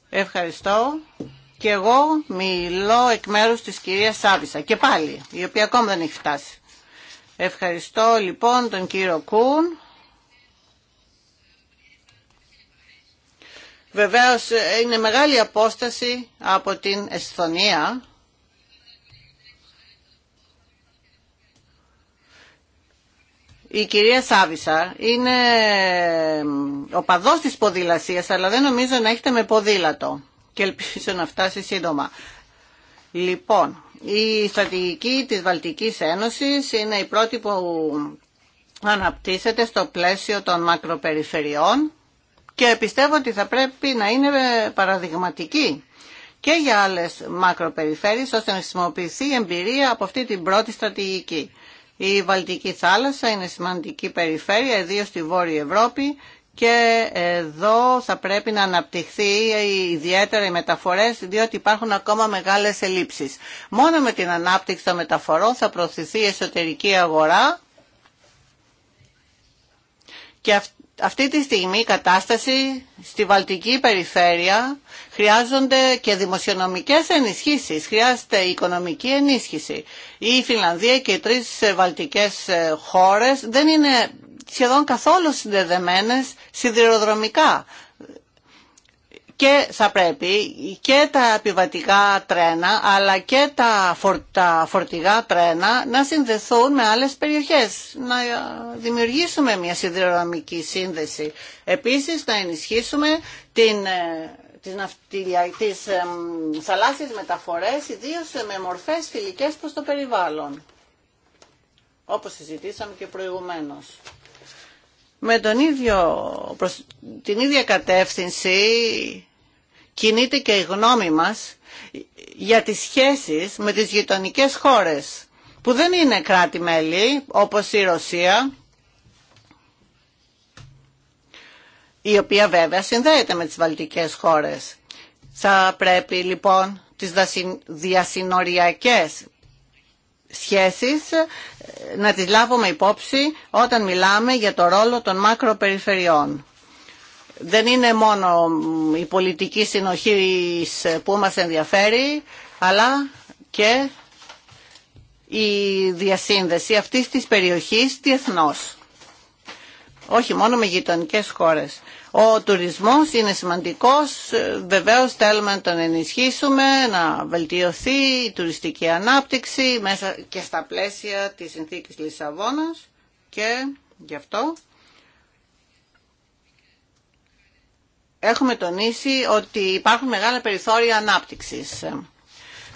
Ευχαριστώ. Και εγώ μιλώ εκ μέρους της κυρίας Σάβησα και πάλι, η οποία ακόμα δεν έχει φτάσει. Ευχαριστώ λοιπόν τον κύριο Κούν. Βεβαίως ε, είναι μεγάλη απόσταση από την Εσθονία η κυρία Σάβησα είναι παδός τη ποδήλασίας, αλλά δεν νομίζω να έχετε με ποδήλατο και ελπίζω να φτάσει σύντομα. Λοιπόν, η στρατηγική της Βαλτικής Ένωσης είναι η πρώτη που αναπτύσσεται στο πλαίσιο των μακροπεριφερειών και πιστεύω ότι θα πρέπει να είναι ε, παραδειγματική και για άλλες μακροπεριφέρειες ώστε να χρησιμοποιηθεί εμπειρία από αυτή την πρώτη στρατηγική. Η Βαλτική θάλασσα είναι σημαντική περιφέρεια, ιδίω στη Βόρεια Ευρώπη και εδώ θα πρέπει να αναπτυχθεί ιδιαίτερα οι μεταφορές διότι υπάρχουν ακόμα μεγάλες ελλείψεις. Μόνο με την ανάπτυξη των μεταφορών θα προωθηθεί η εσωτερική αγορά και αυτό αυτή τη στιγμή η κατάσταση στη Βαλτική περιφέρεια χρειάζονται και δημοσιονομικές ενισχύσεις, χρειάζεται οικονομική ενίσχυση. Η Φιλανδία και οι τρεις βαλτικές χώρες δεν είναι σχεδόν καθόλου συνδεδεμένες σιδηροδρομικά και θα πρέπει και τα επιβατικά τρένα αλλά και τα, φορτηγά τρένα να συνδεθούν με άλλες περιοχές, να δημιουργήσουμε μια σιδηροδρομική σύνδεση. Επίσης να ενισχύσουμε την, ε, τις, ναυτιλια, τις θαλάσσιες μεταφορές, ιδίως με μορφές φιλικές προς το περιβάλλον, όπως συζητήσαμε και προηγουμένως. Με τον ίδιο, την ίδια κατεύθυνση κινείται και η γνώμη μας για τις σχέσεις με τις γειτονικέ χώρες που δεν είναι κράτη-μέλη όπως η Ρωσία η οποία βέβαια συνδέεται με τις βαλτικές χώρες. Θα πρέπει λοιπόν τις διασυνοριακές σχέσεις ε, να τις λάβουμε υπόψη όταν μιλάμε για το ρόλο των μακροπεριφερειών δεν είναι μόνο η πολιτική συνοχή που μας ενδιαφέρει, αλλά και η διασύνδεση αυτής της περιοχής διεθνώς. Όχι μόνο με γειτονικές χώρες. Ο τουρισμός είναι σημαντικός, βεβαίως θέλουμε να τον ενισχύσουμε, να βελτιωθεί η τουριστική ανάπτυξη μέσα και στα πλαίσια της συνθήκης Λισαβόνας και γι' αυτό έχουμε τονίσει ότι υπάρχουν μεγάλα περιθώρια ανάπτυξης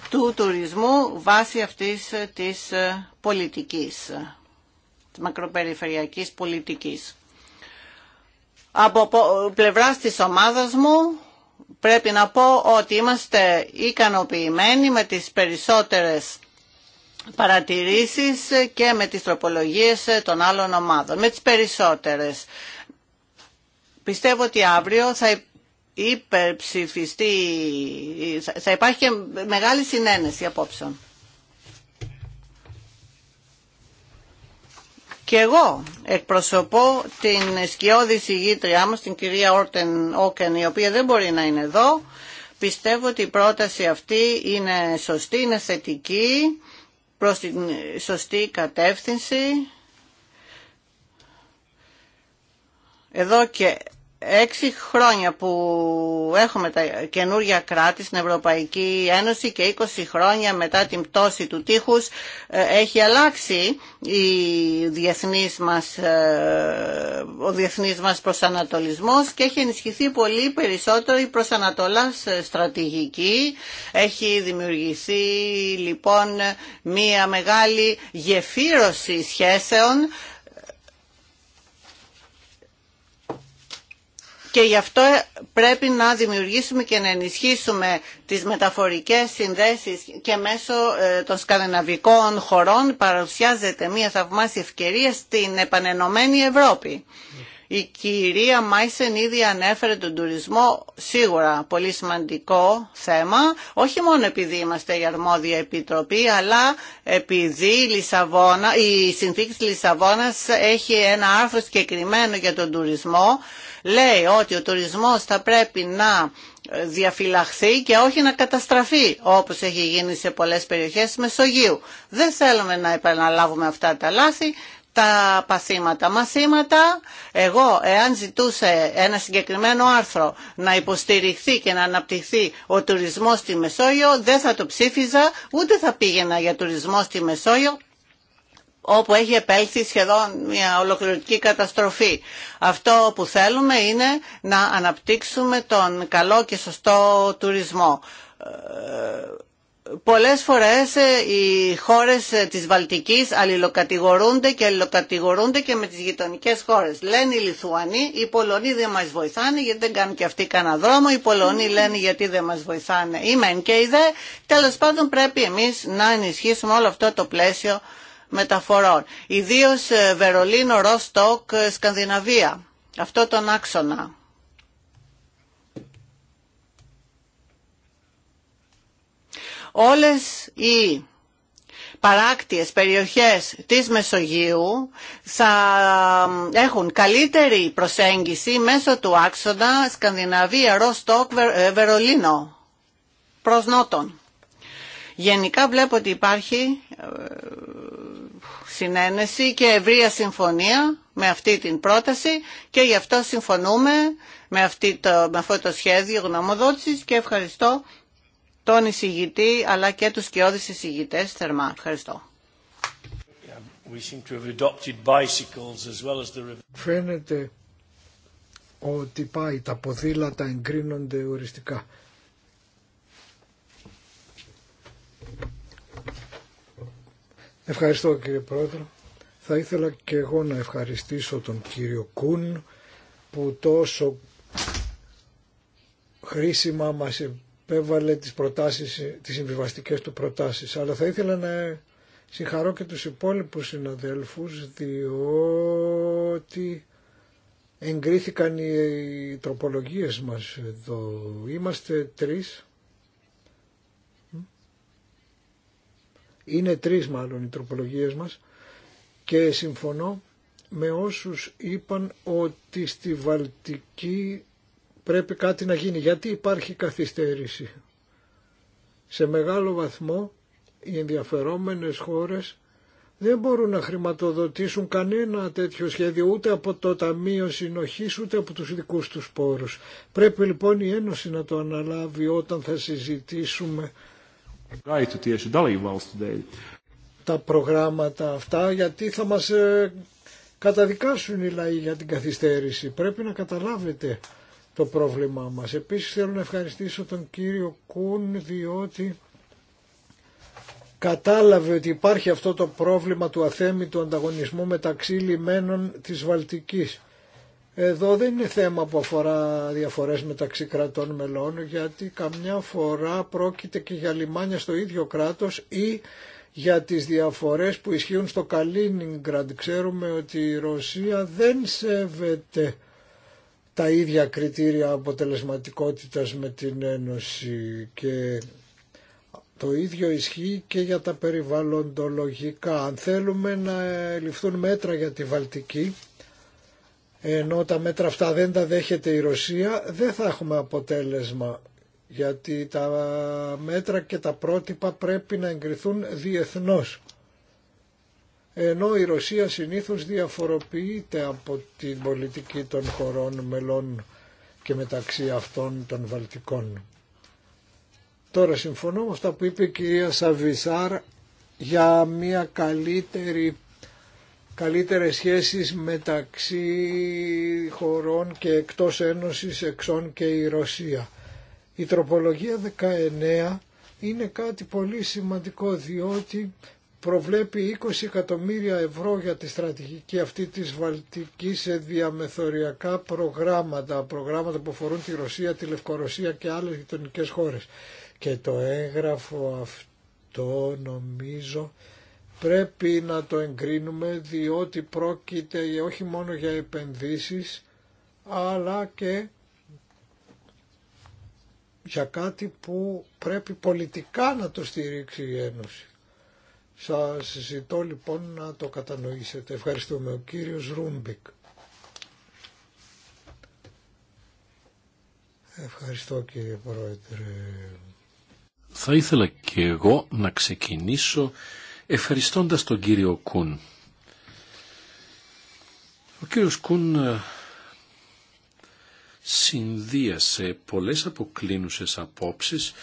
του τουρισμού βάσει αυτής της πολιτικής, της μακροπεριφερειακής πολιτικής. Από πλευράς της ομάδας μου πρέπει να πω ότι είμαστε ικανοποιημένοι με τις περισσότερες παρατηρήσεις και με τις τροπολογίες των άλλων ομάδων, με τις περισσότερες. Πιστεύω ότι αύριο θα υπερψηφιστεί, θα υπάρχει και μεγάλη συνένεση απόψεων. Και εγώ εκπροσωπώ την σκιώδη συγγήτριά μας, την κυρία Όρτεν Όκεν, η οποία δεν μπορεί να είναι εδώ. Πιστεύω ότι η πρόταση αυτή είναι σωστή, είναι θετική, προς την σωστή κατεύθυνση. Εδώ και έξι χρόνια που έχουμε τα καινούργια κράτη στην Ευρωπαϊκή Ένωση και 20 χρόνια μετά την πτώση του τείχους ε, έχει αλλάξει η διεθνής ε, ο διεθνής μας προσανατολισμός και έχει ενισχυθεί πολύ περισσότερο η προσανατολάς στρατηγική. Έχει δημιουργηθεί λοιπόν μία μεγάλη γεφύρωση σχέσεων και γι' αυτό ε, πρέπει να δημιουργήσουμε και να ενισχύσουμε τις μεταφορικές συνδέσεις και μέσω ε, των σκανδιναβικών χωρών παρουσιάζεται μια θαυμάσια ευκαιρία στην επανενωμένη Ευρώπη. Η κυρία Μάισεν ήδη ανέφερε τον τουρισμό, σίγουρα πολύ σημαντικό θέμα, όχι μόνο επειδή είμαστε η αρμόδια επιτροπή, αλλά επειδή η, Λισαβόνα, η συνθήκη της Λισαβόνας έχει ένα άρθρο συγκεκριμένο για τον τουρισμό. Λέει ότι ο τουρισμός θα πρέπει να διαφυλαχθεί και όχι να καταστραφεί όπως έχει γίνει σε πολλές περιοχές της Μεσογείου. Δεν θέλουμε να επαναλάβουμε αυτά τα λάθη, τα παθήματα. Μαθήματα, εγώ εάν ζητούσε ένα συγκεκριμένο άρθρο να υποστηριχθεί και να αναπτυχθεί ο τουρισμός στη Μεσόγειο, δεν θα το ψήφιζα, ούτε θα πήγαινα για τουρισμό στη Μεσόγειο, όπου έχει επέλθει σχεδόν μια ολοκληρωτική καταστροφή. Αυτό που θέλουμε είναι να αναπτύξουμε τον καλό και σωστό τουρισμό ε, Πολλές φορές ε, οι χώρες ε, της Βαλτικής αλληλοκατηγορούνται και αλληλοκατηγορούνται και με τις γειτονικές χώρες. Λένε οι Λιθουανοί, οι Πολωνοί δεν μας βοηθάνε γιατί δεν κάνουν και αυτοί κανένα δρόμο, οι Πολωνοί λένε γιατί δεν μας βοηθάνε Είμαι μεν και οι δε. Τέλος πάντων πρέπει εμείς να ενισχύσουμε όλο αυτό το πλαίσιο μεταφορών. Ιδίως ε, Βερολίνο, Ροστόκ, Σκανδιναβία. Αυτό τον άξονα. Όλες οι παράκτιες περιοχές της Μεσογείου θα έχουν καλύτερη προσέγγιση μέσω του άξονα Σκανδιναβία, Ροστόκ, ε, Βερολίνο προς Νότον. Γενικά βλέπω ότι υπάρχει ε, συνένεση και ευρεία συμφωνία με αυτή την πρόταση και γι' αυτό συμφωνούμε με, με αυτό το σχέδιο γνωμοδότησης και ευχαριστώ τον εισηγητή αλλά και τους σκιώδεις εισηγητές θερμά. Ευχαριστώ. Φαίνεται ότι πάει τα ποδήλατα εγκρίνονται οριστικά. Ευχαριστώ κύριε Πρόεδρο. Θα ήθελα και εγώ να ευχαριστήσω τον κύριο Κούν που τόσο χρήσιμα μας επέβαλε τις, προτάσεις, τις συμβιβαστικές του προτάσεις. Αλλά θα ήθελα να συγχαρώ και τους υπόλοιπους συναδέλφους διότι εγκρίθηκαν οι τροπολογίες μας εδώ. Είμαστε τρεις. Είναι τρεις μάλλον οι τροπολογίες μας και συμφωνώ με όσους είπαν ότι στη Βαλτική πρέπει κάτι να γίνει. Γιατί υπάρχει καθυστέρηση. Σε μεγάλο βαθμό οι ενδιαφερόμενες χώρες δεν μπορούν να χρηματοδοτήσουν κανένα τέτοιο σχέδιο ούτε από το Ταμείο Συνοχής ούτε από τους δικούς τους πόρους. Πρέπει λοιπόν η Ένωση να το αναλάβει όταν θα συζητήσουμε τα προγράμματα αυτά γιατί θα μας ε, καταδικάσουν οι λαοί για την καθυστέρηση. Πρέπει να καταλάβετε το πρόβλημά μας. Επίσης θέλω να ευχαριστήσω τον κύριο Κούν διότι κατάλαβε ότι υπάρχει αυτό το πρόβλημα του του ανταγωνισμού μεταξύ λιμένων της Βαλτικής. Εδώ δεν είναι θέμα που αφορά διαφορές μεταξύ κρατών μελών γιατί καμιά φορά πρόκειται και για λιμάνια στο ίδιο κράτος ή για τις διαφορές που ισχύουν στο Καλίνιγκραντ. Ξέρουμε ότι η Ρωσία δεν σέβεται τα ίδια κριτήρια αποτελεσματικότητας με την Ένωση και το ίδιο ισχύει και για τα περιβαλλοντολογικά. Αν θέλουμε να ληφθούν μέτρα για τη Βαλτική, ενώ τα μέτρα αυτά δεν τα δέχεται η Ρωσία, δεν θα έχουμε αποτέλεσμα. Γιατί τα μέτρα και τα πρότυπα πρέπει να εγκριθούν διεθνώς ενώ η Ρωσία συνήθως διαφοροποιείται από την πολιτική των χωρών μελών και μεταξύ αυτών των Βαλτικών. Τώρα συμφωνώ με αυτά που είπε η κυρία για μια καλύτερη καλύτερες σχέσεις μεταξύ χωρών και εκτός Ένωσης εξών και η Ρωσία. Η τροπολογία 19 είναι κάτι πολύ σημαντικό διότι προβλέπει 20 εκατομμύρια ευρώ για τη στρατηγική αυτή της Βαλτικής σε διαμεθοριακά προγράμματα, προγράμματα που αφορούν τη Ρωσία, τη Λευκορωσία και άλλες γειτονικέ χώρες. Και το έγγραφο αυτό νομίζω πρέπει να το εγκρίνουμε διότι πρόκειται όχι μόνο για επενδύσεις αλλά και για κάτι που πρέπει πολιτικά να το στηρίξει η Ένωση. Σας ζητώ λοιπόν να το κατανοήσετε. Ευχαριστούμε. Ο κύριος Ρούμπικ. Ευχαριστώ κύριε Πρόεδρε. Θα ήθελα και εγώ να ξεκινήσω ευχαριστώντας τον κύριο Κούν. Ο κύριος Κούν ε, συνδύασε πολλές αποκλίνουσες απόψεις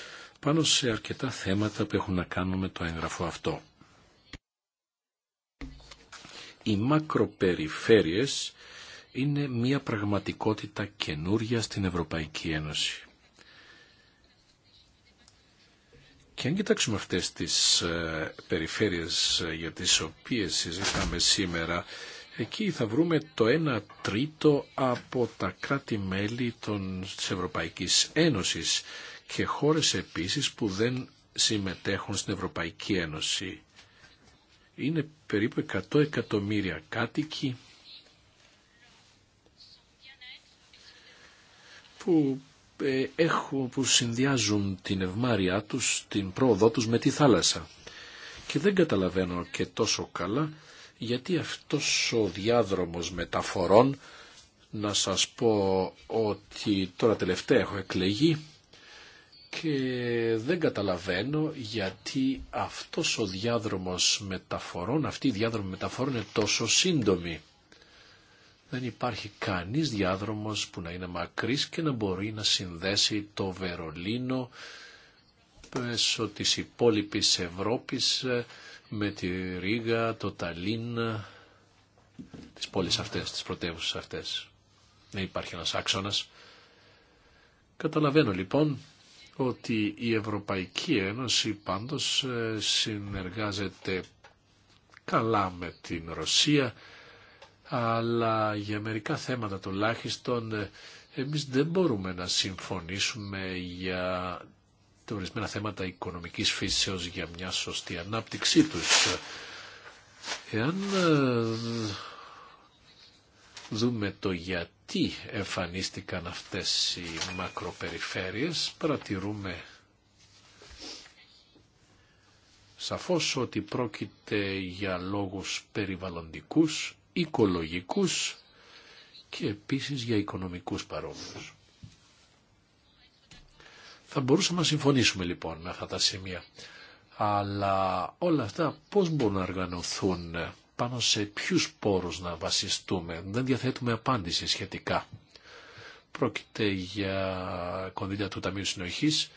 πάνω σε αρκετά θέματα που έχουν να κάνουν με το έγγραφο αυτό οι μακροπεριφέρειες είναι μια πραγματικότητα καινούρια στην Ευρωπαϊκή Ένωση. Και αν κοιτάξουμε αυτές τις ε, περιφέρειες ε, για τις οποίες συζητάμε σήμερα, εκεί θα βρούμε το 1 τρίτο από τα κράτη-μέλη της Ευρωπαϊκής Ένωσης και χώρες επίσης που δεν συμμετέχουν στην Ευρωπαϊκή Ένωση είναι περίπου 100 εκατομμύρια κάτοικοι που, ε, έχουν, που συνδυάζουν την ευμάρειά τους, την πρόοδό τους με τη θάλασσα. Και δεν καταλαβαίνω και τόσο καλά γιατί αυτός ο διάδρομος μεταφορών να σας πω ότι τώρα τελευταία έχω εκλεγεί και δεν καταλαβαίνω γιατί αυτός ο διάδρομος μεταφορών, αυτή η διάδρομη μεταφορών είναι τόσο σύντομη. Δεν υπάρχει κανείς διάδρομος που να είναι μακρύς και να μπορεί να συνδέσει το Βερολίνο μέσω της υπόλοιπης Ευρώπης ε, με τη Ρίγα, το Ταλίν, ε, τις πόλεις αυτές, τις πρωτεύουσες αυτές. Δεν υπάρχει ένας άξονας. Καταλαβαίνω λοιπόν ότι η Ευρωπαϊκή Ένωση πάντως ε, συνεργάζεται καλά με την Ρωσία, αλλά για μερικά θέματα τουλάχιστον ε, εμείς δεν μπορούμε να συμφωνήσουμε για ορισμένα θέματα οικονομικής φύσεως για μια σωστή ανάπτυξή τους. Εάν ε, δούμε το γιατί εμφανίστηκαν αυτές οι μακροπεριφέρειες, παρατηρούμε σαφώς ότι πρόκειται για λόγους περιβαλλοντικούς, οικολογικούς και επίσης για οικονομικούς παρόμοιους. Θα μπορούσαμε να συμφωνήσουμε λοιπόν με αυτά τα σημεία. Αλλά όλα αυτά πώς μπορούν να οργανωθούν πάνω σε ποιους πόρους να βασιστούμε. Δεν διαθέτουμε απάντηση σχετικά. Πρόκειται για κονδύλια του Ταμείου Συνοχής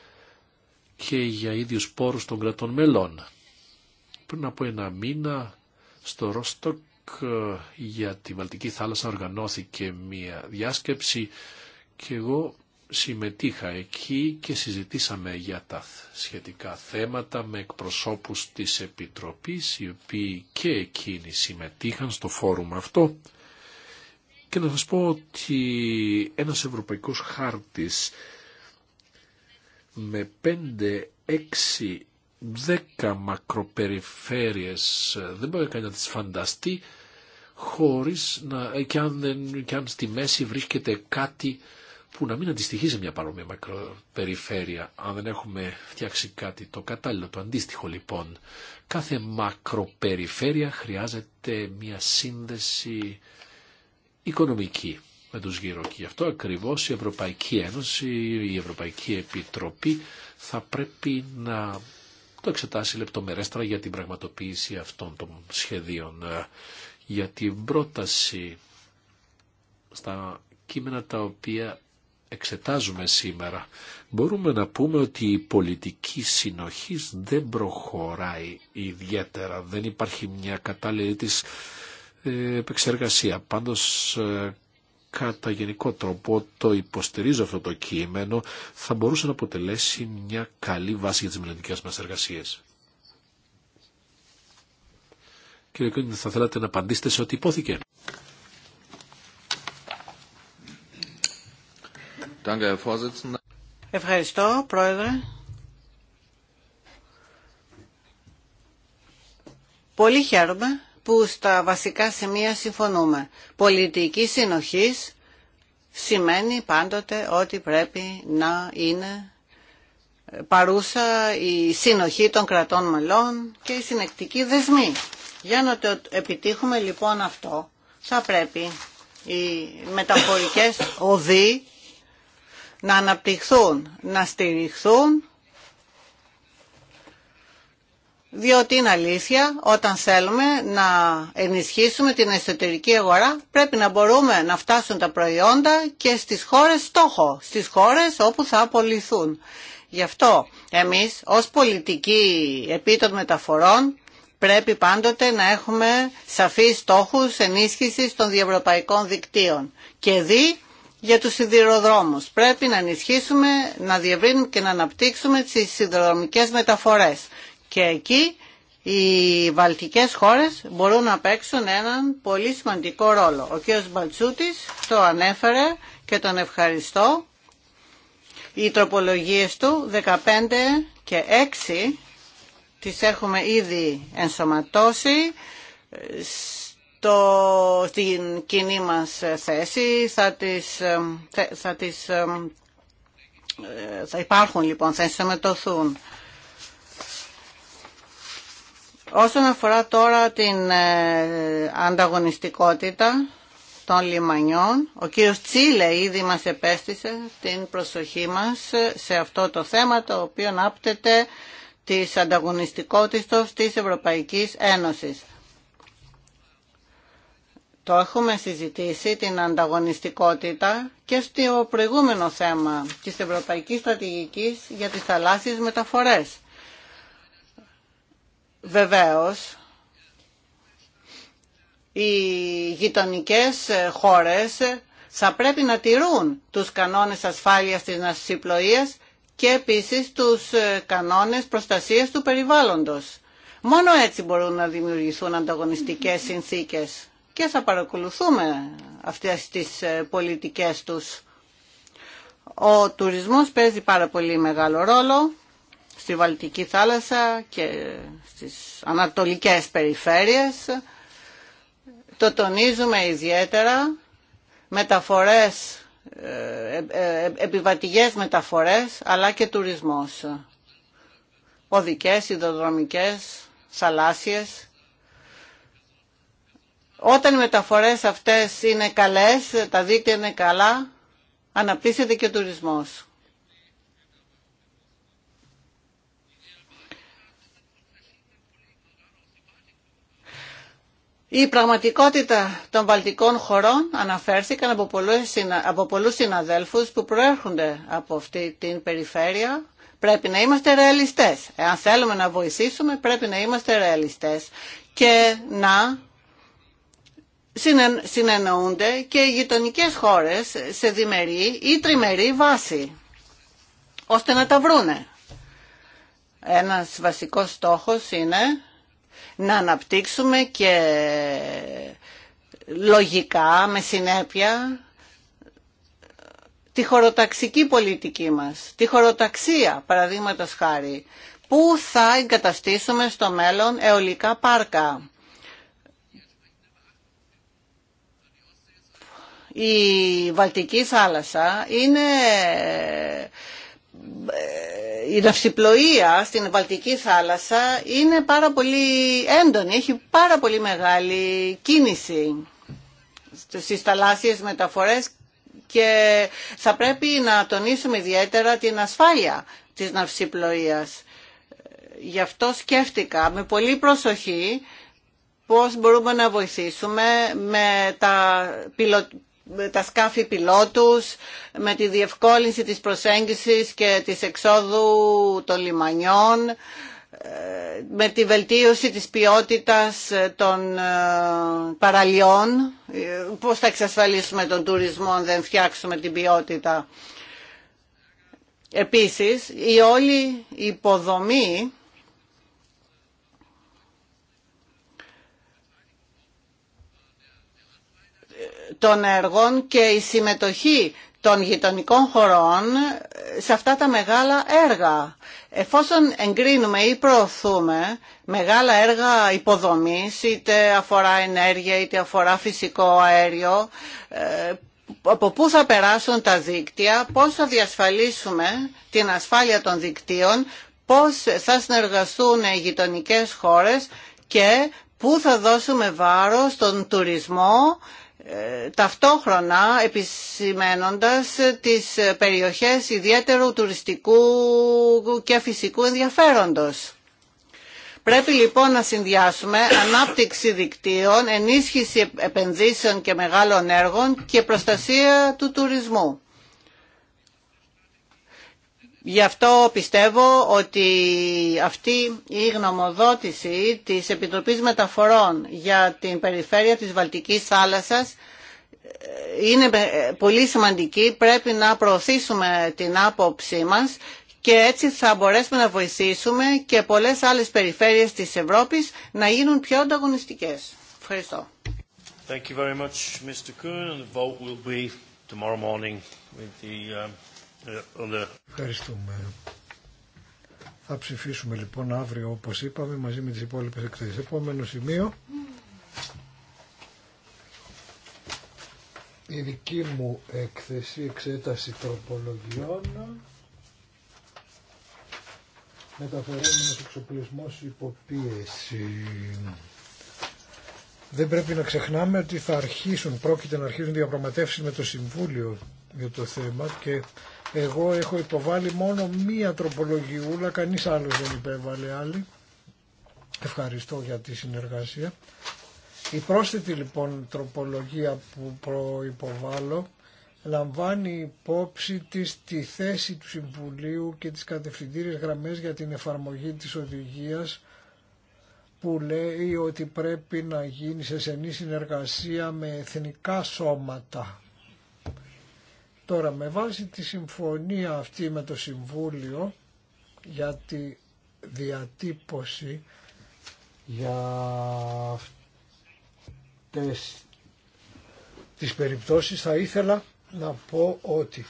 και για ίδιους πόρους των κρατών μελών. Πριν από ένα μήνα στο Ρόστοκ ε, για τη Βαλτική θάλασσα οργανώθηκε μια διάσκεψη και εγώ συμμετείχα εκεί και συζητήσαμε για τα σχετικά θέματα με εκπροσώπους της Επιτροπής, οι οποίοι και εκείνοι συμμετείχαν στο φόρουμ αυτό. Και να σας πω ότι ένας ευρωπαϊκός χάρτης με 5, 6, 10 μακροπεριφέρειες, δεν μπορεί κανένα να τις φανταστεί, χωρίς να, και αν, και αν στη μέση βρίσκεται κάτι που να μην αντιστοιχεί σε μια παρόμοια μακροπεριφέρεια, αν δεν έχουμε φτιάξει κάτι το κατάλληλο, το αντίστοιχο λοιπόν. Κάθε μακροπεριφέρεια χρειάζεται μια σύνδεση οικονομική με τους γύρω και γι' αυτό ακριβώς η Ευρωπαϊκή Ένωση, η Ευρωπαϊκή Επιτροπή θα πρέπει να το εξετάσει λεπτομερέστερα για την πραγματοποίηση αυτών των σχεδίων. Για την πρόταση στα κείμενα τα οποία εξετάζουμε σήμερα. Μπορούμε να πούμε ότι η πολιτική συνοχής δεν προχωράει ιδιαίτερα, δεν υπάρχει μια κατάλληλη της ε, επεξεργασία. Πάντως ε, κατά γενικό τρόπο το υποστηρίζω αυτό το κείμενο θα μπορούσε να αποτελέσει μια καλή βάση για τις μελλοντικές μας εργασίες. Κύριε Κίνη, θα θέλατε να απαντήσετε σε ό,τι υπόθηκε. Ευχαριστώ, Πρόεδρε. Πολύ χαίρομαι που στα βασικά σημεία συμφωνούμε. Πολιτική συνοχής σημαίνει πάντοτε ότι πρέπει να είναι παρούσα η συνοχή των κρατών μελών και η συνεκτική δεσμή. Για να το επιτύχουμε λοιπόν αυτό θα πρέπει οι μεταφορικές οδοί να αναπτυχθούν, να στηριχθούν, διότι είναι αλήθεια όταν θέλουμε να ενισχύσουμε την εσωτερική αγορά πρέπει να μπορούμε να φτάσουν τα προϊόντα και στις χώρες στόχο, στις χώρες όπου θα απολυθούν. Γι' αυτό εμείς ως πολιτικοί επί των μεταφορών πρέπει πάντοτε να έχουμε σαφείς στόχους ενίσχυσης των διευρωπαϊκών δικτύων και δι' για τους σιδηροδρόμους. Πρέπει να ενισχύσουμε, να διευρύνουμε και να αναπτύξουμε τις σιδηροδρομικές μεταφορές. Και εκεί οι βαλτικές χώρες μπορούν να παίξουν έναν πολύ σημαντικό ρόλο. Ο κ. Μπαλτσούτης το ανέφερε και τον ευχαριστώ. Οι τροπολογίες του 15 και 6 τις έχουμε ήδη ενσωματώσει το, την κοινή μας θέση θα τις, θα τις ε, θα υπάρχουν λοιπόν, θα μετωθούν Όσον αφορά τώρα την ε, ανταγωνιστικότητα των λιμανιών, ο κύριος Τσίλε ήδη μας επέστησε την προσοχή μας σε αυτό το θέμα το οποίο άπτεται της ανταγωνιστικότητας της Ευρωπαϊκής Ένωσης. Το έχουμε συζητήσει την ανταγωνιστικότητα και στο προηγούμενο θέμα της Ευρωπαϊκής Στρατηγικής για τις θαλάσσιες μεταφορές. Βεβαίως, οι γειτονικές χώρες θα πρέπει να τηρούν τους κανόνες ασφάλειας της ναυσιπλοείας και επίσης τους ε, κανόνες προστασίας του περιβάλλοντος. Μόνο έτσι μπορούν να δημιουργηθούν ανταγωνιστικές συνθήκες και θα παρακολουθούμε αυτές τις ε, πολιτικές τους. Ο τουρισμός παίζει πάρα πολύ μεγάλο ρόλο στη Βαλτική θάλασσα και στις ανατολικές περιφέρειες. Το τονίζουμε ιδιαίτερα. Μεταφορές, ε, ε, επιβατικές μεταφορές, αλλά και τουρισμός. Οδικές, υδροδρομικές, θαλάσσιες. Όταν οι μεταφορές αυτές είναι καλές, τα δίκτυα είναι καλά, αναπτύσσεται και ο τουρισμός. Η πραγματικότητα των βαλτικών χωρών αναφέρθηκαν από πολλούς, από πολλούς συναδέλφους που προέρχονται από αυτή την περιφέρεια. Πρέπει να είμαστε ρεαλιστές. Εάν θέλουμε να βοηθήσουμε πρέπει να είμαστε ρεαλιστές και να συνεννοούνται και οι γειτονικέ χώρες σε διμερή ή τριμερή βάση, ώστε να τα βρούνε. Ένας βασικός στόχος είναι να αναπτύξουμε και λογικά, με συνέπεια, τη χωροταξική πολιτική μας, τη χωροταξία, παραδείγματος χάρη, που θα εγκαταστήσουμε στο μέλλον αιωλικά πάρκα η Βαλτική θάλασσα είναι ε, η ναυσιπλοεία στην Βαλτική θάλασσα είναι πάρα πολύ έντονη, έχει πάρα πολύ μεγάλη κίνηση στις θαλάσσιες μεταφορές και θα πρέπει να τονίσουμε ιδιαίτερα την ασφάλεια της ναυσιπλοείας. Γι' αυτό σκέφτηκα με πολύ προσοχή πώς μπορούμε να βοηθήσουμε με τα με τα σκάφη πιλότους, με τη διευκόλυνση της προσέγγισης και της εξόδου των λιμανιών, ε, με τη βελτίωση της ποιότητας ε, των ε, παραλιών. Πώς θα εξασφαλίσουμε τον τουρισμό αν δεν φτιάξουμε την ποιότητα. Επίσης, η όλη υποδομή των έργων και η συμμετοχή των γειτονικών χωρών σε αυτά τα μεγάλα έργα. Εφόσον εγκρίνουμε ή προωθούμε μεγάλα έργα υποδομής, είτε αφορά ενέργεια, είτε αφορά φυσικό αέριο, ε, από πού θα περάσουν τα δίκτυα, πώς θα διασφαλίσουμε την ασφάλεια των δικτύων, πώς θα συνεργαστούν οι γειτονικές χώρες και πού θα δώσουμε βάρος στον τουρισμό, ταυτόχρονα επισημένοντας τις περιοχές ιδιαίτερου τουριστικού και φυσικού ενδιαφέροντος. Πρέπει λοιπόν να συνδυάσουμε ανάπτυξη δικτύων, ενίσχυση επενδύσεων και μεγάλων έργων και προστασία του τουρισμού. Γι' αυτό πιστεύω ότι αυτή η γνωμοδότηση της Επιτροπής Μεταφορών για την περιφέρεια της Βαλτικής θάλασσας ε, είναι πολύ σημαντική, πρέπει να προωθήσουμε την άποψή μας και έτσι θα μπορέσουμε να βοηθήσουμε και πολλές άλλες περιφέρειες της Ευρώπης να γίνουν πιο ανταγωνιστικές. Ευχαριστώ. Ευχαριστούμε. Θα ψηφίσουμε λοιπόν αύριο όπως είπαμε μαζί με τις υπόλοιπες εκθέσεις. Επόμενο σημείο η δική μου έκθεση εξέταση τροπολογιών μεταφερόμενος εξοπλισμός υποπίεση. Δεν πρέπει να ξεχνάμε ότι θα αρχίσουν, πρόκειται να αρχίσουν διαπραγματεύσεις με το Συμβούλιο για το θέμα και εγώ έχω υποβάλει μόνο μία τροπολογιούλα, κανείς άλλος δεν υπέβαλε άλλη. Ευχαριστώ για τη συνεργασία. Η πρόσθετη λοιπόν τροπολογία που προϋποβάλλω λαμβάνει υπόψη της τη θέση του Συμβουλίου και τις κατευθυντήριες γραμμές για την εφαρμογή της οδηγίας που λέει ότι πρέπει να γίνει σε σενή συνεργασία με εθνικά σώματα Τώρα με βάση τη συμφωνία αυτή με το Συμβούλιο για τη διατύπωση για αυτές τις περιπτώσεις θα ήθελα να πω ότι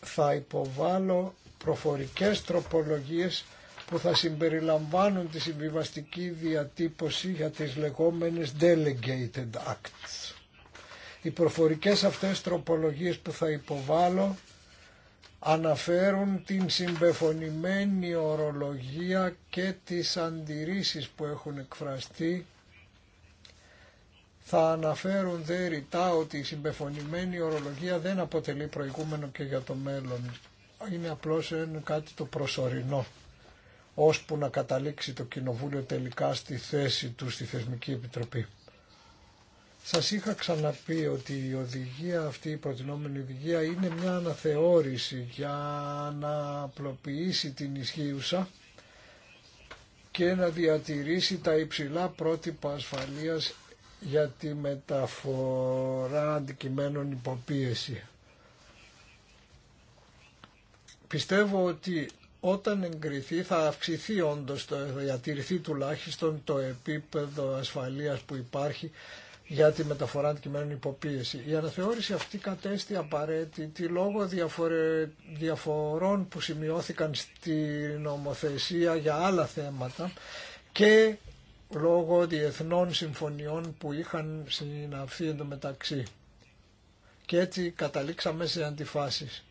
θα υποβάλω προφορικές τροπολογίες που θα συμπεριλαμβάνουν τη συμβιβαστική διατύπωση για τις λεγόμενες delegated acts. Οι προφορικές αυτές τροπολογίες που θα υποβάλω αναφέρουν την συμπεφωνημένη ορολογία και τις αντιρρήσεις που έχουν εκφραστεί. Θα αναφέρουν δε ρητά ότι η συμπεφωνημένη ορολογία δεν αποτελεί προηγούμενο και για το μέλλον. Είναι απλώς κάτι το προσωρινό ώσπου να καταλήξει το Κοινοβούλιο τελικά στη θέση του στη Θεσμική Επιτροπή. Σας είχα ξαναπεί ότι η οδηγία αυτή, η προτινόμενη οδηγία, είναι μια αναθεώρηση για να απλοποιήσει την ισχύουσα και να διατηρήσει τα υψηλά πρότυπα ασφαλείας για τη μεταφορά αντικειμένων υποπίεση. Πιστεύω ότι όταν εγκριθεί θα αυξηθεί όντως, το, θα διατηρηθεί τουλάχιστον το επίπεδο ασφαλείας που υπάρχει για τη μεταφορά αντικειμένων υποποίηση. Η αναθεώρηση αυτή κατέστη απαραίτητη λόγω διαφορών που σημειώθηκαν στη νομοθεσία για άλλα θέματα και λόγω διεθνών συμφωνιών που είχαν συναυθεί εντωμεταξύ. Και έτσι καταλήξαμε σε αντιφάσεις.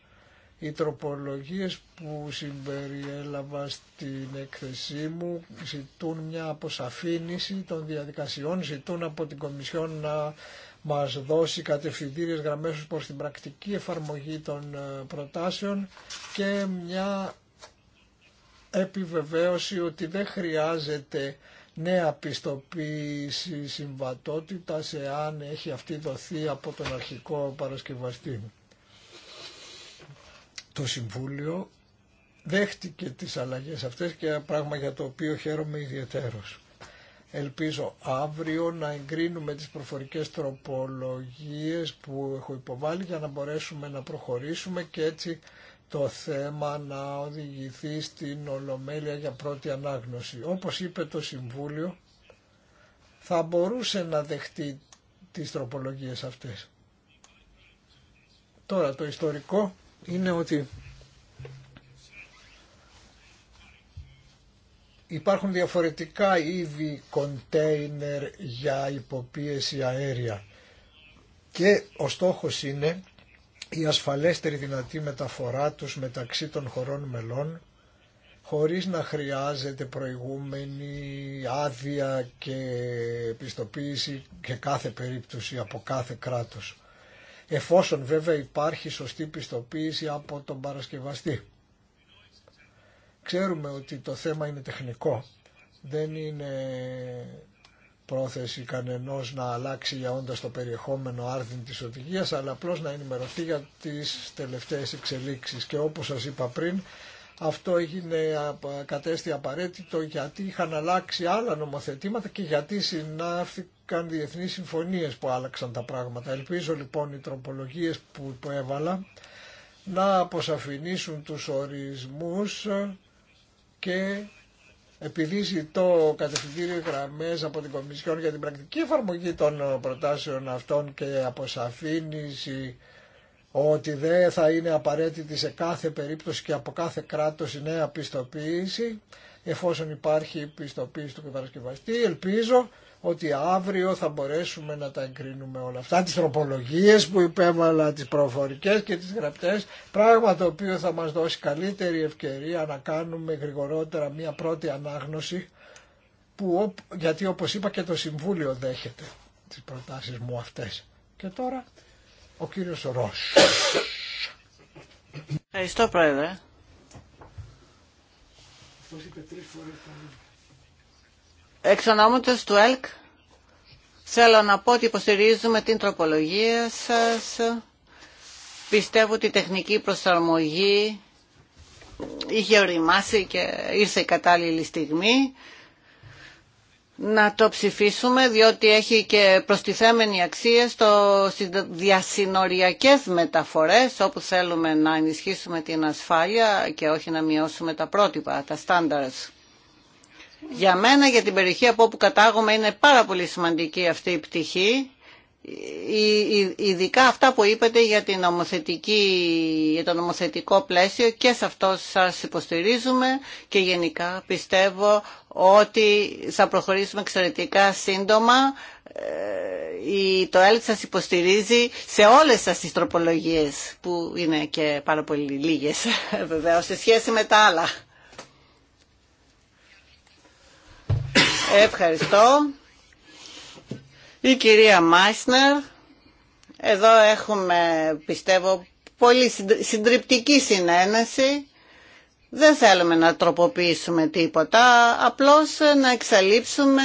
Οι τροπολογίες που συμπεριέλαβα στην έκθεσή μου ζητούν μια αποσαφήνιση των διαδικασιών, ζητούν από την Κομισιόν να μας δώσει κατευθυντήριες γραμμές προς την πρακτική εφαρμογή των ε, προτάσεων και μια επιβεβαίωση ότι δεν χρειάζεται νέα πιστοποίηση συμβατότητας εάν έχει αυτή δοθεί από τον αρχικό παρασκευαστή το Συμβούλιο δέχτηκε τις αλλαγές αυτές και πράγμα για το οποίο χαίρομαι ιδιαίτερος. Ελπίζω αύριο να εγκρίνουμε τις προφορικές τροπολογίες που έχω υποβάλει για να μπορέσουμε να προχωρήσουμε και έτσι το θέμα να οδηγηθεί στην Ολομέλεια για πρώτη ανάγνωση. Όπως είπε το Συμβούλιο, θα μπορούσε να δεχτεί τις τροπολογίες αυτές. Τώρα το ιστορικό είναι ότι υπάρχουν διαφορετικά είδη κοντέινερ για υποπίεση αέρια και ο στόχος είναι η ασφαλέστερη δυνατή μεταφορά τους μεταξύ των χωρών μελών χωρίς να χρειάζεται προηγούμενη άδεια και επιστοποίηση και κάθε περίπτωση από κάθε κράτος εφόσον βέβαια υπάρχει σωστή πιστοποίηση από τον παρασκευαστή. Ξέρουμε ότι το θέμα είναι τεχνικό, δεν είναι πρόθεση κανενός να αλλάξει για όντας το περιεχόμενο άρδιν της οδηγίας, αλλά απλώς να ενημερωθεί για τις τελευταίες εξελίξεις. Και όπως σας είπα πριν, αυτό έγινε, κατέστη απαραίτητο γιατί είχαν αλλάξει άλλα νομοθετήματα και γιατί συνάφη, υπήρχαν διεθνεί συμφωνίες που άλλαξαν τα πράγματα. Ελπίζω λοιπόν οι τροπολογίες που έβαλα να αποσαφηνίσουν τους ορισμούς και επειδή ζητώ κατευθυντήριο γραμμές από την Κομισιόν για την πρακτική εφαρμογή των προτάσεων αυτών και αποσαφήνιση ότι δεν θα είναι απαραίτητη σε κάθε περίπτωση και από κάθε κράτος η νέα πιστοποίηση, εφόσον υπάρχει πιστοποίηση του κατασκευαστή, ελπίζω ότι αύριο θα μπορέσουμε να τα εγκρίνουμε όλα αυτά, τις τροπολογίες που υπέβαλα, τις προφορικές και τις γραπτές, πράγμα το οποίο θα μας δώσει καλύτερη ευκαιρία να κάνουμε γρηγορότερα μια πρώτη ανάγνωση, που, γιατί όπως είπα και το Συμβούλιο δέχεται τις προτάσεις μου αυτές. Και τώρα ο κύριος Ρος. Ευχαριστώ πρόεδρε. Εξ του ΕΛΚ θέλω να πω ότι υποστηρίζουμε την τροπολογία σας. Πιστεύω ότι η τεχνική προσαρμογή είχε οριμάσει και ήρθε η κατάλληλη στιγμή να το ψηφίσουμε διότι έχει και προστιθέμενη αξία στο, διασυνοριακές μεταφορές όπου θέλουμε να ενισχύσουμε την ασφάλεια και όχι να μειώσουμε τα πρότυπα, τα standards. Για μένα, για την περιοχή από όπου κατάγομαι, είναι πάρα πολύ σημαντική αυτή η πτυχή. Ειδικά αυτά που είπατε για, την το νομοθετικό πλαίσιο και σε αυτό σας υποστηρίζουμε και γενικά πιστεύω ότι θα προχωρήσουμε εξαιρετικά σύντομα. Ε, το ΕΛΤ σας υποστηρίζει σε όλες σας τις τροπολογίες που είναι και πάρα πολύ λίγες βεβαίως σε σχέση με τα άλλα. Ευχαριστώ. Η κυρία Μάισνερ. Εδώ έχουμε, πιστεύω, πολύ συντριπτική συνένεση. Δεν θέλουμε να τροποποιήσουμε τίποτα, απλώς να εξαλείψουμε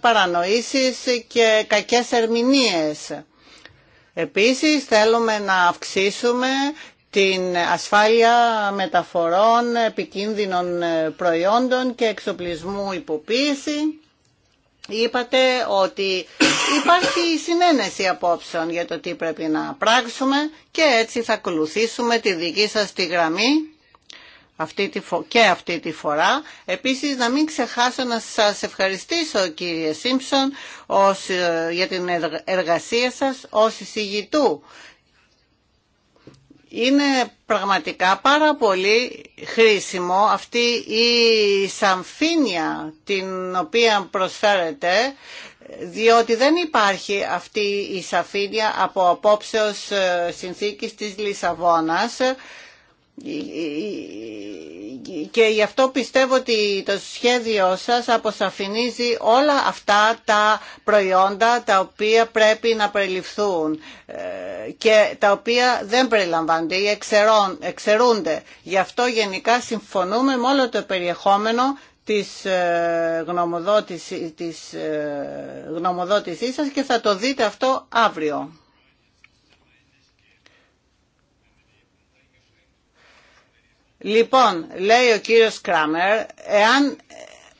παρανοήσεις και κακές ερμηνείες. Επίσης θέλουμε να αυξήσουμε την ασφάλεια μεταφορών επικίνδυνων ε, προϊόντων και εξοπλισμού υποποίηση. Είπατε ότι υπάρχει συνένεση απόψεων για το τι πρέπει να πράξουμε και έτσι θα ακολουθήσουμε τη δική σας τη γραμμή αυτή τη και αυτή τη φορά. Επίσης να μην ξεχάσω να σας ευχαριστήσω κύριε Σίμψον ε, για την εργασία σας ως εισηγητού είναι πραγματικά πάρα πολύ χρήσιμο αυτή η σαμφίνια την οποία προσφέρεται διότι δεν υπάρχει αυτή η σαφήνεια από απόψεως ε, συνθήκης της Λισαβόνας και γι' αυτό πιστεύω ότι το σχέδιό σας αποσαφηνίζει όλα αυτά τα προϊόντα τα οποία πρέπει να περιληφθούν ε, και τα οποία δεν περιλαμβάνονται ή εξαιρούνται. Γι' αυτό γενικά συμφωνούμε με όλο το περιεχόμενο της ε, γνωμοδότησής, της ε, γνωμοδότησής σας και θα το δείτε αυτό αύριο. Λοιπόν, λέει ο κύριος Κράμερ, εάν,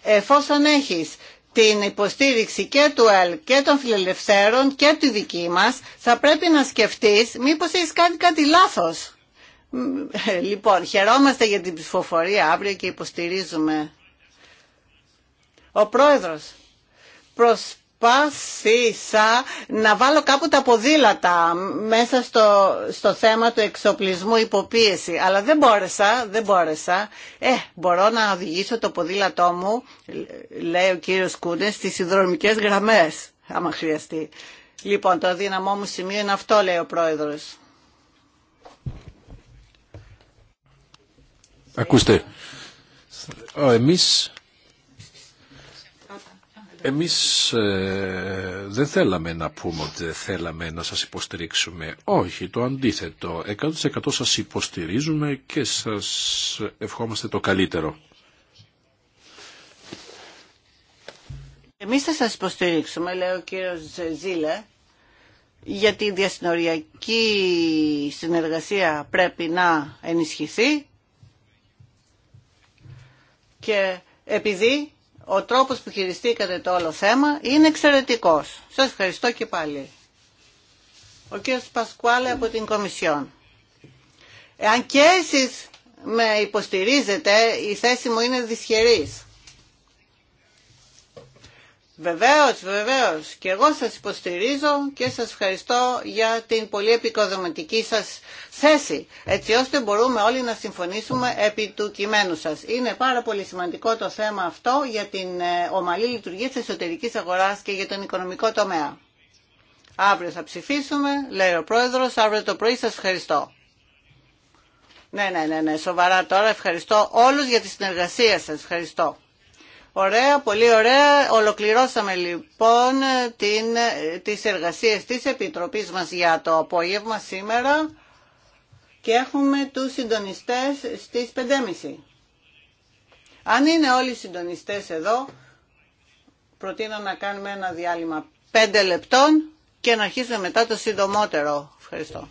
εφόσον έχεις την υποστήριξη και του ΕΛ και των φιλελευθέρων και τη δική μας, θα πρέπει να σκεφτείς μήπως έχεις κάνει κάτι λάθος. Λοιπόν, χαιρόμαστε για την ψηφοφορία αύριο και υποστηρίζουμε. Ο πρόεδρος προσπάθησα να βάλω κάπου τα ποδήλατα μέσα στο, στο θέμα του εξοπλισμού υποπίεση. Αλλά δεν μπόρεσα, δεν μπόρεσα. Ε, μπορώ να οδηγήσω το ποδήλατό μου, λέει ο κύριος Κούνες, στις συνδρομικές γραμμές, άμα χρειαστεί. Λοιπόν, το δύναμό μου σημείο είναι αυτό, λέει ο πρόεδρος. Ακούστε, εμείς εμείς ε, δεν θέλαμε να πούμε ότι δεν θέλαμε να σας υποστηρίξουμε. Όχι, το αντίθετο. 100% σας υποστηρίζουμε και σας ευχόμαστε το καλύτερο. Εμείς θα σας υποστηρίξουμε, λέει ο κύριος Ζήλε, γιατί η διασυνοριακή συνεργασία πρέπει να ενισχυθεί και επειδή ο τρόπος που χειριστήκατε το όλο θέμα είναι εξαιρετικός. Σας ευχαριστώ και πάλι. Ο κ. Πασκουάλε από την Κομισιόν. Εάν και εσείς με υποστηρίζετε, η θέση μου είναι δυσχερής. Βεβαίως, βεβαίως. Και εγώ σας υποστηρίζω και σας ευχαριστώ για την πολύ επικοδοματική σας θέση, έτσι ώστε μπορούμε όλοι να συμφωνήσουμε επί του κειμένου σας. Είναι πάρα πολύ σημαντικό το θέμα αυτό για την ε, ομαλή λειτουργία της εσωτερικής αγοράς και για τον οικονομικό τομέα. Αύριο θα ψηφίσουμε, λέει ο Πρόεδρος, αύριο το πρωί σας ευχαριστώ. Ναι, ναι, ναι, ναι, σοβαρά τώρα, ευχαριστώ όλους για τη συνεργασία σας, ευχαριστώ. Ωραία, πολύ ωραία. Ολοκληρώσαμε λοιπόν την, τις εργασίες της Επιτροπής μας για το απόγευμα σήμερα και έχουμε τους συντονιστές στις 5.30. Αν είναι όλοι οι συντονιστές εδώ, προτείνω να κάνουμε ένα διάλειμμα 5 λεπτών και να αρχίσουμε μετά το συντομότερο. Ευχαριστώ.